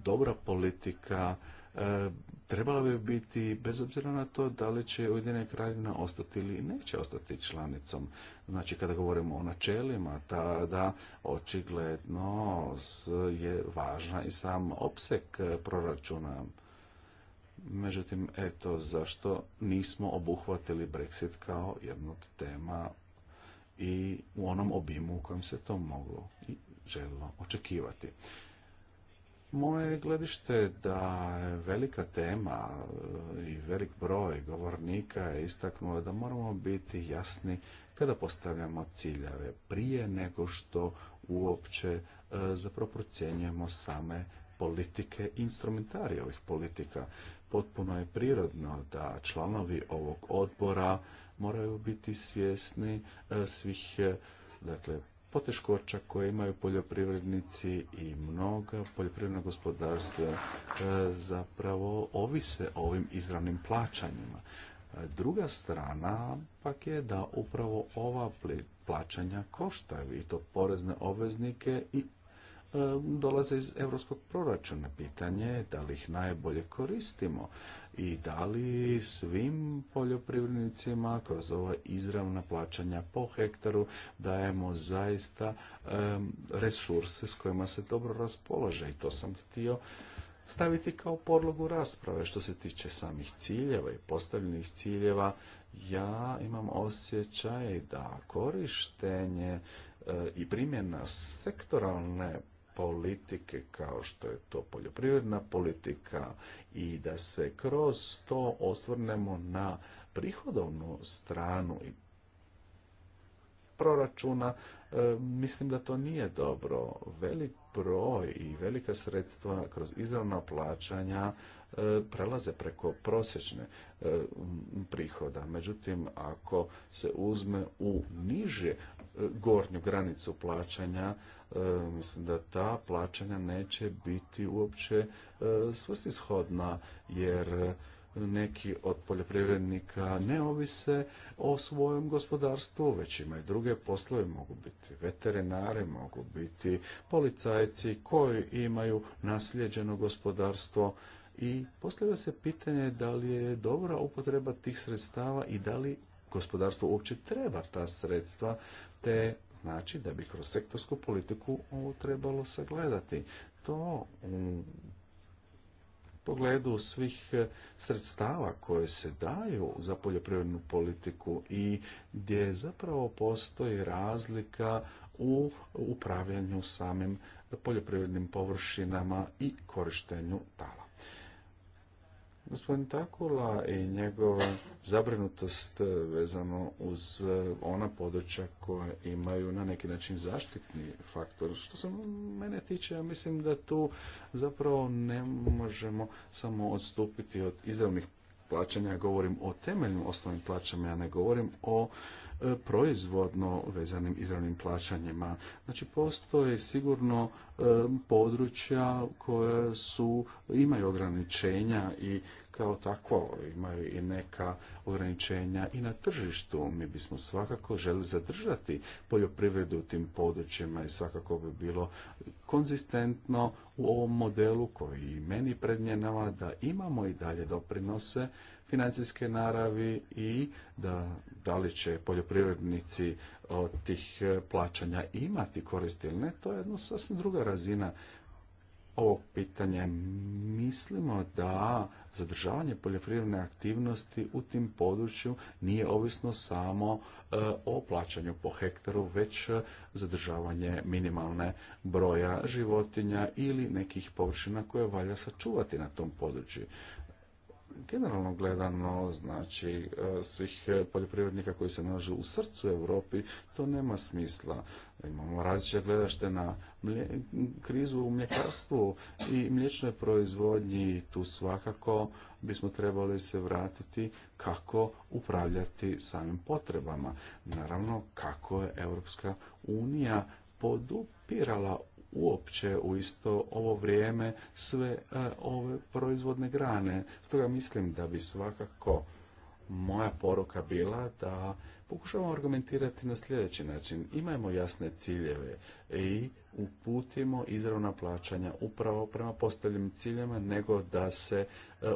dobra politika e, trebala bi biti, bez obzira na to da li će Ujedinjena kraljevina ostati ili neće ostati članicom. Znači, kada govorimo o načelima, tada očigledno je važna i sam opsek proračuna. Međutim, eto, zašto nismo obuhvatili Brexit kao jednu od tema i u onom obimu u kojem se to moglo i željelo očekivati. Moje gledište je da je velika tema e, i velik broj govornika je istaknuo da moramo biti jasni kada postavljamo ciljeve prije nego što uopće e, zapravo procjenjujemo same politike, instrumentari ovih politika. Potpuno je prirodno da članovi ovog odbora moraju biti svjesni e, svih dakle, poteškoća koje imaju poljoprivrednici i mnoga poljoprivredna gospodarstva e, zapravo ovise o ovim izravnim plaćanjima. E, druga strana pak je da upravo ova plaćanja koštaju i to porezne obveznike i E, dolaze iz europskog proračuna. Pitanje je da li ih najbolje koristimo i da li svim poljoprivrednicima kroz ova izravna plaćanja po hektaru dajemo zaista e, resurse s kojima se dobro raspolaže i to sam htio staviti kao podlogu rasprave što se tiče samih ciljeva i postavljenih ciljeva ja imam osjećaj da korištenje e, i primjena sektoralne politike kao što je to poljoprivredna politika i da se kroz to osvrnemo na prihodovnu stranu i proračuna, e, mislim da to nije dobro. Velik broj i velika sredstva kroz izravna plaćanja e, prelaze preko prosječne e, prihoda. Međutim, ako se uzme u niže gornju granicu plaćanja, E, mislim da ta plaćanja neće biti uopće e, svrsishodna jer neki od poljoprivrednika ne ovise o svojem gospodarstvu, već imaju druge poslove, mogu biti veterinari, mogu biti policajci koji imaju nasljeđeno gospodarstvo i postavlja se pitanje da li je dobra upotreba tih sredstava i da li gospodarstvo uopće treba ta sredstva, te znači da bi kroz sektorsku politiku ovo trebalo sagledati. To u pogledu svih e, sredstava koje se daju za poljoprivrednu politiku i gdje zapravo postoji razlika u upravljanju samim poljoprivrednim površinama i korištenju tala. Gospodin Takula i njegova zabrinutost e, vezano uz e, ona područja koja imaju na neki način zaštitni faktor. Što se mene tiče, ja mislim da tu zapravo ne možemo samo odstupiti od izravnih plaćanja, govorim o temeljnim osnovnim plaćama, ja ne govorim o E, proizvodno vezanim izravnim plaćanjima. Znači postoje sigurno e, područja koja su, imaju ograničenja i kao tako imaju i neka ograničenja i na tržištu. Mi bismo svakako želi zadržati poljoprivredu u tim područjima i svakako bi bilo konzistentno u ovom modelu koji meni predmjenava da imamo i dalje doprinose financijske naravi i da, da li će poljoprivrednici od tih e, plaćanja imati koristi ili ne, to je jedna sasvim druga razina ovog pitanja. Mislimo da zadržavanje poljoprivredne aktivnosti u tim području nije ovisno samo e, o plaćanju po hektaru, već e, zadržavanje minimalne broja životinja ili nekih površina koje valja sačuvati na tom području generalno gledano, znači e, svih poljoprivrednika koji se nalažu u srcu Europi, to nema smisla. Imamo različite gledašte na krizu u mljekarstvu i mliječnoj proizvodnji. Tu svakako bismo trebali se vratiti kako upravljati samim potrebama. Naravno, kako je Europska unija podupirala uopće u isto ovo vrijeme sve e, ove proizvodne grane. Stoga mislim da bi svakako moja poruka bila da pokušavamo argumentirati na sljedeći način. Imajmo jasne ciljeve i uputimo izravna plaćanja upravo prema postavljenim ciljama, nego da se e,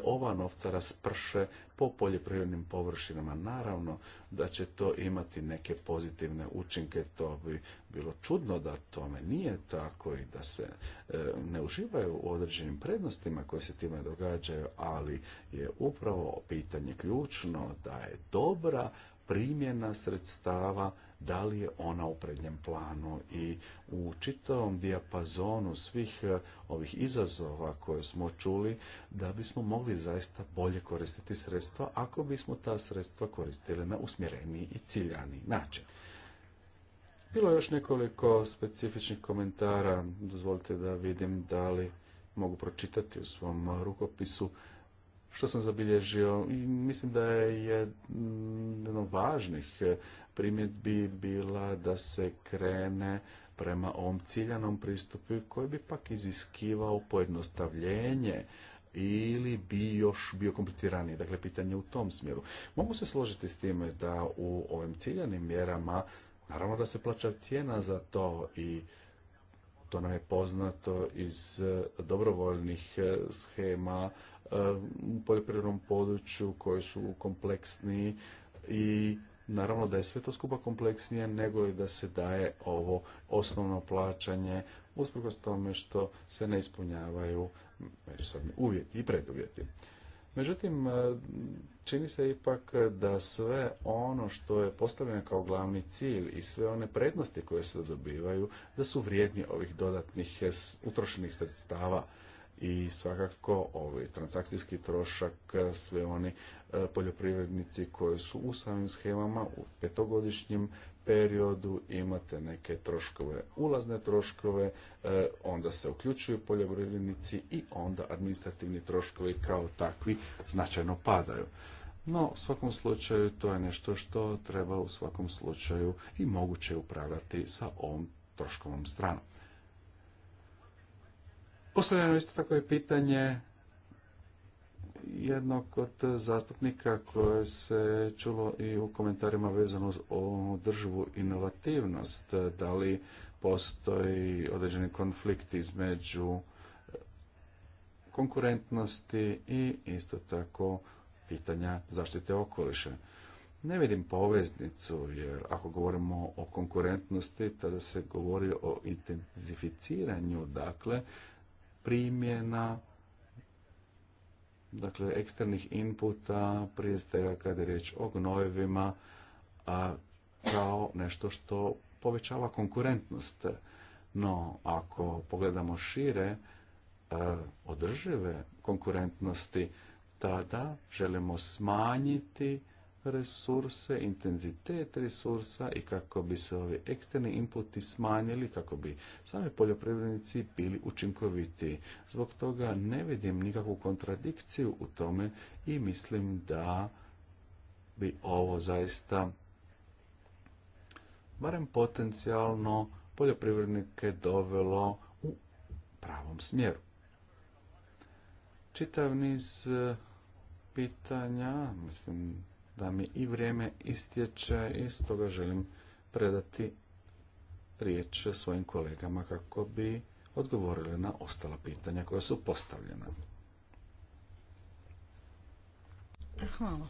ova novca rasprše po poljoprivrednim površinama. Naravno da će to imati neke pozitivne učinke, to bi bilo čudno da tome nije tako i da se e, ne uživaju u određenim prednostima koje se time događaju, ali je upravo pitanje ključno da je dobra primjena sredstava, da li je ona u prednjem planu i u čitavom dijapazonu svih e, ovih izazova koje smo čuli, da bismo mogli zaista bolje koristiti sredstva ako bismo ta sredstva koristili na usmjereniji i ciljani način. Bilo je još nekoliko specifičnih komentara, dozvolite da vidim da li mogu pročitati u svom rukopisu što sam zabilježio mislim da je jedno važnih primjedbi bila da se krene prema ovom ciljanom pristupu koji bi pak iziskivao pojednostavljenje ili bi još bio kompliciraniji. Dakle, pitanje u tom smjeru. Mogu se složiti s time da u ovim ciljanim mjerama naravno da se plaća cijena za to i to nam je poznato iz e, dobrovoljnih e, schema e, u poljoprivrednom području koji su kompleksniji i naravno da je sve to skupa kompleksnije nego i da se daje ovo osnovno plaćanje usprkos tome što se ne ispunjavaju međusobni uvjeti i preduvjeti. Međutim, e, čini se ipak da sve ono što je postavljeno kao glavni cilj i sve one prednosti koje se dobivaju, da su vrijedni ovih dodatnih utrošenih sredstava i svakako ovaj transakcijski trošak, e, sve oni e, poljoprivrednici koji su u samim schemama, u petogodišnjim periodu imate neke troškove, ulazne troškove, e, onda se uključuju poljoprivrednici i onda administrativni troškovi kao takvi značajno padaju. No, u svakom slučaju, to je nešto što treba u svakom slučaju i moguće upravljati sa ovom troškovnom stranom. Postavljeno isto tako je pitanje jednog od zastupnika koje se čulo i u komentarima vezano uz državu inovativnost. Da li postoji određeni konflikt između konkurentnosti i isto tako pitanja zaštite okoliša. Ne vidim poveznicu, jer ako govorimo o konkurentnosti, tada se govori o intenzificiranju, dakle, primjena dakle, eksternih inputa, prije svega kada je riječ o gnojevima, a kao nešto što povećava konkurentnost. No, ako pogledamo šire, e, održive konkurentnosti, tada želimo smanjiti resurse, intenzitet resursa i kako bi se ovi eksterni inputi smanjili, kako bi sami poljoprivrednici bili učinkoviti. Zbog toga ne vidim nikakvu kontradikciju u tome i mislim da bi ovo zaista barem potencijalno poljoprivrednike dovelo u pravom smjeru. Čitav niz eh, pitanja, mislim, da mi i vrijeme istječe i stoga želim predati riječ svojim kolegama kako bi odgovorili na ostala pitanja koja su postavljena. Hvala.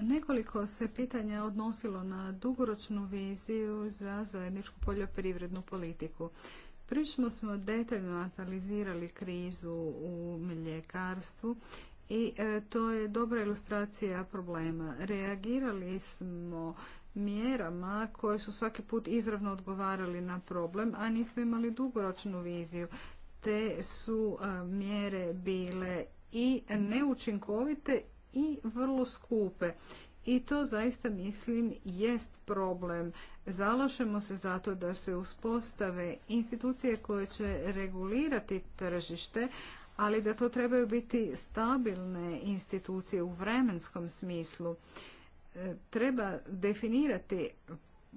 Nekoliko se pitanja odnosilo na dugoročnu viziju za zajedničku poljoprivrednu politiku. Prično smo detaljno analizirali krizu u mljekarstvu i e, to je dobra ilustracija problema. Reagirali smo mjerama koje su svaki put izravno odgovarali na problem, a nismo imali dugoročnu viziju. Te su e, mjere bile i neučinkovite i vrlo skupe. I to zaista mislim jest problem. Zalažemo se zato da se uspostave institucije koje će regulirati tržište, ali da to trebaju biti stabilne institucije u vremenskom smislu. E, treba definirati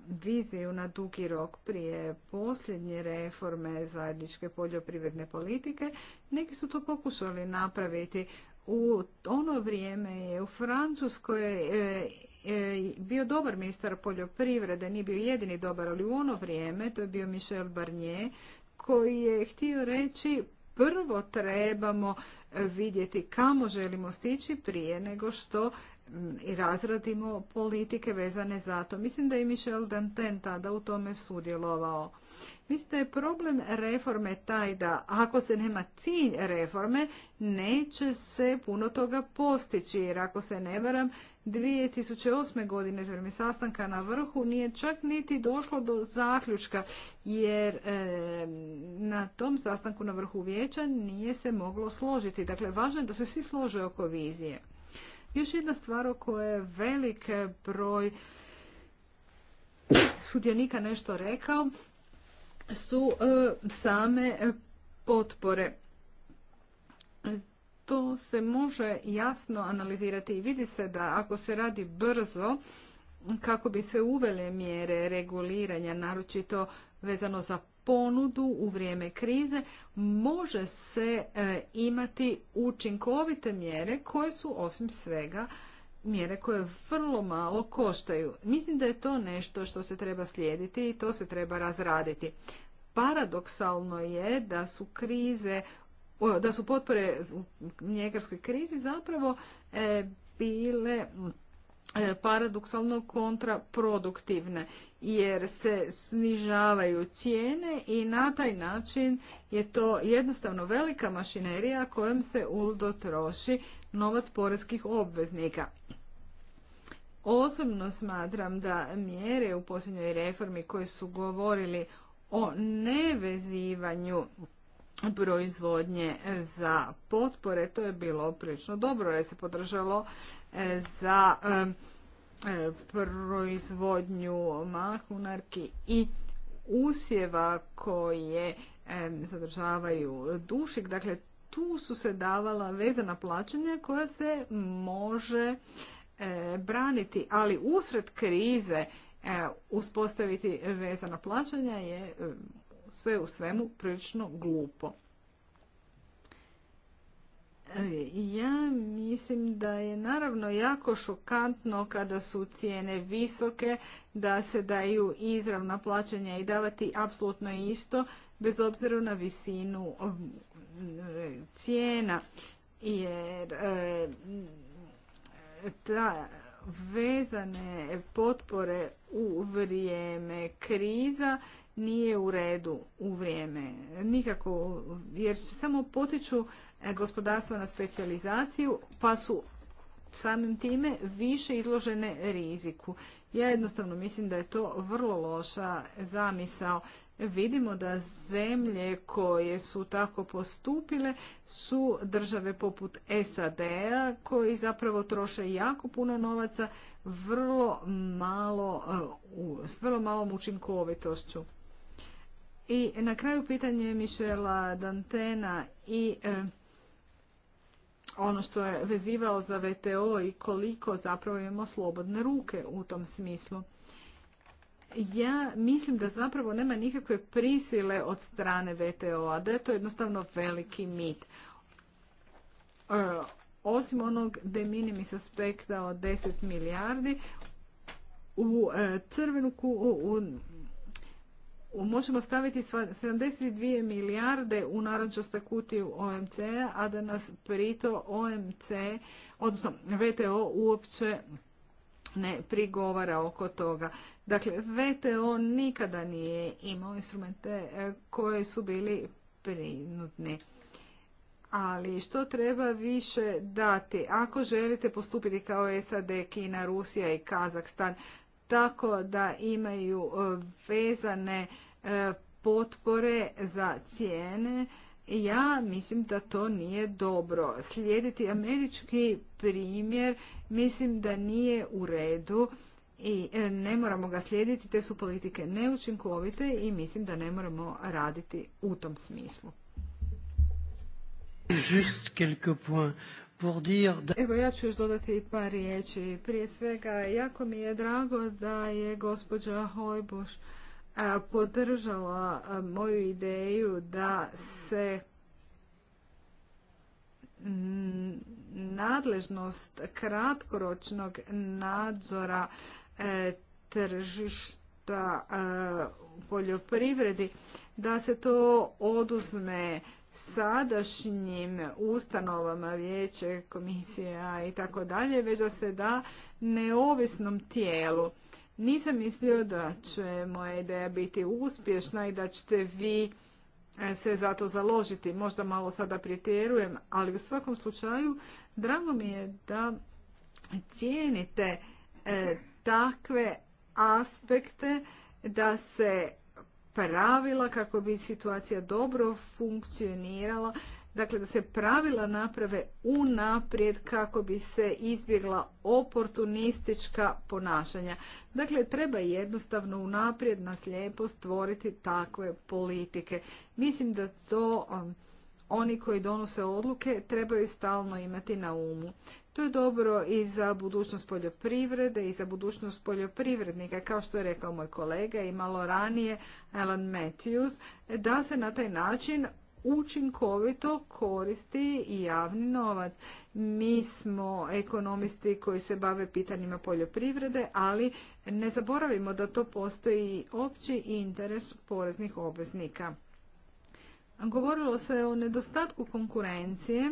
viziju na dugi rok prije posljednje reforme zajedničke poljoprivredne politike. Neki su to pokušali napraviti. U ono vrijeme je u Francuskoj e, e, bio dobar ministar poljoprivrede, nije bio jedini dobar, ali u ono vrijeme, to je bio Michel Barnier, koji je htio reći prvo trebamo vidjeti kamo želimo stići prije nego što i razradimo politike vezane za to. Mislim da je Michel Danten tada u tome sudjelovao. Mislim da je problem reforme taj da ako se nema cilj reforme, neće se puno toga postići. Jer ako se ne varam, 2008. godine za sastanka na vrhu nije čak niti došlo do zaključka jer na tom sastanku na vrhu vijeća nije se moglo složiti. Dakle, važno je da se svi slože oko vizije. Još jedna stvar o kojoj je velik broj sudionika nešto rekao su e, same potpore. To se može jasno analizirati i vidi se da ako se radi brzo kako bi se uvele mjere reguliranja, naročito vezano za ponudu u vrijeme krize može se e, imati učinkovite mjere koje su osim svega mjere koje vrlo malo koštaju. Mislim da je to nešto što se treba slijediti i to se treba razraditi. Paradoksalno je da su krize da su potpore u njegarskoj krizi zapravo e, bile E, paradoksalno kontraproduktivne jer se snižavaju cijene i na taj način je to jednostavno velika mašinerija kojom se uldo troši novac porezkih obveznika. Osobno smatram da mjere u posljednjoj reformi koje su govorili o nevezivanju proizvodnje za potpore, to je bilo prilično dobro jer se podržalo za e, proizvodnju mahunarki i usjeva koje zadržavaju dušik. Dakle, tu su se davala vezana plaćanja koja se može e, braniti, ali usred krize e, uspostaviti vezana plaćanja je sve u svemu prilično glupo. E, ja mislim da je naravno jako šokantno kada su cijene visoke, da se daju izravna plaćanja i davati apsolutno isto, bez obzira na visinu um, cijena. Jer e, ta vezane potpore u vrijeme kriza nije u redu u vrijeme nikako, jer samo potiču E, gospodarstva na specijalizaciju, pa su samim time više izložene riziku. Ja jednostavno mislim da je to vrlo loša zamisao. Vidimo da zemlje koje su tako postupile su države poput SAD-a koji zapravo troše jako puno novaca vrlo malo, e, s vrlo malom učinkovitošću. I na kraju pitanje Mišela Dantena i e, ono što je vezivao za VTO i koliko zapravo imamo slobodne ruke u tom smislu. Ja mislim da zapravo nema nikakve prisile od strane VTO-a, da je to jednostavno veliki mit. E, osim onog de minimis aspekta od 10 milijardi, u e, crvenu kuću u možemo staviti 72 milijarde u naročito kutiju OMC-a, a da nas prito OMC, odnosno VTO uopće ne prigovara oko toga. Dakle, VTO nikada nije imao instrumente e, koje su bili prinudni. Ali što treba više dati? Ako želite postupiti kao SAD, Kina, Rusija i Kazakstan, tako da imaju e, vezane E, potpore za cijene. Ja mislim da to nije dobro. Slijediti američki primjer mislim da nije u redu i e, ne moramo ga slijediti. Te su politike neučinkovite i mislim da ne moramo raditi u tom smislu. Evo ja ću još dodati par riječi. Prije svega, jako mi je drago da je gospođa Hojboš podržala moju ideju da se nadležnost kratkoročnog nadzora e, tržišta e, u poljoprivredi, da se to oduzme sadašnjim ustanovama vijeće, komisija i tako dalje, već da se da neovisnom tijelu. Nisam mislio da će moja ideja biti uspješna i da ćete vi e, se za to založiti. Možda malo sada pretjerujem, ali u svakom slučaju drago mi je da cijenite e, takve aspekte da se pravila kako bi situacija dobro funkcionirala Dakle, da se pravila naprave unaprijed kako bi se izbjegla oportunistička ponašanja. Dakle, treba jednostavno unaprijed na slijepo stvoriti takve politike. Mislim da to um, oni koji donose odluke trebaju stalno imati na umu. To je dobro i za budućnost poljoprivrede i za budućnost poljoprivrednika, kao što je rekao moj kolega i malo ranije Alan Matthews, da se na taj način učinkovito koristi javni novac. Mi smo ekonomisti koji se bave pitanjima poljoprivrede, ali ne zaboravimo da to postoji opći interes poreznih obveznika. Govorilo se o nedostatku konkurencije.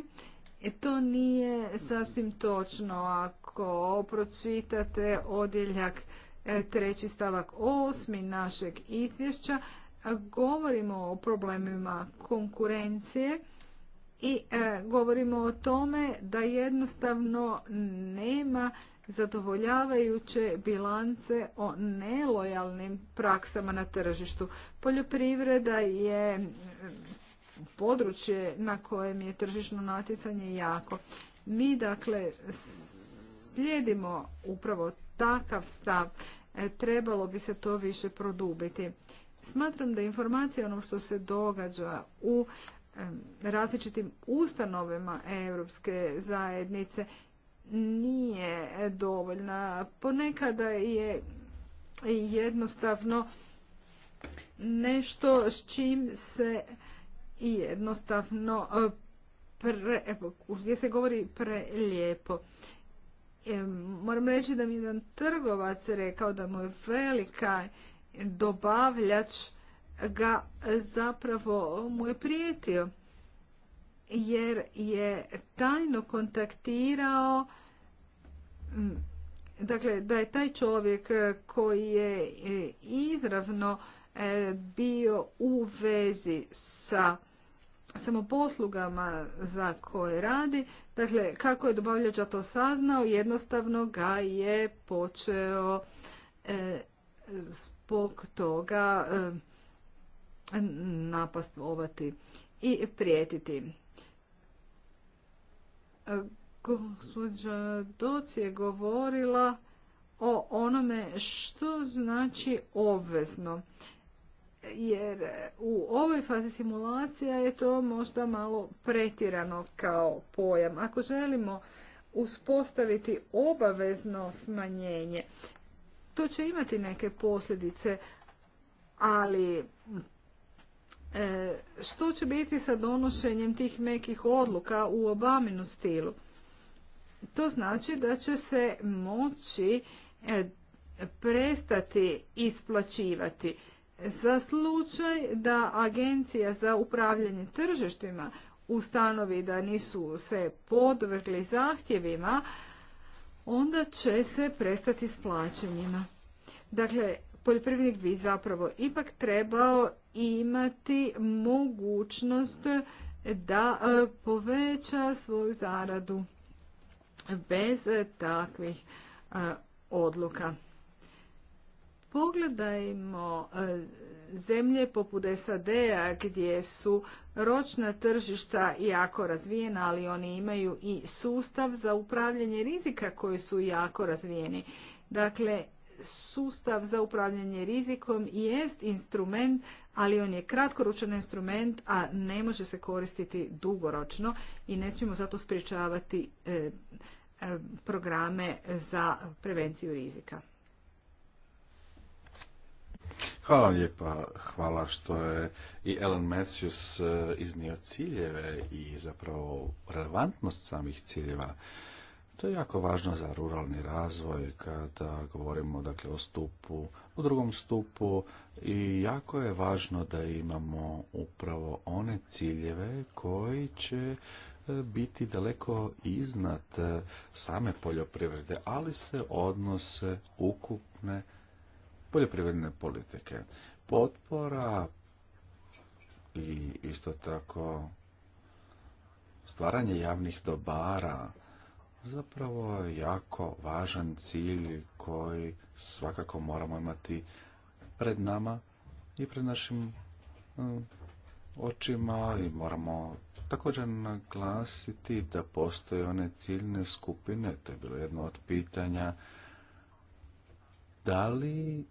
E, to nije sasvim točno. Ako pročitate odjeljak e, treći stavak osmi našeg izvješća, govorimo o problemima konkurencije i e, govorimo o tome da jednostavno nema zadovoljavajuće bilance o nelojalnim praksama na tržištu. Poljoprivreda je područje na kojem je tržišno natjecanje jako. Mi dakle slijedimo upravo takav stav. E, trebalo bi se to više produbiti. Smatram da informacija onom što se događa u različitim ustanovama Europske zajednice nije dovoljna. Ponekada je jednostavno nešto s čim se jednostavno e, pre, e, gdje se govori prelijepo. Moram reći da mi jedan trgovac rekao da mu je velika dobavljač ga zapravo mu je prijetio jer je tajno kontaktirao dakle da je taj čovjek koji je e, izravno e, bio u vezi sa samoposlugama za koje radi. Dakle, kako je dobavljač to saznao, jednostavno ga je počeo e, zbog toga e, napastovati i prijetiti. E, gospođa Doc je govorila o onome što znači obvezno. Jer u ovoj fazi simulacija je to možda malo pretirano kao pojam. Ako želimo uspostaviti obavezno smanjenje, to će imati neke posljedice, ali e, što će biti sa donošenjem tih nekih odluka u Obaminu stilu? To znači da će se moći e, prestati isplaćivati za slučaj da agencija za upravljanje tržištima ustanovi da nisu se podvrgli zahtjevima onda će se prestati s plaćanjima. Dakle, poljoprivrednik bi zapravo ipak trebao imati mogućnost da e, poveća svoju zaradu bez e, takvih e, odluka. Pogledajmo e, zemlje poput SAD-a gdje su ročna tržišta jako razvijena, ali oni imaju i sustav za upravljanje rizika koji su jako razvijeni. Dakle, sustav za upravljanje rizikom jest instrument, ali on je kratkoručan instrument, a ne može se koristiti dugoročno i ne smijemo zato spriječavati e, e, programe za prevenciju rizika. Hvala vam lijepa, hvala što je i Ellen Messius e, iznio ciljeve i zapravo relevantnost samih ciljeva. To je jako važno za ruralni razvoj kada govorimo dakle, o stupu, u drugom stupu i jako je važno da imamo upravo one ciljeve koji će e, biti daleko iznad e, same poljoprivrede, ali se odnose ukupne poljoprivredne politike. Potpora i isto tako stvaranje javnih dobara zapravo je jako važan cilj koji svakako moramo imati pred nama i pred našim mm, očima i moramo također naglasiti da postoje one ciljne skupine, to je bilo jedno od pitanja, da li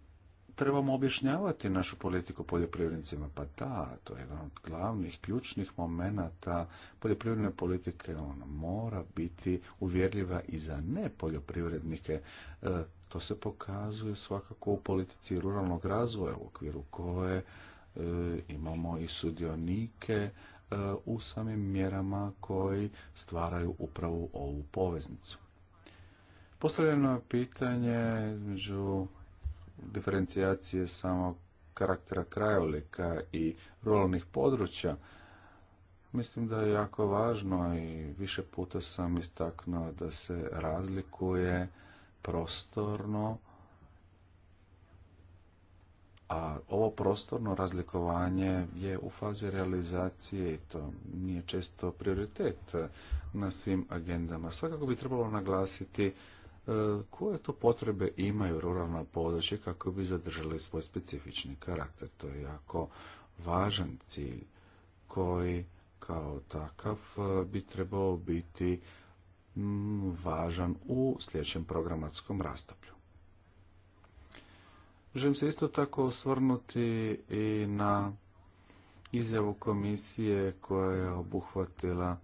trebamo objašnjavati našu politiku poljoprivrednicima? Pa da, to je jedan od glavnih, ključnih momenata poljoprivredne politike. Ona mora biti uvjerljiva i za ne poljoprivrednike. E, to se pokazuje svakako u politici ruralnog razvoja u okviru koje e, imamo i sudionike e, u samim mjerama koji stvaraju upravo ovu poveznicu. Postavljeno je pitanje između diferencijacije samog karaktera krajolika i ruralnih područja, mislim da je jako važno i više puta sam istaknuo da se razlikuje prostorno, a ovo prostorno razlikovanje je u fazi realizacije i to nije često prioritet na svim agendama. Svakako bi trebalo naglasiti E, koje to potrebe imaju ruralna područja kako bi zadržali svoj specifični karakter. To je jako važan cilj koji kao takav e, bi trebao biti važan u sljedećem programatskom rastoplju. Želim se isto tako osvrnuti i na izjavu komisije koja je obuhvatila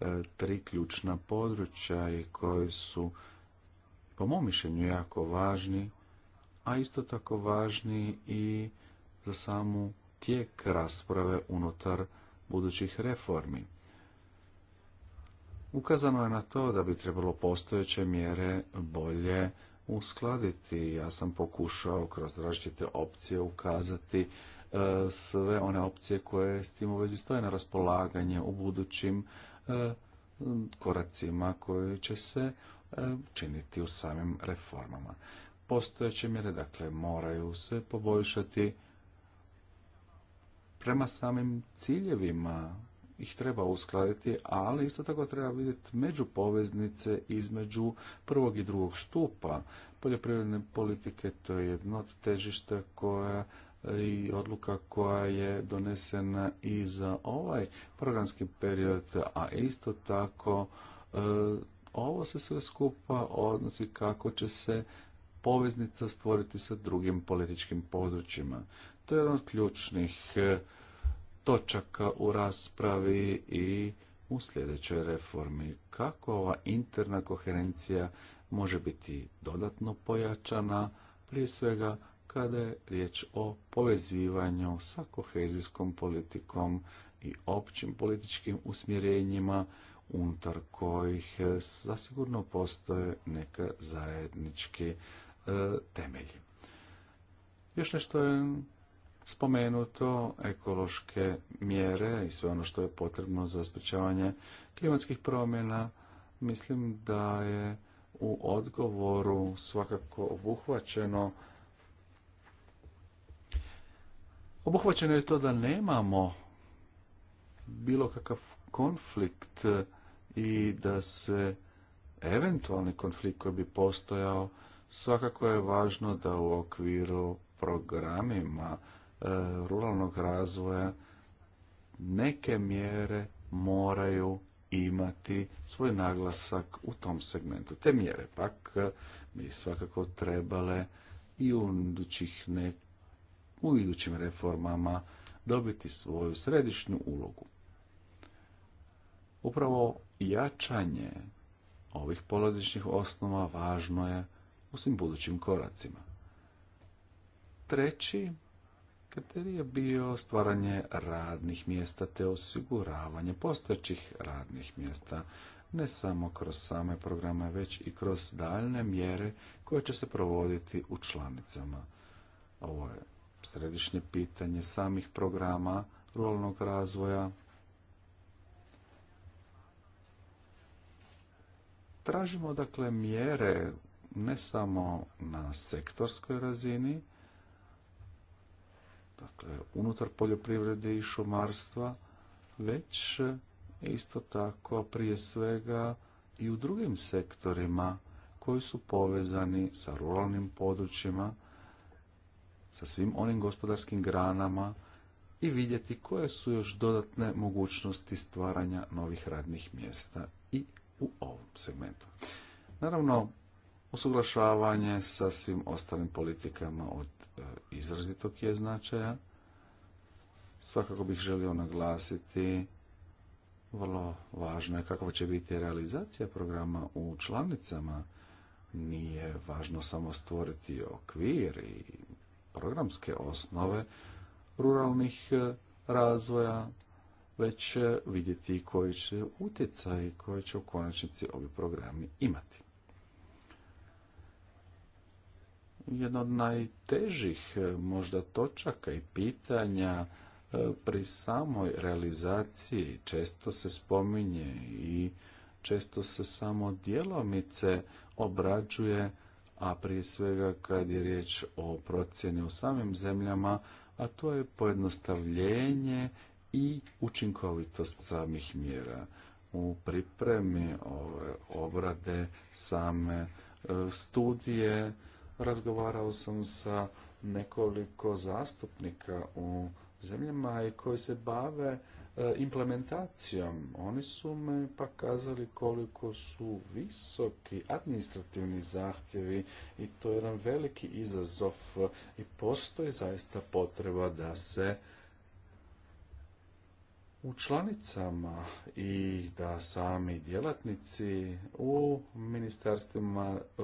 e, tri ključna područja i koji su po mom mišljenju jako važni, a isto tako važni i za samu tijek rasprave unutar budućih reformi. Ukazano je na to da bi trebalo postojeće mjere bolje uskladiti. Ja sam pokušao kroz različite opcije ukazati e, sve one opcije koje s tim u vezi stoje na raspolaganje u budućim e, koracima koji će se E, činiti u samim reformama. Postojeće mjere, dakle, moraju se poboljšati prema samim ciljevima ih treba uskladiti, ali isto tako treba vidjeti među poveznice između prvog i drugog stupa poljoprivredne politike. To je jedno od težišta koja e, i odluka koja je donesena i za ovaj programski period, a isto tako e, ovo se sve skupa odnosi kako će se poveznica stvoriti sa drugim političkim područjima. To je jedan od ključnih e, točaka u raspravi i u sljedećoj reformi. Kako ova interna koherencija može biti dodatno pojačana, prije svega kada je riječ o povezivanju sa kohezijskom politikom i općim političkim usmjerenjima unutar kojih e, zasigurno postoje neka zajednički e, temelji. Još nešto je spomenuto, ekološke mjere i sve ono što je potrebno za sprječavanje klimatskih promjena. Mislim da je u odgovoru svakako obuhvaćeno obuhvaćeno je to da nemamo bilo kakav konflikt i da se eventualni konflikt koji bi postojao svakako je važno da u okviru programima e, ruralnog razvoja neke mjere moraju imati svoj naglasak u tom segmentu. Te mjere pak e, bi svakako trebale i u idućih ne, u idućim reformama dobiti svoju središnju ulogu. Upravo jačanje ovih polazišnih osnova važno je u svim budućim koracima. Treći kriterij je bio stvaranje radnih mjesta te osiguravanje postojećih radnih mjesta, ne samo kroz same programe, već i kroz daljne mjere koje će se provoditi u članicama. Ovo je središnje pitanje samih programa ruralnog razvoja, Tražimo dakle mjere ne samo na sektorskoj razini, dakle unutar poljoprivrede i šumarstva, već e, isto tako prije svega i u drugim sektorima koji su povezani sa ruralnim područjima, sa svim onim gospodarskim granama i vidjeti koje su još dodatne mogućnosti stvaranja novih radnih mjesta i u ovom segmentu. Naravno, usuglašavanje sa svim ostalim politikama od e, izrazitog je značaja. Svakako bih želio naglasiti vrlo važno je kakva će biti realizacija programa u članicama. Nije važno samo stvoriti okvir i programske osnove ruralnih e, razvoja, već e, vidjeti koji će utjecaj koji će u konačnici ovi programi imati. Jedna od najtežih e, možda točaka i pitanja e, pri samoj realizaciji često se spominje i često se samo djelomice obrađuje, a prije svega kad je riječ o procjeni u samim zemljama, a to je pojednostavljenje i učinkovitost samih mjera. U pripremi ove obrade same e, studije razgovarao sam sa nekoliko zastupnika u zemljama i koji se bave e, implementacijom. Oni su me pa kazali koliko su visoki administrativni zahtjevi i to je jedan veliki izazov i postoji zaista potreba da se u članicama i da sami djelatnici u ministarstvima e,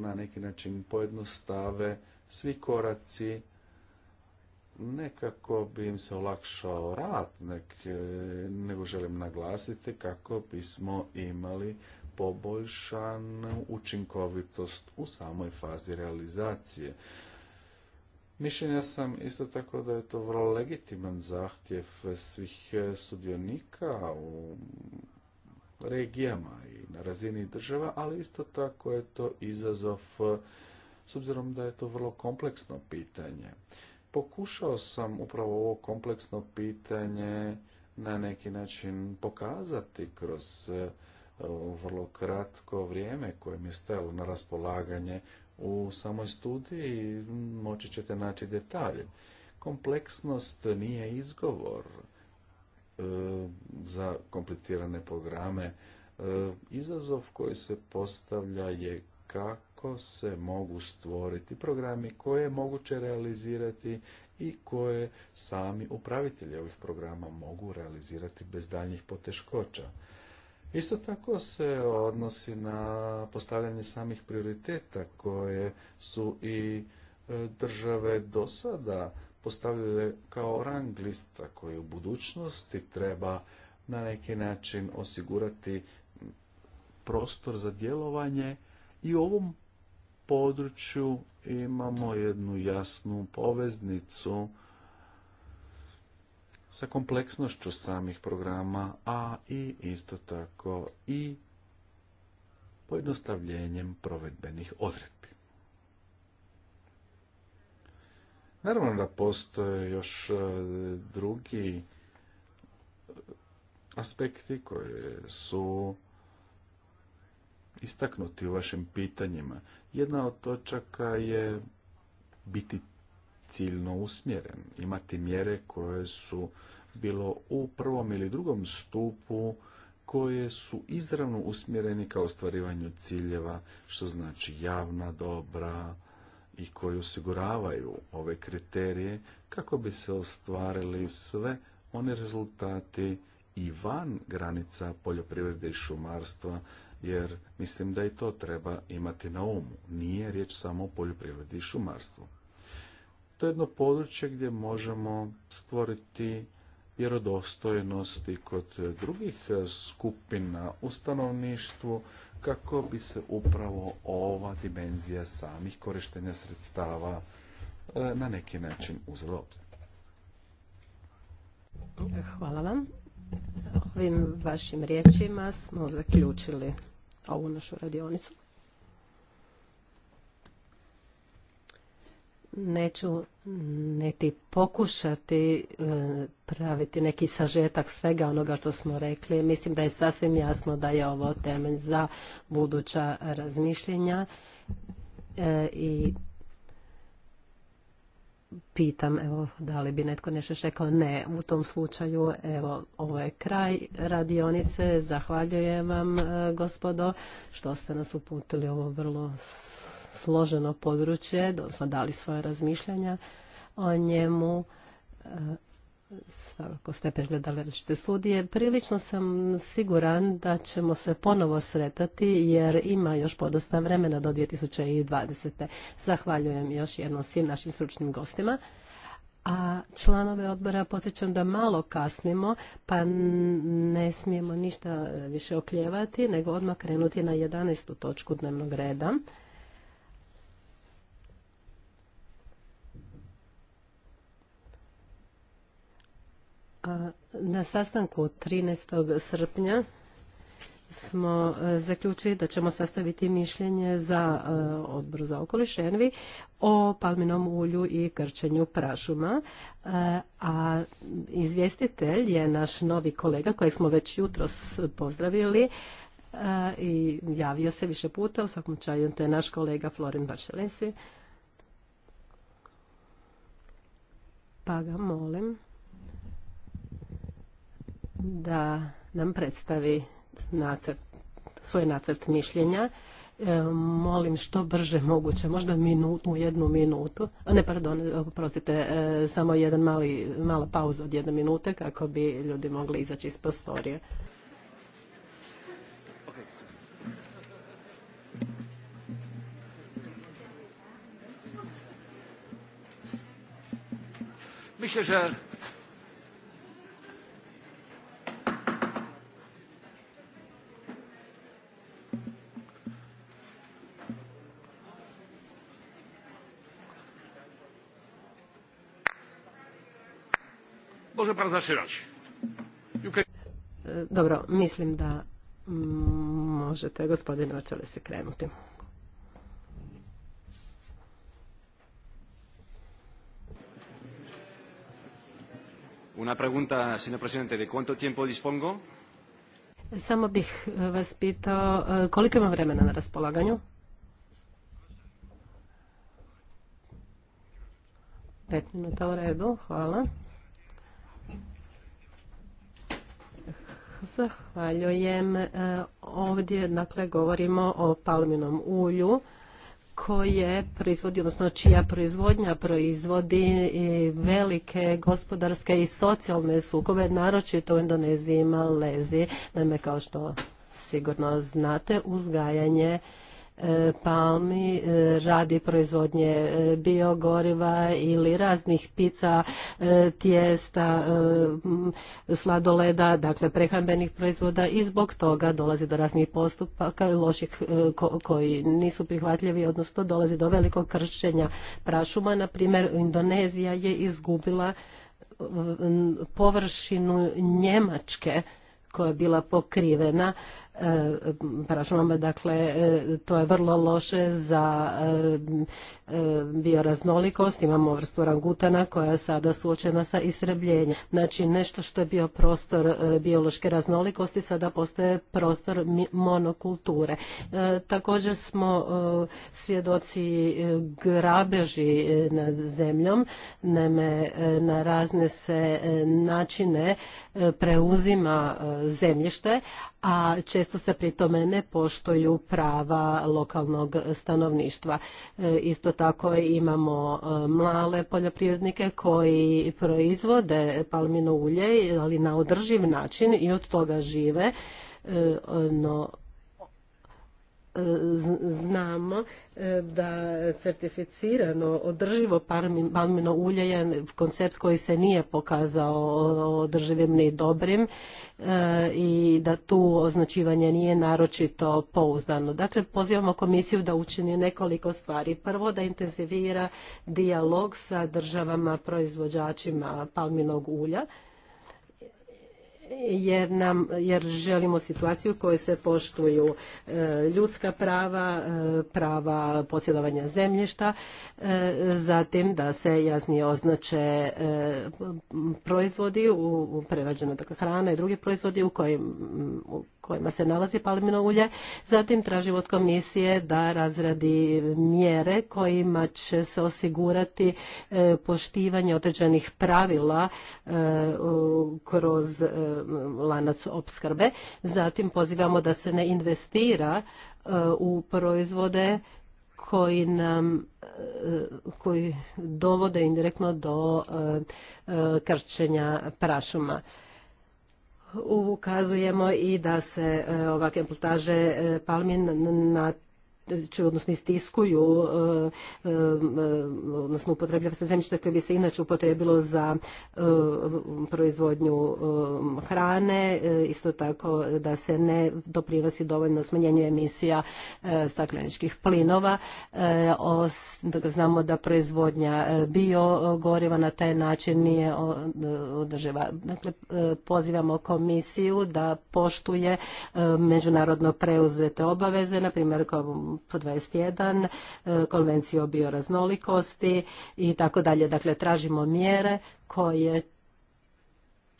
na neki način pojednostave svi koraci nekako bi im se olakšao rad, nek, e, nego želim naglasiti kako bismo imali poboljšanu učinkovitost u samoj fazi realizacije. Mišljenja sam isto tako da je to vrlo legitiman zahtjev svih sudionika u regijama i na razini država, ali isto tako je to izazov s obzirom da je to vrlo kompleksno pitanje. Pokušao sam upravo ovo kompleksno pitanje na neki način pokazati kroz eh, vrlo kratko vrijeme koje mi je stajalo na raspolaganje u samoj studiji moći ćete naći detalje. Kompleksnost nije izgovor e, za komplicirane programe. E, izazov koji se postavlja je kako se mogu stvoriti programi koje je moguće realizirati i koje sami upravitelji ovih programa mogu realizirati bez daljnjih poteškoća. Isto tako se odnosi na postavljanje samih prioriteta koje su i e, države do sada postavljale kao rang lista koji u budućnosti treba na neki način osigurati prostor za djelovanje i u ovom području imamo jednu jasnu poveznicu sa kompleksnošću samih programa, a i isto tako i pojednostavljenjem provedbenih odredbi. Naravno da postoje još e, drugi e, aspekti koji su istaknuti u vašim pitanjima. Jedna od točaka je biti ciljno usmjeren, imati mjere koje su bilo u prvom ili drugom stupu koje su izravno usmjereni ka ostvarivanju ciljeva, što znači javna dobra i koji osiguravaju ove kriterije kako bi se ostvarili sve one rezultati i van granica poljoprivrede i šumarstva, jer mislim da i to treba imati na umu. Nije riječ samo o poljoprivredi i šumarstvu jedno područje gdje možemo stvoriti vjerodostojnosti kod drugih skupina u stanovništvu kako bi se upravo ova dimenzija samih korištenja sredstava e, na neki način uzela Hvala vam. Ovim vašim riječima smo zaključili ovu našu radionicu. neću niti pokušati e, praviti neki sažetak svega onoga što smo rekli. Mislim da je sasvim jasno da je ovo temelj za buduća razmišljenja e, i pitam evo da li bi netko nešto rekao ne u tom slučaju evo ovo je kraj radionice zahvaljujem vam e, gospodo što ste nas uputili ovo vrlo složeno područje, odnosno dali svoje razmišljanja o njemu. E, svakako ste pregledali različite studije. Prilično sam siguran da ćemo se ponovo sretati jer ima još podosta vremena do 2020. Zahvaljujem još jednom svim našim stručnim gostima. A članove odbora podsjećam da malo kasnimo, pa ne smijemo ništa više okljevati, nego odmah krenuti na 11. točku dnevnog reda. Na sastanku 13. srpnja smo e, zaključili da ćemo sastaviti mišljenje za e, odbor za okoliš Envi o palminom ulju i krčenju prašuma. E, a izvjestitelj je naš novi kolega koji smo već jutros pozdravili i javio se više puta. U svakom čaju to je naš kolega Florin Baršelesi. Pa ga molim da nam predstavi nacrt, svoj nacrt mišljenja. E, molim što brže moguće, možda minutu, jednu minutu, ne pardon, oprostite, e, samo jedan mali, mala pauza od jedne minute kako bi ljudi mogli izaći iz prostorije. Myślę, że Može pan zaširać. E, dobro, mislim da možete, gospodin Očele, se krenuti. Una pregunta, señor presidente, ¿de cuánto tiempo dispongo? Samo bih e, vas pitao e, koliko ima vremena na raspolaganju? pet minuta u redu, hvala. Zahvaljujem. E, ovdje dakle govorimo o palminom ulju koje proizvodi, odnosno čija proizvodnja proizvodi velike gospodarske i socijalne sukobe, naročito u Indoneziji i Naime, kao što sigurno znate, uzgajanje E, palmi e, radi proizvodnje e, biogoriva ili raznih pica, tijesta, sladoleda, dakle prehrambenih proizvoda i zbog toga dolazi do raznih postupaka loših koji nisu prihvatljivi, odnosno dolazi do velikog kršenja prašuma. Na primjer, Indonezija je izgubila površinu Njemačke koja je bila pokrivena prašumama. Dakle, to je vrlo loše za e, e, bioraznolikost. Imamo vrstu rangutana koja je sada suočena sa isrebljenjem. Znači, nešto što je bio prostor e, biološke raznolikosti sada postaje prostor monokulture. Također smo svjedoci grabeži nad zemljom. Naime, na razne se načine preuzima zemljište, a će često se pri tome ne poštuju prava lokalnog stanovništva. E, isto tako imamo e, male poljoprivrednike koji proizvode palmino ulje, ali na održiv način i od toga žive. E, no, znamo e, da certificirano održivo palmino ulje je koncept koji se nije pokazao održivim ni dobrim e, i da tu označivanje nije naročito pouzdano. Dakle, pozivamo komisiju da učini nekoliko stvari. Prvo, da intenzivira dijalog sa državama proizvođačima palminog ulja jer, nam, jer želimo situaciju u kojoj se poštuju e, ljudska prava, e, prava posjedovanja zemljišta, e, zatim da se jasnije označe proizvodi u prerađena dakle hrana i drugi proizvodi u kojim kojima se nalazi palmino ulje. Zatim tražimo od komisije da razradi mjere kojima će se osigurati e, poštivanje određenih pravila e, kroz e, lanac opskrbe. Zatim pozivamo da se ne investira u proizvode koji nam koji dovode indirektno do krčenja prašuma ukazujemo i da se e, ovakve plantaže e, palmin na odnosno istiskuju, e, e, odnosno upotrebljava se zemljište koje bi se inače upotrebilo za e, proizvodnju hrane, isto tako da se ne doprinosi dovoljno smanjenju emisija stakleničkih plinova. Znamo da proizvodnja biogoriva na taj način nije održiva. Dakle, pozivamo komisiju da poštuje međunarodno preuzete obaveze, na primjer 21, eh, konvenciju o bioraznolikosti i tako dalje. Dakle, tražimo mjere koje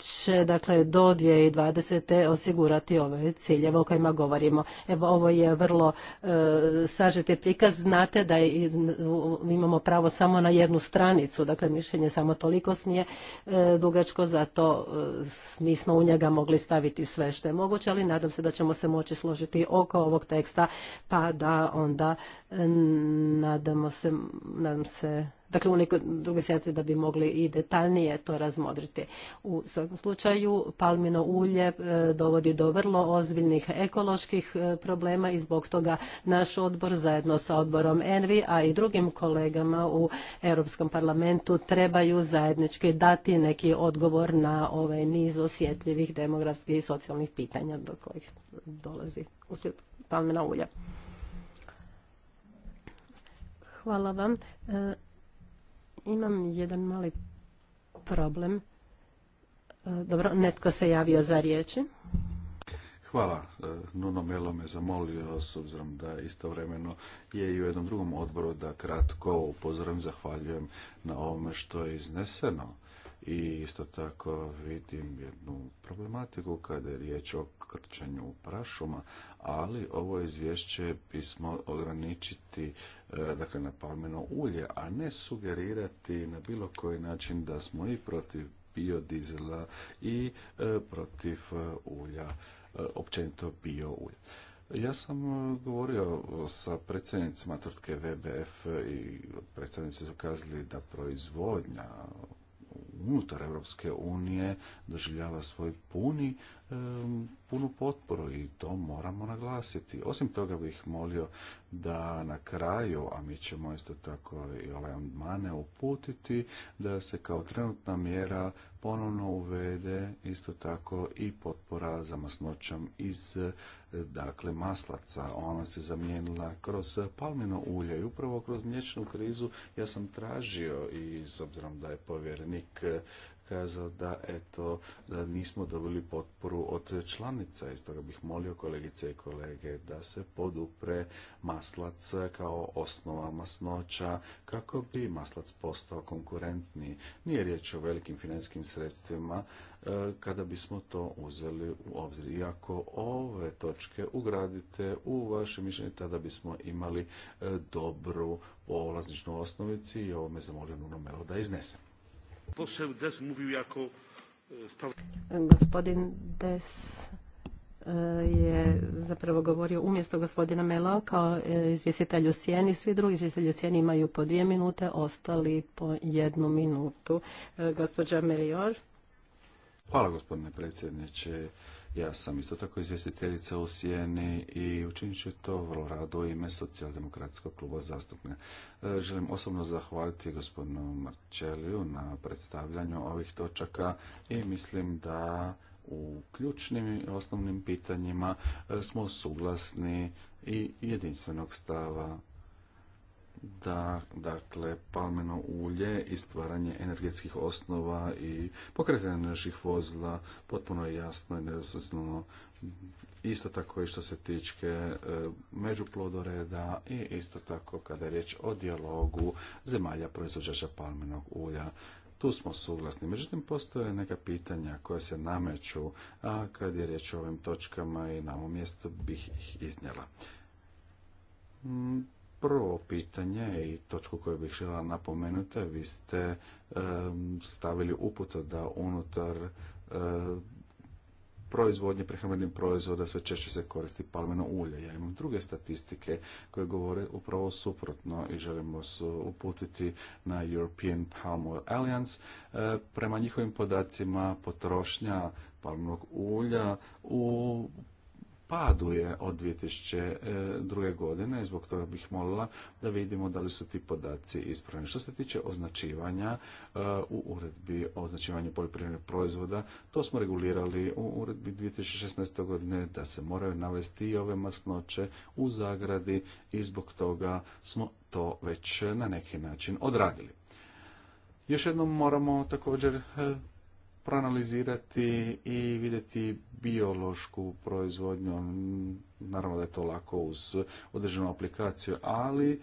će dakle do 2020. osigurati ove ciljeve o kojima govorimo. Evo ovo je vrlo e, sažeti prikaz. Znate da imamo pravo samo na jednu stranicu, dakle mišljenje samo toliko smije e, dugačko, zato e, nismo u njega mogli staviti sve što je moguće, ali nadam se da ćemo se moći složiti oko ovog teksta, pa da onda nadamo se, nadam se dakle u nekoj drugoj sjednici da bi mogli i detaljnije to razmodriti. U svakom slučaju palmino ulje e, dovodi do vrlo ozbiljnih ekoloških e, problema i zbog toga naš odbor zajedno sa odborom Envi, a i drugim kolegama u Europskom parlamentu trebaju zajednički dati neki odgovor na ovaj niz osjetljivih demografskih i socijalnih pitanja do kojih dolazi uslijed palmina ulja. Hvala vam. E, imam jedan mali problem. E, dobro, netko se javio za riječi. Hvala. E, Nuno Melo me zamolio, s obzirom da istovremeno je i u jednom drugom odboru da kratko upozorim, zahvaljujem na ovome što je izneseno i isto tako vidim jednu problematiku kada je riječ o krčanju prašuma, ali ovo izvješće bismo ograničiti e, dakle, na palmeno ulje, a ne sugerirati na bilo koji način da smo i protiv biodizela i e, protiv e, ulja, općenito bio ulja. Ja sam govorio sa predsjednicima tvrtke VBF i predsjednici su kazali da proizvodnja unutar Europske unije doživljava svoj puni punu potporu i to moramo naglasiti. Osim toga bih molio da na kraju, a mi ćemo isto tako i ove amandmane uputiti, da se kao trenutna mjera ponovno uvede isto tako i potpora za masnoćom iz dakle maslaca. Ona se zamijenila kroz palmino ulje i upravo kroz mliječnu krizu ja sam tražio i s obzirom da je povjerenik kazao da eto da nismo dobili potporu od članica i stoga bih molio kolegice i kolege da se podupre maslac kao osnova masnoća kako bi maslac postao konkurentni. Nije riječ o velikim financijskim sredstvima e, kada bismo to uzeli u obzir. I ako ove točke ugradite u vaše mišljenje, tada bismo imali e, dobru polazničnu osnovici i ovo me zamolio Nuno Melo da iznesem. E, Gospodin Des e, je zapravo govorio umjesto gospodina Mela kao e, izvjestitelj u sjeni. Svi drugi izvjestitelji u sjeni imaju po dvije minute, ostali po jednu minutu. Gospođa Melior. Hvala gospodine predsjedniče. Ja sam isto tako izvjestiteljica u Sijeni i učinit ću to vrlo rado u ime socijaldemokratskog kluba zastupnika. E, želim osobno zahvaliti gospodinu Marčeliju na predstavljanju ovih točaka i mislim da u ključnim i osnovnim pitanjima e, smo suglasni i jedinstvenog stava da dakle palmeno ulje i stvaranje energetskih osnova i pokretanje naših vozila potpuno je jasno i nedosvrsno isto tako i što se tiče e, međuplodoreda i isto tako kada je riječ o dijalogu zemalja proizvođača palmenog ulja tu smo suglasni. Međutim, postoje neka pitanja koja se nameću, a kad je riječ o ovim točkama i na ovom mjestu bih ih iznijela. Mm, prvo pitanje i točku koju bih žela napomenuti, vi ste stavili uputo da unutar proizvodnje prehrambenih proizvoda sve češće se koristi palmeno ulje. Ja imam druge statistike koje govore upravo suprotno i želimo se uputiti na European Palm Oil Alliance. E, prema njihovim podacima potrošnja palmnog ulja u padu je od 2002. E, godine, i zbog toga bih molila da vidimo da li su ti podaci ispravni. Što se tiče označivanja e, u uredbi o označivanju poljoprivrednih proizvoda, to smo regulirali u uredbi 2016. godine da se moraju navesti i ove masnoće u zagradi i zbog toga smo to već na neki način odradili. Još jednom moramo također e, proanalizirati i vidjeti biološku proizvodnju. Naravno da je to lako uz određenu aplikaciju, ali e,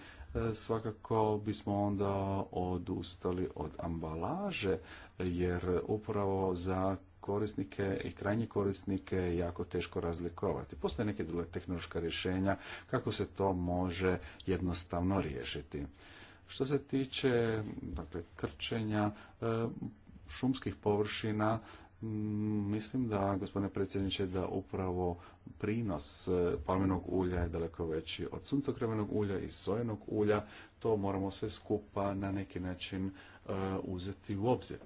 svakako bismo onda odustali od ambalaže, jer upravo za korisnike i krajnje korisnike je jako teško razlikovati. Postoje neke druge tehnološka rješenja kako se to može jednostavno riješiti. Što se tiče dakle, krčenja, e, šumskih površina, mm, Mislim da, gospodine predsjedniče, da upravo prinos e, palmenog ulja je daleko veći od suncokrevenog ulja i sojenog ulja. To moramo sve skupa na neki način e, uzeti u obzir.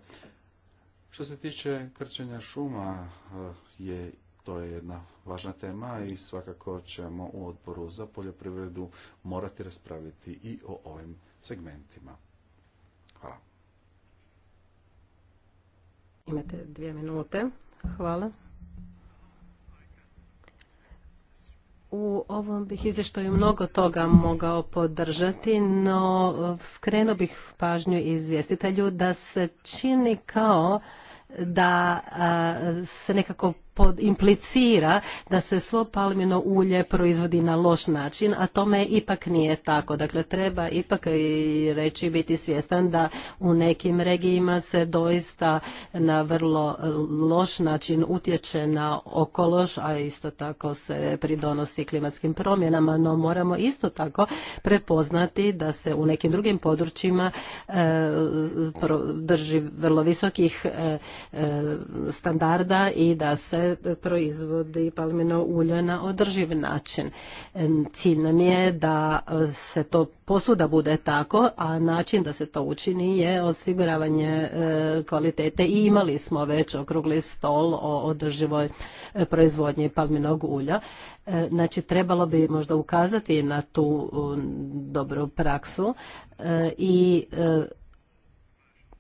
Što se tiče krčenja šuma, e, je to je jedna važna tema i svakako ćemo u odboru za poljoprivredu morati raspraviti i o ovim segmentima. Hvala. Imate dvije minute. Hvala. U ovom bih izvještaju mnogo toga mogao podržati, no skrenuo bih pažnju izvjestitelju da se čini kao da se nekako pod, implicira da se svo palmino ulje proizvodi na loš način, a tome ipak nije tako. Dakle, treba ipak i reći biti svjestan da u nekim regijima se doista na vrlo loš način utječe na okološ, a isto tako se pridonosi klimatskim promjenama, no moramo isto tako prepoznati da se u nekim drugim područjima e, drži vrlo visokih e, e, standarda i da se proizvodi palmino ulje na održiv način. Cilj nam je da e, se to posuda bude tako, a način da se to učini je osiguravanje e, kvalitete i imali smo već okrugli stol o održivoj e, proizvodnji palminog ulja. Znači, trebalo bi možda ukazati na tu dobru praksu i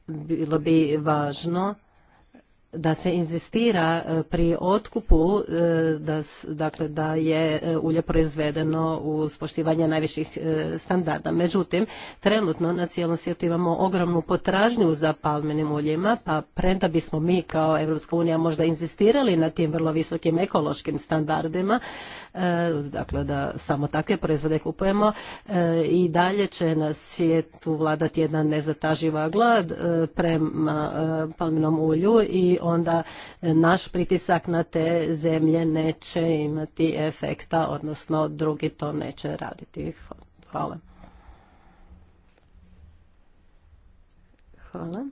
bilo bi važno da se inzistira e, pri otkupu e, da, dakle, da je e, ulje proizvedeno uz poštivanje najviših standarda. Međutim, trenutno na cijelom svijetu imamo ogromnu potražnju za palmenim uljima, pa premda bismo mi kao Europska unija možda inzistirali na tim vrlo visokim ekološkim standardima, dakle da samo takve proizvode kupujemo i dalje će na svijetu vladati jedna nezataživa glad prema palminom ulju i onda e, naš pritisak na te zemlje neće imati efekta, odnosno drugi to neće raditi. Hvala. Hvala.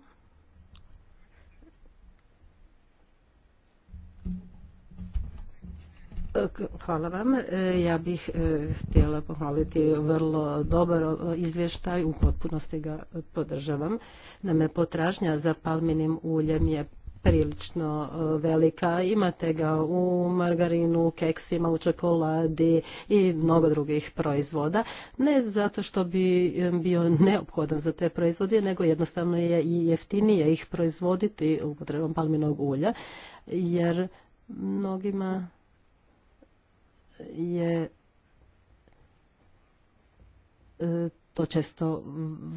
Hvala vam. E, ja bih e, htjela pohvaliti vrlo dobar izvještaj, u potpunosti ga podržavam. me potražnja za palminim uljem je prilično e, velika. Imate ga u margarinu, keksima, u čokoladi i mnogo drugih proizvoda. Ne zato što bi e, bio neophodan za te proizvode, nego jednostavno je i jeftinije ih proizvoditi upotrebom palminog ulja, jer mnogima je e, to često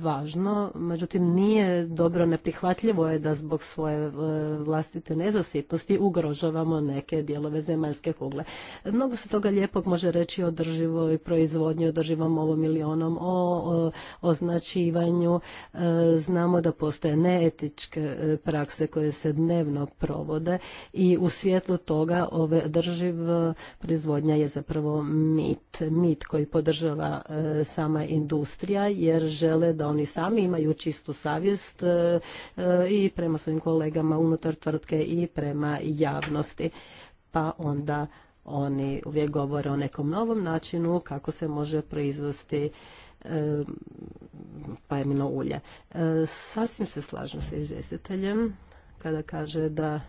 važno, međutim nije dobro neprihvatljivo je da zbog svoje e, vlastite nezasitnosti ugrožavamo neke dijelove zemaljske kugle. Mnogo se toga lijepog može reći o održivoj proizvodnji, održivom ovom milionom, o označivanju. E, znamo da postoje neetičke e, prakse koje se dnevno provode i u svjetlu toga ove drživ proizvodnja je zapravo mit, mit koji podržava sama industrija jer žele da oni sami imaju čistu savjest e, e, i prema svojim kolegama unutar tvrtke i prema javnosti. Pa onda oni uvijek govore o nekom novom načinu kako se može proizvesti e, pajemino ulje. Sasvim se slažem sa izvjestiteljem kada kaže da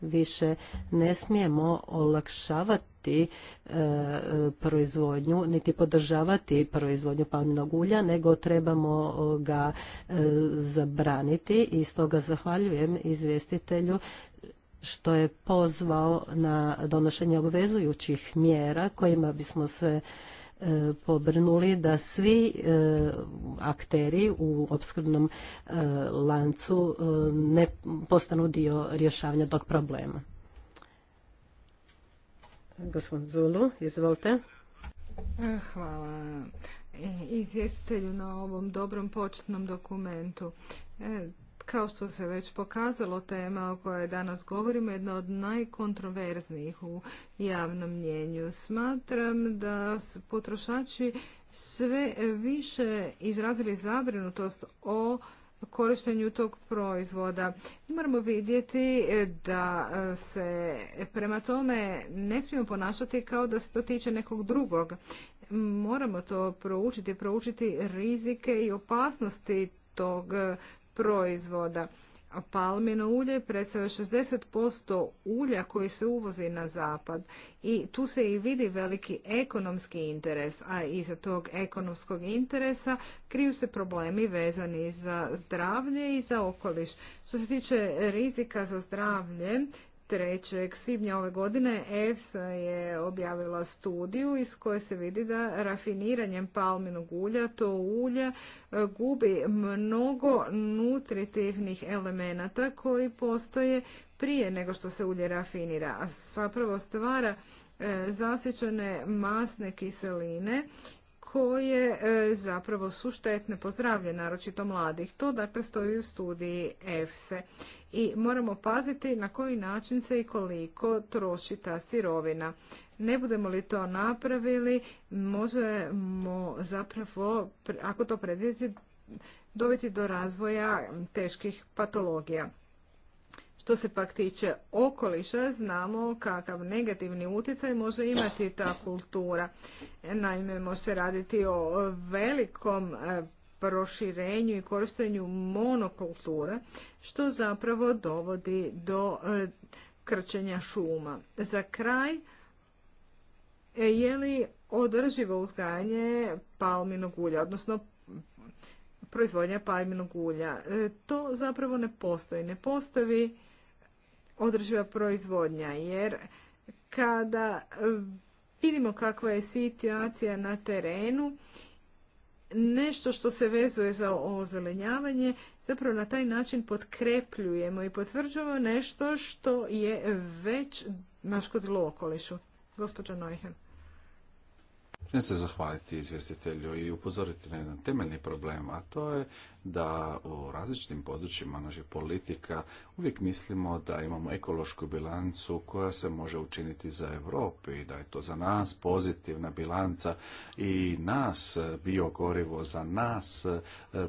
više ne smijemo olakšavati podržavati e, proizvodnju, niti podržavati proizvodnju palminog ulja, nego trebamo e, ga e, zabraniti i stoga zahvaljujem izvjestitelju što je pozvao na donošenje obvezujućih mjera kojima bismo se pobrnuli da svi akteri u opskrbnom lancu ne postanu dio rješavanja tog problema. Zulu, izvolite. Hvala izvjestitelju na ovom dobrom početnom dokumentu. E, kao što se već pokazalo, tema o kojoj danas govorimo je jedna od najkontroverznijih u javnom mjenju. Smatram da su potrošači sve više izrazili zabrinutost o korištenju tog proizvoda. Moramo vidjeti e, da e, se prema tome ne smijemo ponašati kao da se to tiče nekog drugog. Moramo to proučiti, proučiti rizike i opasnosti tog e, proizvoda palmino ulje predstavlja 60% ulja koji se uvozi na zapad i tu se i vidi veliki ekonomski interes, a iza tog ekonomskog interesa kriju se problemi vezani za zdravlje i za okoliš. Što se tiče rizika za zdravlje, 3. svibnja ove godine EFSA je objavila studiju iz koje se vidi da rafiniranjem palminog ulja to ulje e, gubi mnogo nutritivnih elemenata koji postoje prije nego što se ulje rafinira, a zapravo stvara e, zasičene masne kiseline koje e, zapravo su štetne pozdravlje naročito mladih. To dakle stoji u studiji EFSE i moramo paziti na koji način se i koliko troši ta sirovina. Ne budemo li to napravili, možemo zapravo, ako to predvidite, dobiti do razvoja teških patologija. Što se pak tiče okoliša, znamo kakav negativni utjecaj može imati ta kultura. Naime, može se raditi o velikom e, proširenju i korištenju monokultura, što zapravo dovodi do e, krčenja šuma. Za kraj, e, je li održivo uzgajanje palminog ulja, odnosno proizvodnja palminog ulja? E, to zapravo ne postoji. Ne postoji održiva proizvodnja, jer kada vidimo kakva je situacija na terenu nešto što se vezuje za ozelenjavanje, zapravo na taj način potkrepljujemo i potvrđujemo nešto što je već naškodilo okolišu. Gospođa Neuhen. se zahvaliti izvjestitelju i upozoriti na jedan temeljni problem, a to je da u različitim područjima naših politika uvijek mislimo da imamo ekološku bilancu koja se može učiniti za Europu i da je to za nas pozitivna bilanca i nas bio gorivo za nas e,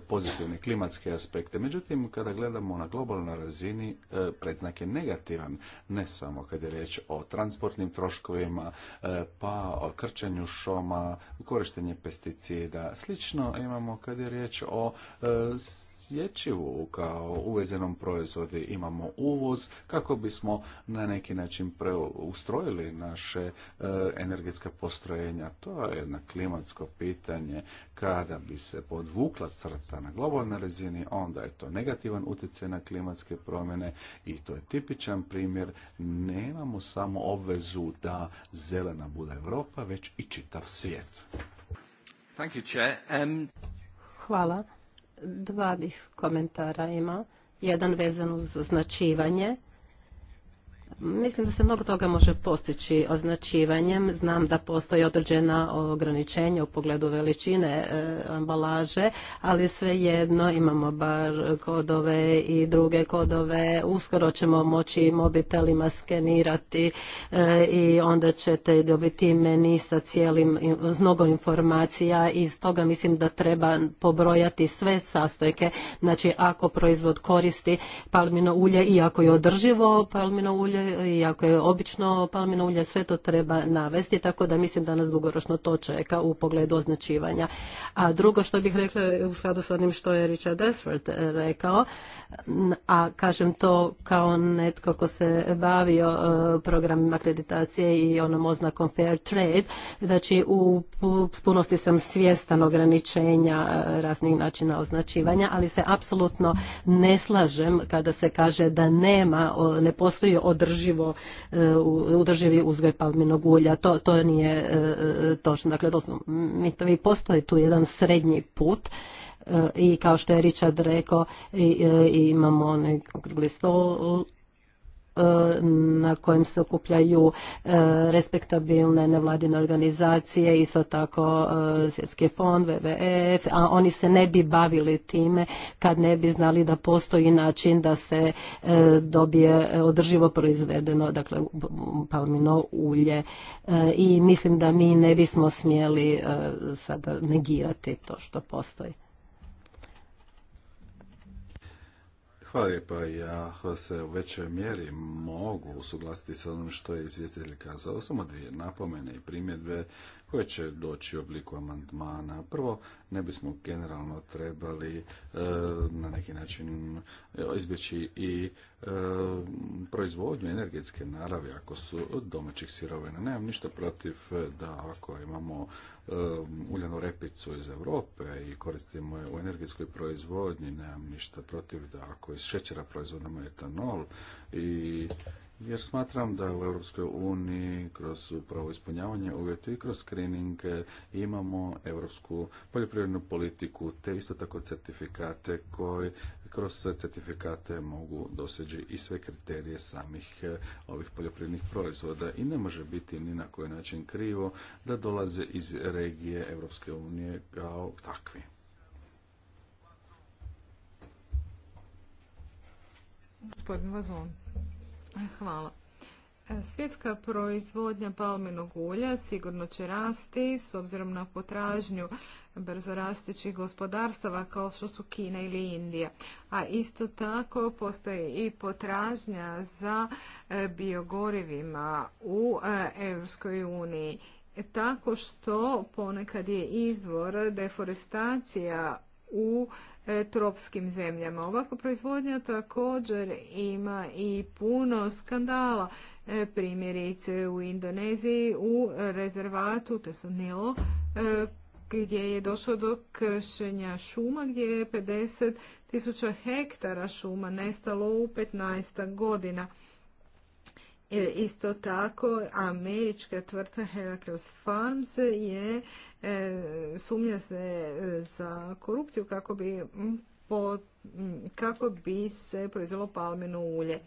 pozitivne klimatske aspekte. Međutim, kada gledamo na globalnoj razini, e, predznak je negativan, ne samo kad je riječ o transportnim troškovima, e, pa o krčenju šoma, korištenje pesticida. Slično imamo kad je riječ o sječivu kao uvezenom proizvodi imamo uvoz kako bismo na neki način ustrojili naše e, energetska postrojenja. To je jedno klimatsko pitanje. Kada bi se podvukla crta na globalnoj razini, onda je to negativan utjecaj na klimatske promjene i to je tipičan primjer. Nemamo samo obvezu da zelena bude Europa, već i čitav svijet. Um, Hvala. Dva bih komentara imao. Jedan vezan uz označivanje. Mislim da se mnogo toga može postići označivanjem. Znam da postoji određena ograničenja u pogledu veličine e, ambalaže, ali svejedno imamo bar kodove i druge kodove. Uskoro ćemo moći mobitelima skenirati e, i onda ćete dobiti meni sa cijelim mnogo informacija i toga mislim da treba pobrojati sve sastojke. Znači ako proizvod koristi palmino ulje i ako je održivo palmino ulje, i ako je obično palmino ulje, sve to treba navesti, tako da mislim da nas dugoročno to čeka u pogledu označivanja. A drugo što bih rekla u skladu s onim što je Richard Ashford rekao, Mm, a kažem to kao netko ko se bavio e, programima akreditacije i onom oznakom fair trade, znači u punosti sam svjestan ograničenja e, raznih načina označivanja, ali se apsolutno ne slažem kada se kaže da nema, ne postoji održivo, e, održivi uzgoj palminog ulja, to, to nije točno, dakle mi to i postoji tu jedan srednji put i kao što je Richard rekao e, imamo onaj okrugli stol e, na kojem se okupljaju e, respektabilne nevladine organizacije, isto tako Svjetski fond, WWF, a oni se ne bi bavili time kad ne bi znali da postoji način da se dobije održivo proizvedeno, dakle palmino ulje i mislim da mi ne bismo smjeli sada negirati to što postoji. Hvala lijepa. Ja se u većoj mjeri mogu usuglasiti sa onim što je izvjestitelj kazao. Samo dvije napomene i primjedbe koje će doći u obliku amandmana. Prvo, ne bismo generalno trebali e, na neki način e, izbjeći i e, proizvodnju energetske naravi ako su domaćih sirovina. Nemam ništa protiv da ako imamo Um, uljanu repicu iz Europe i koristimo je u energetskoj proizvodnji, nemam ništa protiv da ako iz šećera proizvodimo etanol i jer smatram da u Europskoj uniji kroz upravo ispunjavanje uvjeta i kroz screening imamo europsku poljoprivrednu politiku te isto tako certifikate koji kroz certifikate mogu doseći i sve kriterije samih e, ovih poljoprivrednih proizvoda i ne može biti ni na koji način krivo da dolaze iz regije Europske unije kao takvi. Gospodin Hvala. E, svjetska proizvodnja palminog ulja sigurno će rasti s obzirom na potražnju brzo rastećih gospodarstava kao što su Kina ili Indija. A isto tako postoji i potražnja za e, biogorivima u e, Europskoj uniji tako što ponekad je izvor deforestacija u e, tropskim zemljama. Ovakva proizvodnja također ima i puno skandala. E, primjerice u Indoneziji u rezervatu Tesonilo e, gdje je došlo do kršenja šuma gdje je 50 tisuća hektara šuma nestalo u 15 godina. E, isto tako, američka tvrtka Heracles Farms je e, sumnja se e, za korupciju kako bi kako bi se proizvelo palmino ulje.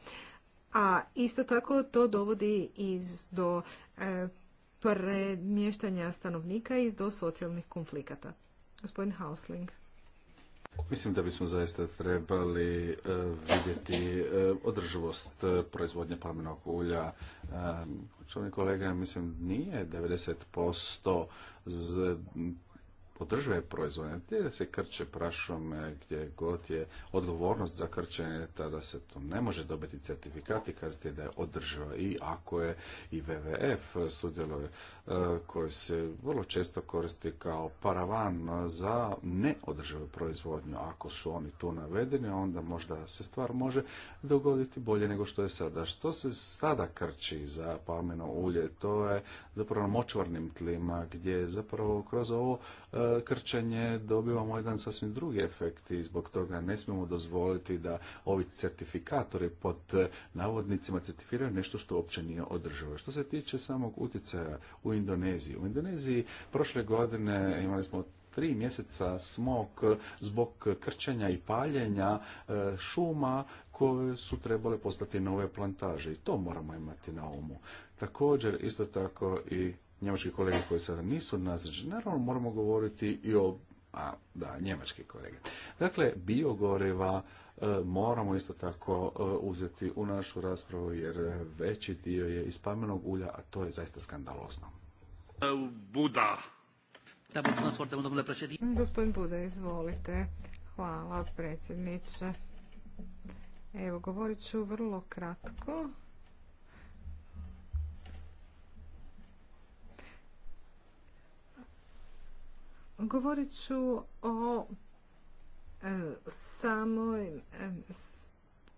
A isto tako to dovodi iz do premještanja stanovnika i do socijalnih konflikata. Gospodin Hausling. Mislim da bismo zaista trebali e, vidjeti e, održivost e, proizvodnje plamenog ulja. Čovni kolega, mislim, nije 90% održive proizvodnje gdje se krče prašom, gdje god je odgovornost za krčenje, tada se to ne može dobiti certifikat i kazati da je održiva. I ako je i WWF sudjeluje, e, koji se vrlo često koristi kao paravan za neodrživu proizvodnju, ako su oni tu navedeni, onda možda se stvar može dogoditi bolje nego što je sada. Što se sada krči za palmino ulje, to je zapravo na močvarnim tlima, gdje zapravo kroz ovo e, krčenje dobivamo jedan sasvim drugi efekt i zbog toga ne smijemo dozvoliti da ovi certifikatori pod navodnicima certifiraju nešto što uopće nije održivo. Što se tiče samog utjecaja u Indoneziji, u Indoneziji prošle godine imali smo tri mjeseca smog zbog krčenja i paljenja e, šuma koje su trebale postati nove plantaže i to moramo imati na umu. Također isto tako i njemačke kolege koji sada nisu nazočni. Naravno, moramo govoriti i o a da, njemački kolege. Dakle, biogoreva e, moramo isto tako e, uzeti u našu raspravu jer veći dio je iz pamenog ulja, a to je zaista skandalozno. Buda. Gospodin Buda, izvolite. Hvala, predsjedniče. Evo, govorit ću vrlo kratko Govorit ću o e, samoj e,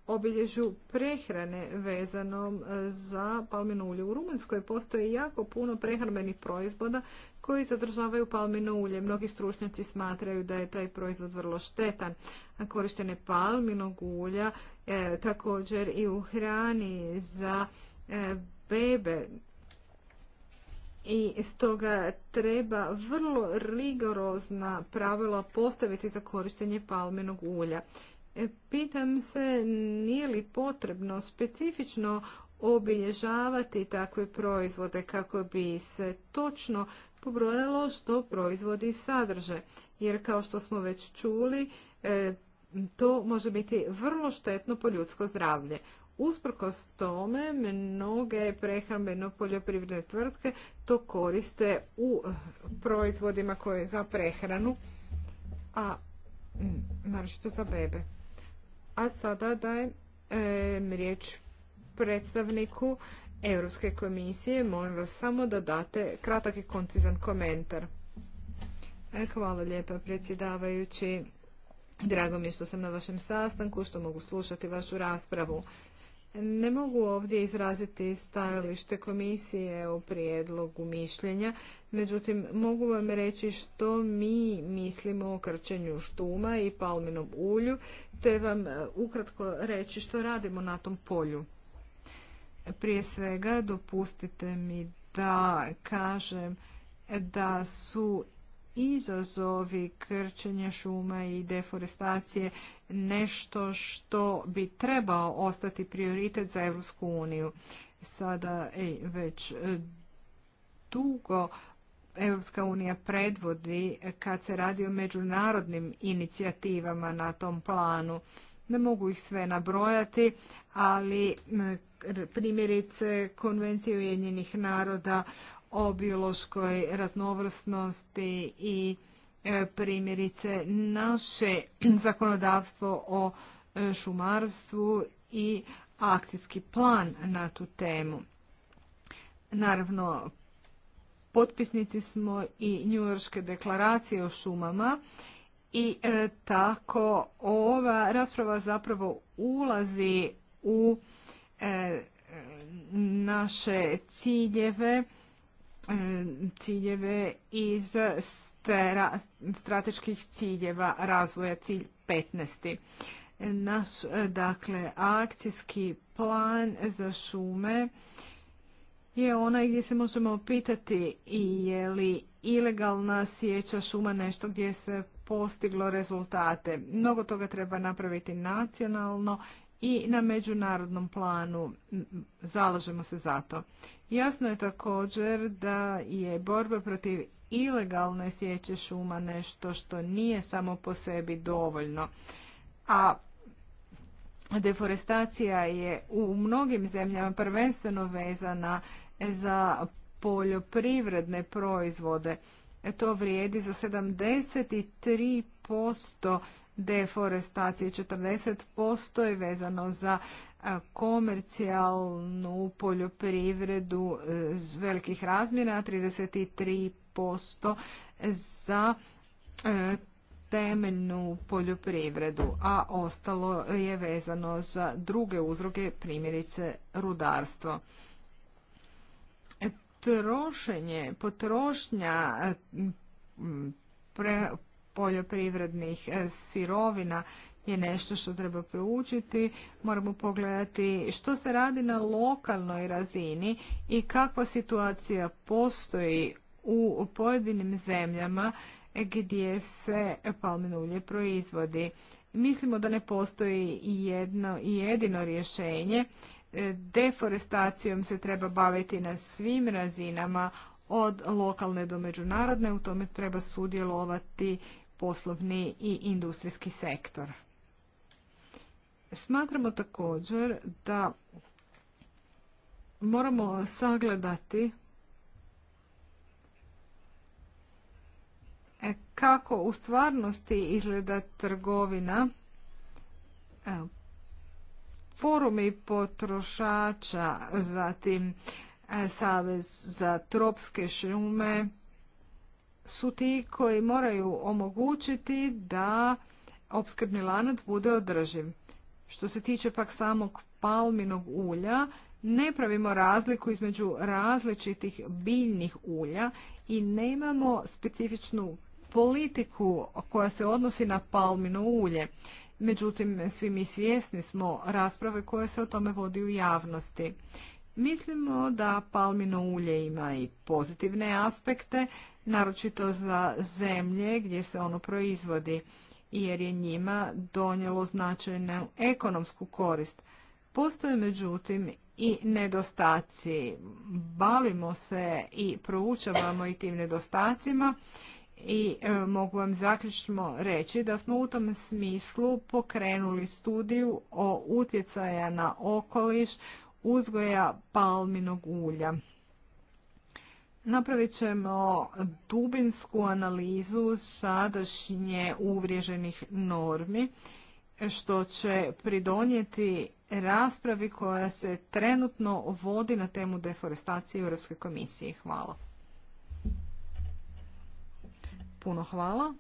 obilježju prehrane vezanom e, za palmino ulje. U Rumunjskoj postoji jako puno prehrambenih proizvoda koji zadržavaju palmino ulje. Mnogi stručnjaci smatraju da je taj proizvod vrlo štetan. Korištene palminog ulja također i u hrani za bebe i stoga treba vrlo rigorozna pravila postaviti za korištenje palmenog ulja. E, pitam se nije li potrebno specifično obilježavati takve proizvode kako bi se točno pobrojalo što proizvodi sadrže. Jer kao što smo već čuli, e, to može biti vrlo štetno po ljudsko zdravlje. Usprkos tome, mnoge prehrambeno poljoprivredne tvrtke to koriste u eh, proizvodima koje za prehranu, a mm, naročito za bebe. A sada dajem riječ predstavniku Europske komisije. Molim vas samo da date kratak i koncizan komentar. E, hvala lijepa predsjedavajući. Drago mi je što sam na vašem sastanku, što mogu slušati vašu raspravu. Ne mogu ovdje izraziti stajalište komisije o prijedlogu mišljenja, međutim mogu vam reći što mi mislimo o krčenju štuma i palminom ulju, te vam e, ukratko reći što radimo na tom polju. Prije svega dopustite mi da kažem da su izazovi krčenja šuma i deforestacije nešto što bi trebao ostati prioritet za Europsku uniju. Sada ej, već e, dugo Europska unija predvodi kad se radi o međunarodnim inicijativama na tom planu. Ne mogu ih sve nabrojati, ali primjerice Konvencije Ujedinjenih naroda o biološkoj raznovrsnosti i E, primjerice naše zakonodavstvo o e, šumarstvu i akcijski plan na tu temu. Naravno, potpisnici smo i Njujorske deklaracije o šumama i e, tako ova rasprava zapravo ulazi u naše ciljeve, ciljeve iz strateških ciljeva razvoja, cilj 15. Naš e, dakle, akcijski plan za šume je onaj gdje se možemo pitati je li ilegalna sjeća šuma nešto gdje se postiglo rezultate. Mnogo toga treba napraviti nacionalno i na međunarodnom planu zalažemo se za to. Jasno je također da je borba protiv ilegalne sjeće šuma nešto što nije samo po sebi dovoljno. A deforestacija je u mnogim zemljama prvenstveno vezana za poljoprivredne proizvode. To vrijedi za 73% deforestacije, 40% je vezano za komercijalnu poljoprivredu e, velikih razmjera, 33% posto za e, temeljnu poljoprivredu, a ostalo je vezano za druge uzroke, primjerice rudarstvo. Trošenje, potrošnja e, poljoprivrednih e, sirovina je nešto što treba proučiti. Moramo pogledati što se radi na lokalnoj razini i kakva situacija postoji u pojedinim zemljama gdje se palmino ulje proizvodi. Mislimo da ne postoji i jedno i jedino rješenje. Deforestacijom se treba baviti na svim razinama od lokalne do međunarodne, u tome treba sudjelovati poslovni i industrijski sektor. Smatramo također da moramo sagledati E, kako u stvarnosti izgleda trgovina, e, forumi potrošača, zatim e, Savez za tropske šume su ti koji moraju omogućiti da opskrbni lanac bude održiv. Što se tiče pak samog palminog ulja, ne pravimo razliku između različitih biljnih ulja i nemamo specifičnu politiku koja se odnosi na palmino ulje. Međutim, svi mi svjesni smo rasprave koje se o tome vodi u javnosti. Mislimo da palmino ulje ima i pozitivne aspekte, naročito za zemlje gdje se ono proizvodi, jer je njima donijelo značajnu ekonomsku korist. Postoje međutim i nedostaci. Bavimo se i proučavamo i tim nedostacima i e, mogu vam zaključno reći da smo u tom smislu pokrenuli studiju o utjecaja na okoliš uzgoja palminog ulja. Napravit ćemo dubinsku analizu sadašnje uvriježenih normi, što će pridonijeti raspravi koja se trenutno vodi na temu deforestacije Europske komisije. Hvala. Puno hvala.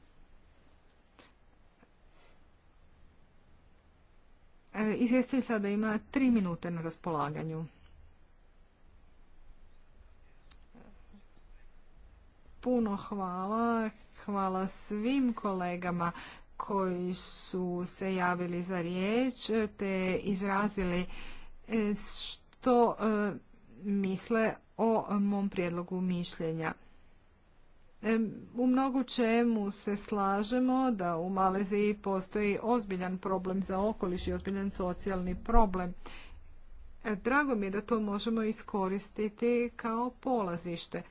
E, izvjestitelj sada ima tri minute na raspolaganju. Puno hvala. Hvala svim kolegama koji su se javili za riječ te izrazili e, što e, misle o mom prijedlogu mišljenja. U mnogu čemu se slažemo da u Maleziji postoji ozbiljan problem za okoliš i ozbiljan socijalni problem. E, drago mi je da to možemo iskoristiti kao polazište.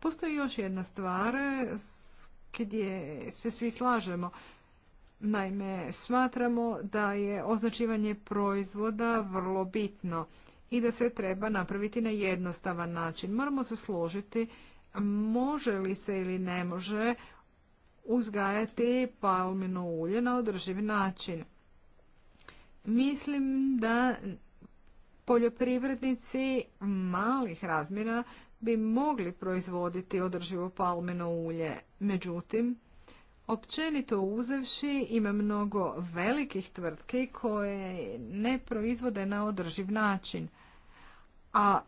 Postoji još jedna stvar e, gdje se svi slažemo. Naime, smatramo da je označivanje proizvoda vrlo bitno i da se treba napraviti na jednostavan način. Moramo se složiti može li se ili ne može uzgajati palmino ulje na održiv način. Mislim da poljoprivrednici malih razmjera bi mogli proizvoditi održivo palmino ulje. Međutim, općenito uzevši ima mnogo velikih tvrtki koje ne proizvode na održiv način. A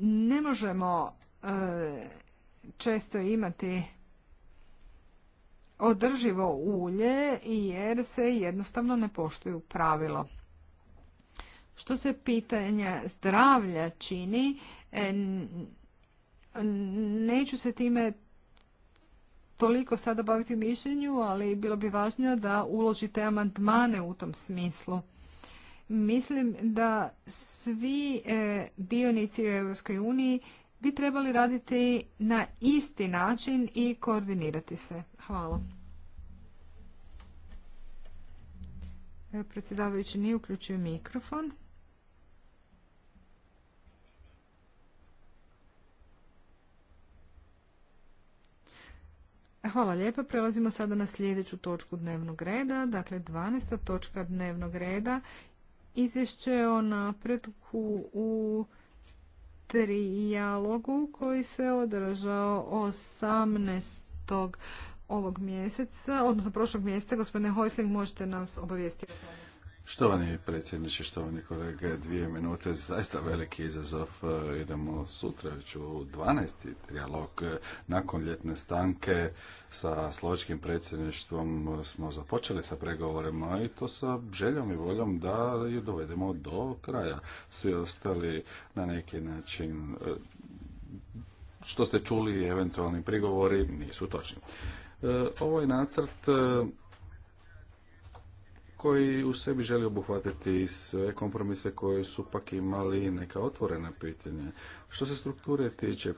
ne možemo e, često imati održivo ulje jer se jednostavno ne poštuju pravilo. Što se pitanja zdravlja čini, e, neću se time toliko sada baviti u mišljenju, ali bilo bi važnije da uložite amandmane u tom smislu. Mislim da svi e, dionici u EU bi trebali raditi na isti način i koordinirati se. Hvala. E, predsjedavajući nije uključio mikrofon. Hvala lijepa. Prelazimo sada na sljedeću točku dnevnog reda. Dakle, 12. točka dnevnog reda izvješće o napretku u trijalogu koji se održao 18. ovog mjeseca, odnosno prošlog mjeseca. Gospodine Hojsling, možete nas obavijestiti. Štovani predsjedniče, štovani kolege, dvije minute, zaista veliki izazov. E, Idemo sutra već u 12. trijalog nakon ljetne stanke sa slovačkim predsjedništvom smo započeli sa pregovorima i to sa željom i voljom da ju dovedemo do kraja. Svi ostali na neki način e, što ste čuli eventualni prigovori nisu točni. E, ovaj nacrt koji u sebi želi obuhvatiti sve kompromise koje su pak imali neka otvorena pitanja. Što se strukture tiče,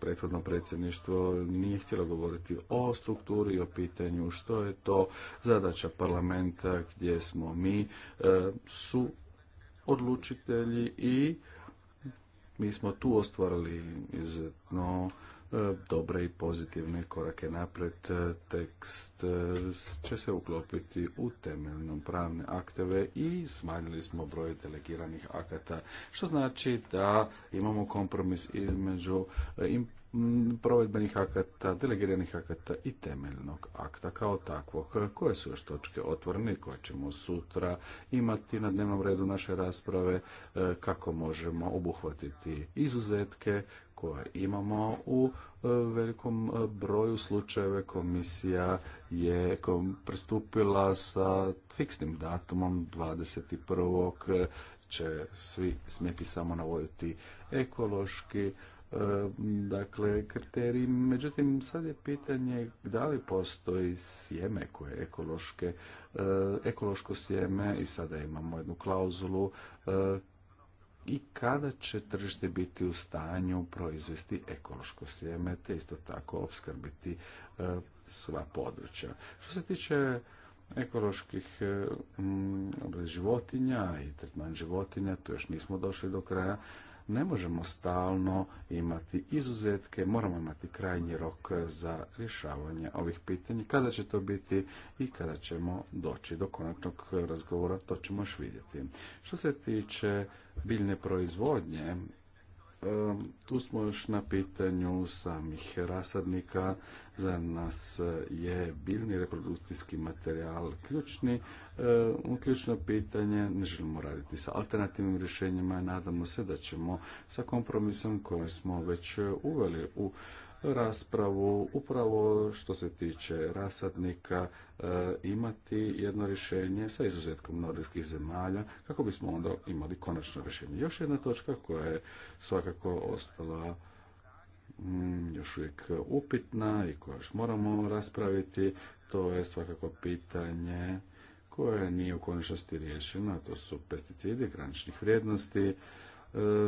prethodno predsjedništvo nije htjelo govoriti o strukturi i o pitanju što je to zadaća parlamenta gdje smo mi e, su odlučitelji i mi smo tu ostvarili izuzetno E, dobre i pozitivne korake napred. E, tekst e, će se uklopiti u temeljnom pravne akteve i smanjili smo broj delegiranih akata, što znači da imamo kompromis između provedbenih akata, delegiranih akata i temeljnog akta kao takvog. Koje su još točke otvorene koje ćemo sutra imati na dnevnom redu naše rasprave, e, kako možemo obuhvatiti izuzetke koje imamo u e, velikom e, broju slučajeve komisija je pristupila sa fiksnim datumom 21. će svi smjeti samo navoditi ekološki E, dakle kriteriji. Međutim, sad je pitanje da li postoji sjeme koje je ekološke, e, ekološko sjeme i sada imamo jednu klauzulu e, i kada će tržište biti u stanju proizvesti ekološko sjeme, te isto tako obskrbiti sva područja. Što se tiče ekoloških životinja i tretman životinja, tu još nismo došli do kraja. Ne možemo stalno imati izuzetke, moramo imati krajnji rok za rješavanje ovih pitanja. Kada će to biti i kada ćemo doći do konačnog razgovora, to ćemo još vidjeti. Što se tiče biljne proizvodnje, Ehm, tu smo još na pitanju samih rasadnika. Za nas eh, je biljni reprodukcijski materijal ključni, eh, ono ključno pitanje. Ne želimo raditi sa alternativnim rješenjima. Nadamo se da ćemo sa kompromisom koji smo već eh, uveli u raspravu upravo što se tiče rasadnika e, imati jedno rješenje sa izuzetkom nordijskih zemalja kako bismo onda imali konačno rješenje. Još jedna točka koja je svakako ostala mm, još uvijek upitna i koja još moramo raspraviti, to je svakako pitanje koje nije u konačnosti riješeno, to su pesticidi graničnih vrijednosti. E,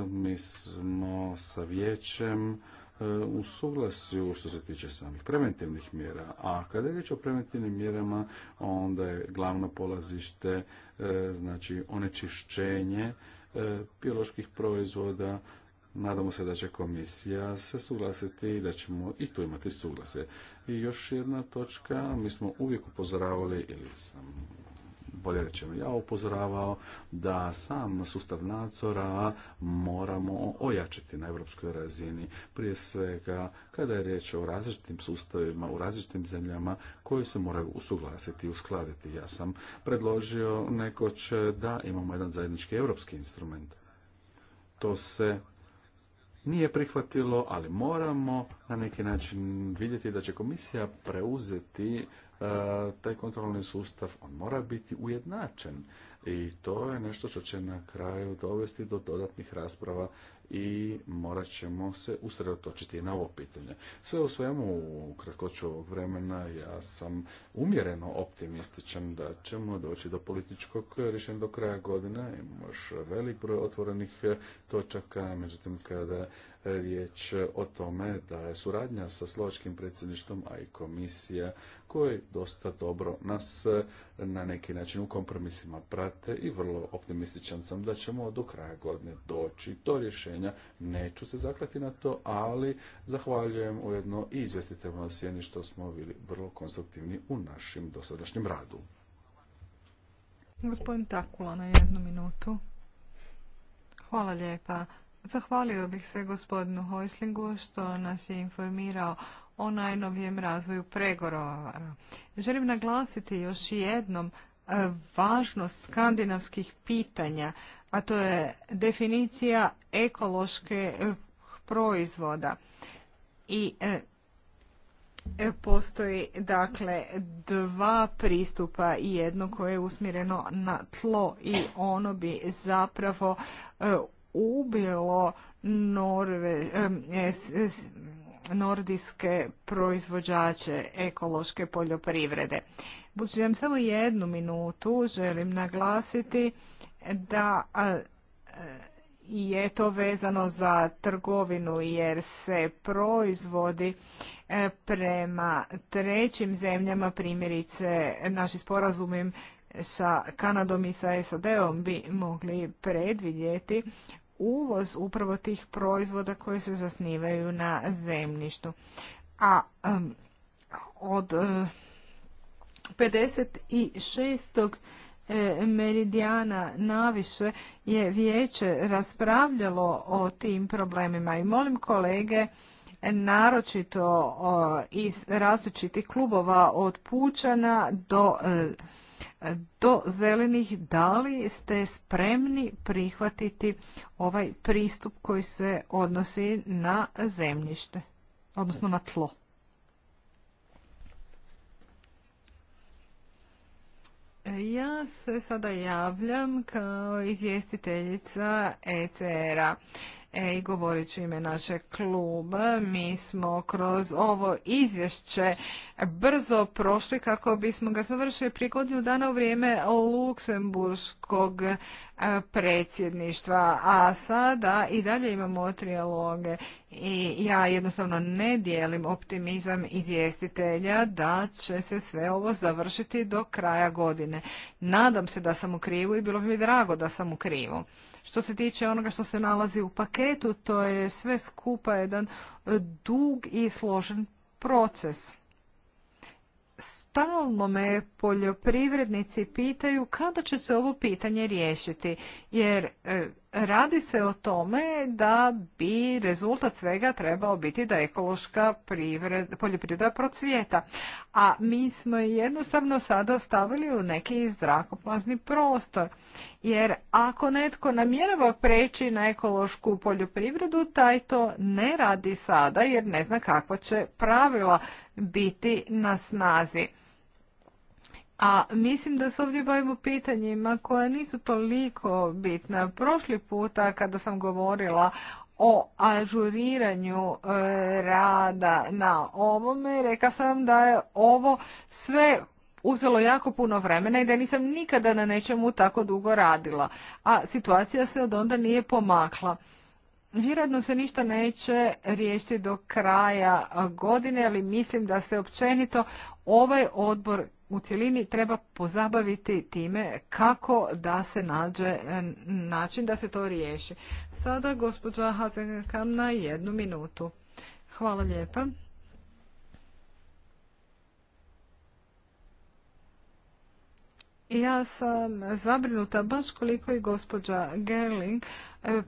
mi smo sa vijećem u suglasju što se tiče samih preventivnih mjera. A kada je riječ o preventivnim mjerama, onda je glavno polazište e, znači onečišćenje e, bioloških proizvoda, Nadamo se da će komisija se suglasiti i da ćemo i tu imati suglase. I još jedna točka, mi smo uvijek upozoravali, ili sam bolje rečeno ja upozoravao da sam sustav nadzora moramo ojačati na europskoj razini prije svega kada je riječ o različitim sustavima u različitim zemljama koji se moraju usuglasiti i uskladiti. Ja sam predložio nekoć da imamo jedan zajednički europski instrument. To se nije prihvatilo, ali moramo na neki način vidjeti da će komisija preuzeti E, taj kontrolni sustav on mora biti ujednačen i to je nešto što će na kraju dovesti do dodatnih rasprava i morat ćemo se usredotočiti na ovo pitanje. Sve u svemu, u kratkoću ovog vremena, ja sam umjereno optimističan da ćemo doći do političkog rješenja do kraja godine. Imamo još velik broj otvorenih točaka, međutim kada riječ o tome da je suradnja sa slovačkim predsjedništvom, a i komisija, koji dosta dobro nas e, na neki način u kompromisima prate i vrlo optimističan sam da ćemo do kraja godine doći do rješenja. Neću se zaklati na to, ali zahvaljujem ujedno i izvestitevno o što smo bili vrlo konstruktivni u našim dosadašnjem radu. Gospodin Takula na jednu minutu. Hvala lijepa. Zahvalio bih se gospodinu Hojslingu što nas je informirao o najnovijem razvoju pregovora. Želim naglasiti još jednom e, važnost skandinavskih pitanja, a to je definicija ekološke e, proizvoda. I e, postoji dakle dva pristupa i jedno koje je usmjereno na tlo i ono bi zapravo ubilo norve, nordijske proizvođače ekološke poljoprivrede. Budući vam samo jednu minutu, želim naglasiti da je to vezano za trgovinu jer se proizvodi e, prema trećim zemljama, primjerice naši sporazumim sa Kanadom i sa SAD-om bi mogli predvidjeti uvoz upravo tih proizvoda koji se zasnivaju na zemljištu. A od 56. E, e, meridijana naviše je vijeće raspravljalo o tim problemima i molim kolege naročito iz različitih klubova od pučana do e, do zelenih, da li ste spremni prihvatiti ovaj pristup koji se odnosi na zemljište, odnosno na tlo? Ja se sada javljam kao izvjestiteljica ECR-a. E, i govorit ću ime našeg kluba. Mi smo kroz ovo izvješće brzo prošli kako bismo ga završili prije godinu dana u vrijeme luksemburskog e, predsjedništva, a sada i dalje imamo trijaloge i ja jednostavno ne dijelim optimizam izvjestitelja da će se sve ovo završiti do kraja godine. Nadam se da sam u krivu i bilo bi mi drago da sam u krivu. Što se tiče onoga što se nalazi u paketu, to je sve skupa jedan e, dug i složen proces. Stalno me poljoprivrednici pitaju kada će se ovo pitanje riješiti, jer e, Radi se o tome da bi rezultat svega trebao biti da ekološka poljoprivreda procvijeta. A mi smo jednostavno sada stavili u neki zrakoplazni prostor. Jer ako netko namjerava preći na ekološku poljoprivredu, taj to ne radi sada jer ne zna kako će pravila biti na snazi. A mislim da se ovdje bavimo pitanjima koja nisu toliko bitna. Prošli puta kada sam govorila o ažuriranju e, rada na ovome, reka sam da je ovo sve uzelo jako puno vremena i da nisam nikada na nečemu tako dugo radila. A situacija se od onda nije pomakla. Vjerojatno se ništa neće riješiti do kraja godine, ali mislim da se općenito ovaj odbor u cjelini treba pozabaviti time kako da se nađe e, način da se to riješi. Sada gospođa Hazenkam na jednu minutu. Hvala lijepa. Ja sam zabrinuta baš koliko i gospođa Gerling e,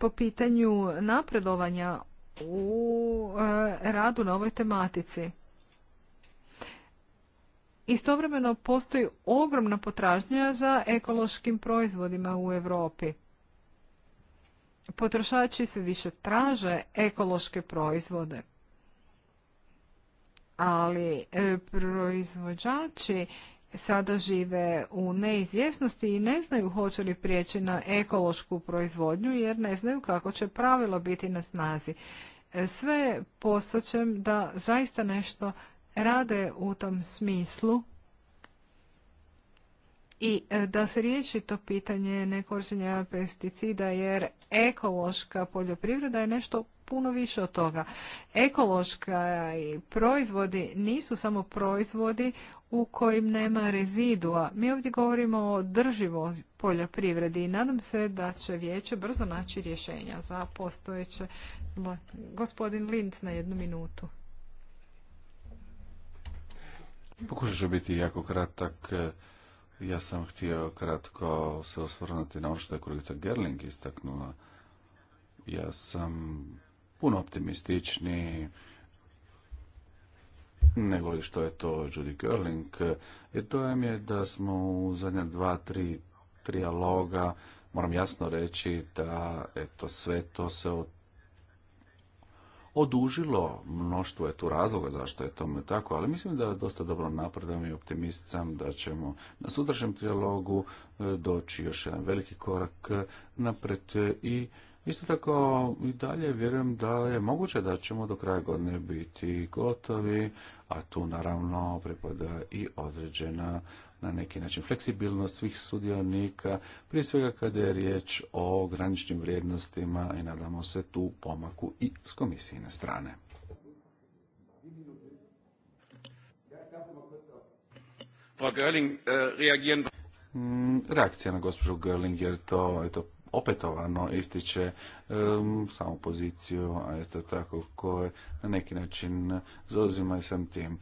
po pitanju napredovanja u e, radu na ovoj tematici. Istovremeno postoji ogromna potražnja za ekološkim proizvodima u Europi. Potrošači sve više traže ekološke proizvode. Ali e, proizvođači sada žive u neizvjesnosti i ne znaju hoće li prijeći na ekološku proizvodnju jer ne znaju kako će pravilo biti na snazi. E, sve postoćem da zaista nešto rade u tom smislu i e, da se riješi to pitanje nekorištenja pesticida jer ekološka poljoprivreda je nešto puno više od toga. Ekološka i proizvodi nisu samo proizvodi u kojim nema rezidua. Mi ovdje govorimo o drživo poljoprivredi i nadam se da će vijeće brzo naći rješenja za postojeće. Gospodin Linc na jednu minutu. Pokušat ću biti jako kratak. Ja sam htio kratko se osvrnuti na ono što je kolegica Gerling istaknula. Ja sam puno optimistični nego li što je to Judy Gerling. Jer to je da smo u zadnja dva, tri trialoga moram jasno reći da eto, sve to se od odužilo. Mnoštvo je tu razloga zašto je tome tako, ali mislim da dosta dobro napredan i optimist sam da ćemo na sutrašnjem trijalogu e, doći još jedan veliki korak e, napred e, i Isto tako i dalje vjerujem da je moguće da ćemo do kraja godine biti gotovi, a tu naravno pripada i određena na neki način fleksibilnost svih sudionika, prije svega kada je riječ o graničnim vrijednostima i nadamo se tu pomaku i s komisijine strane. Äh, mm, reakcija na gospođu Görling jer to je to opetovano ističe um, samo poziciju, a isto tako koje na neki način zauzima sam tim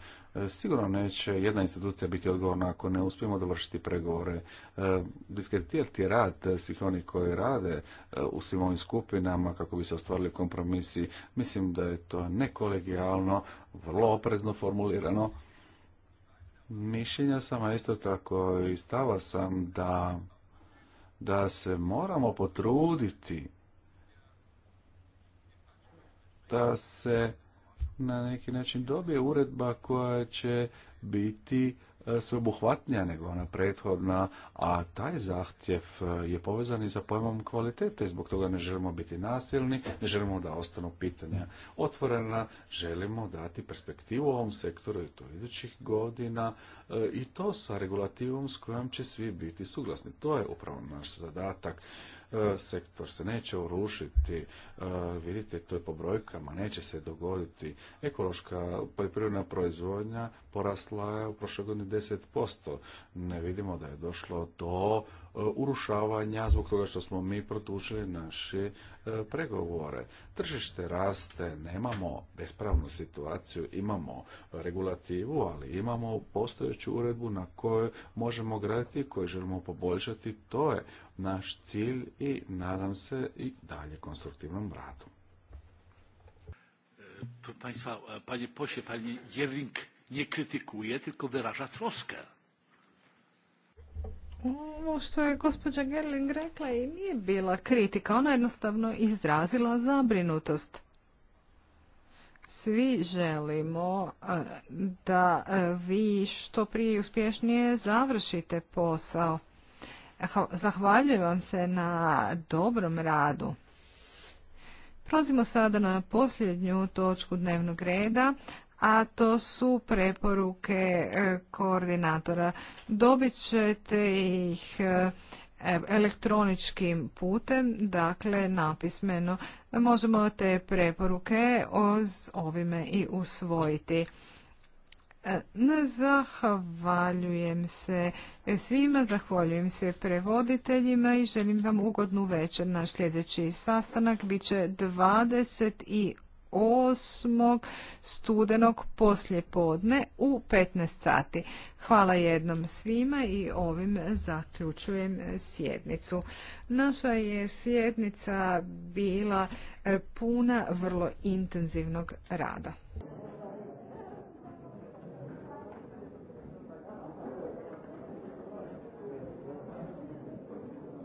sigurno neće jedna institucija biti odgovorna ako ne uspijemo dovršiti pregovore. E, Diskreditirati rad svih onih koji rade e, u svim ovim skupinama kako bi se ostvarili kompromisi, mislim da je to nekolegijalno, vrlo oprezno formulirano. Mišljenja sam, a isto tako i stava sam da, da se moramo potruditi da se na neki način dobije uredba koja će biti e, sveobuhvatnija nego ona prethodna, a taj zahtjev e, je povezan i za pojmom kvalitete. Zbog toga ne želimo biti nasilni, ne želimo da ostanu pitanja otvorena, želimo dati perspektivu ovom sektoru i to idućih godina e, i to sa regulativom s kojom će svi biti suglasni. To je upravo naš zadatak. E, sektor se neće urušiti, e, vidite to je po brojkama, neće se dogoditi. Ekološka poljoprivredna proizvodnja porasla je u prošloj godine 10%. Ne vidimo da je došlo do E, urušavanja zbog toga što smo mi produžili naše e, pregovore. Tržište raste, nemamo bespravnu situaciju, imamo regulativu, ali imamo postojeću uredbu na kojoj možemo graditi, koju želimo poboljšati. To je naš cilj i nadam se i dalje konstruktivnom radu. E, państwa, Panie Posie, Pani Jerling nie krytykuje, tylko wyraża troskę. Ovo što je gospođa Gerling rekla i nije bila kritika, ona jednostavno izrazila zabrinutost. Svi želimo da vi što prije uspješnije završite posao. Zahvaljujem vam se na dobrom radu. Prolazimo sada na posljednju točku dnevnog reda, a to su preporuke e, koordinatora. Dobit ćete ih e, elektroničkim putem, dakle napismeno. Možemo te preporuke s ovime i usvojiti. E, zahvaljujem se svima, zahvaljujem se prevoditeljima i želim vam ugodnu večer. na sljedeći sastanak bit će 28. 8. studenog poslje podne u 15 sati. Hvala jednom svima i ovim zaključujem sjednicu. Naša je sjednica bila e, puna vrlo intenzivnog rada.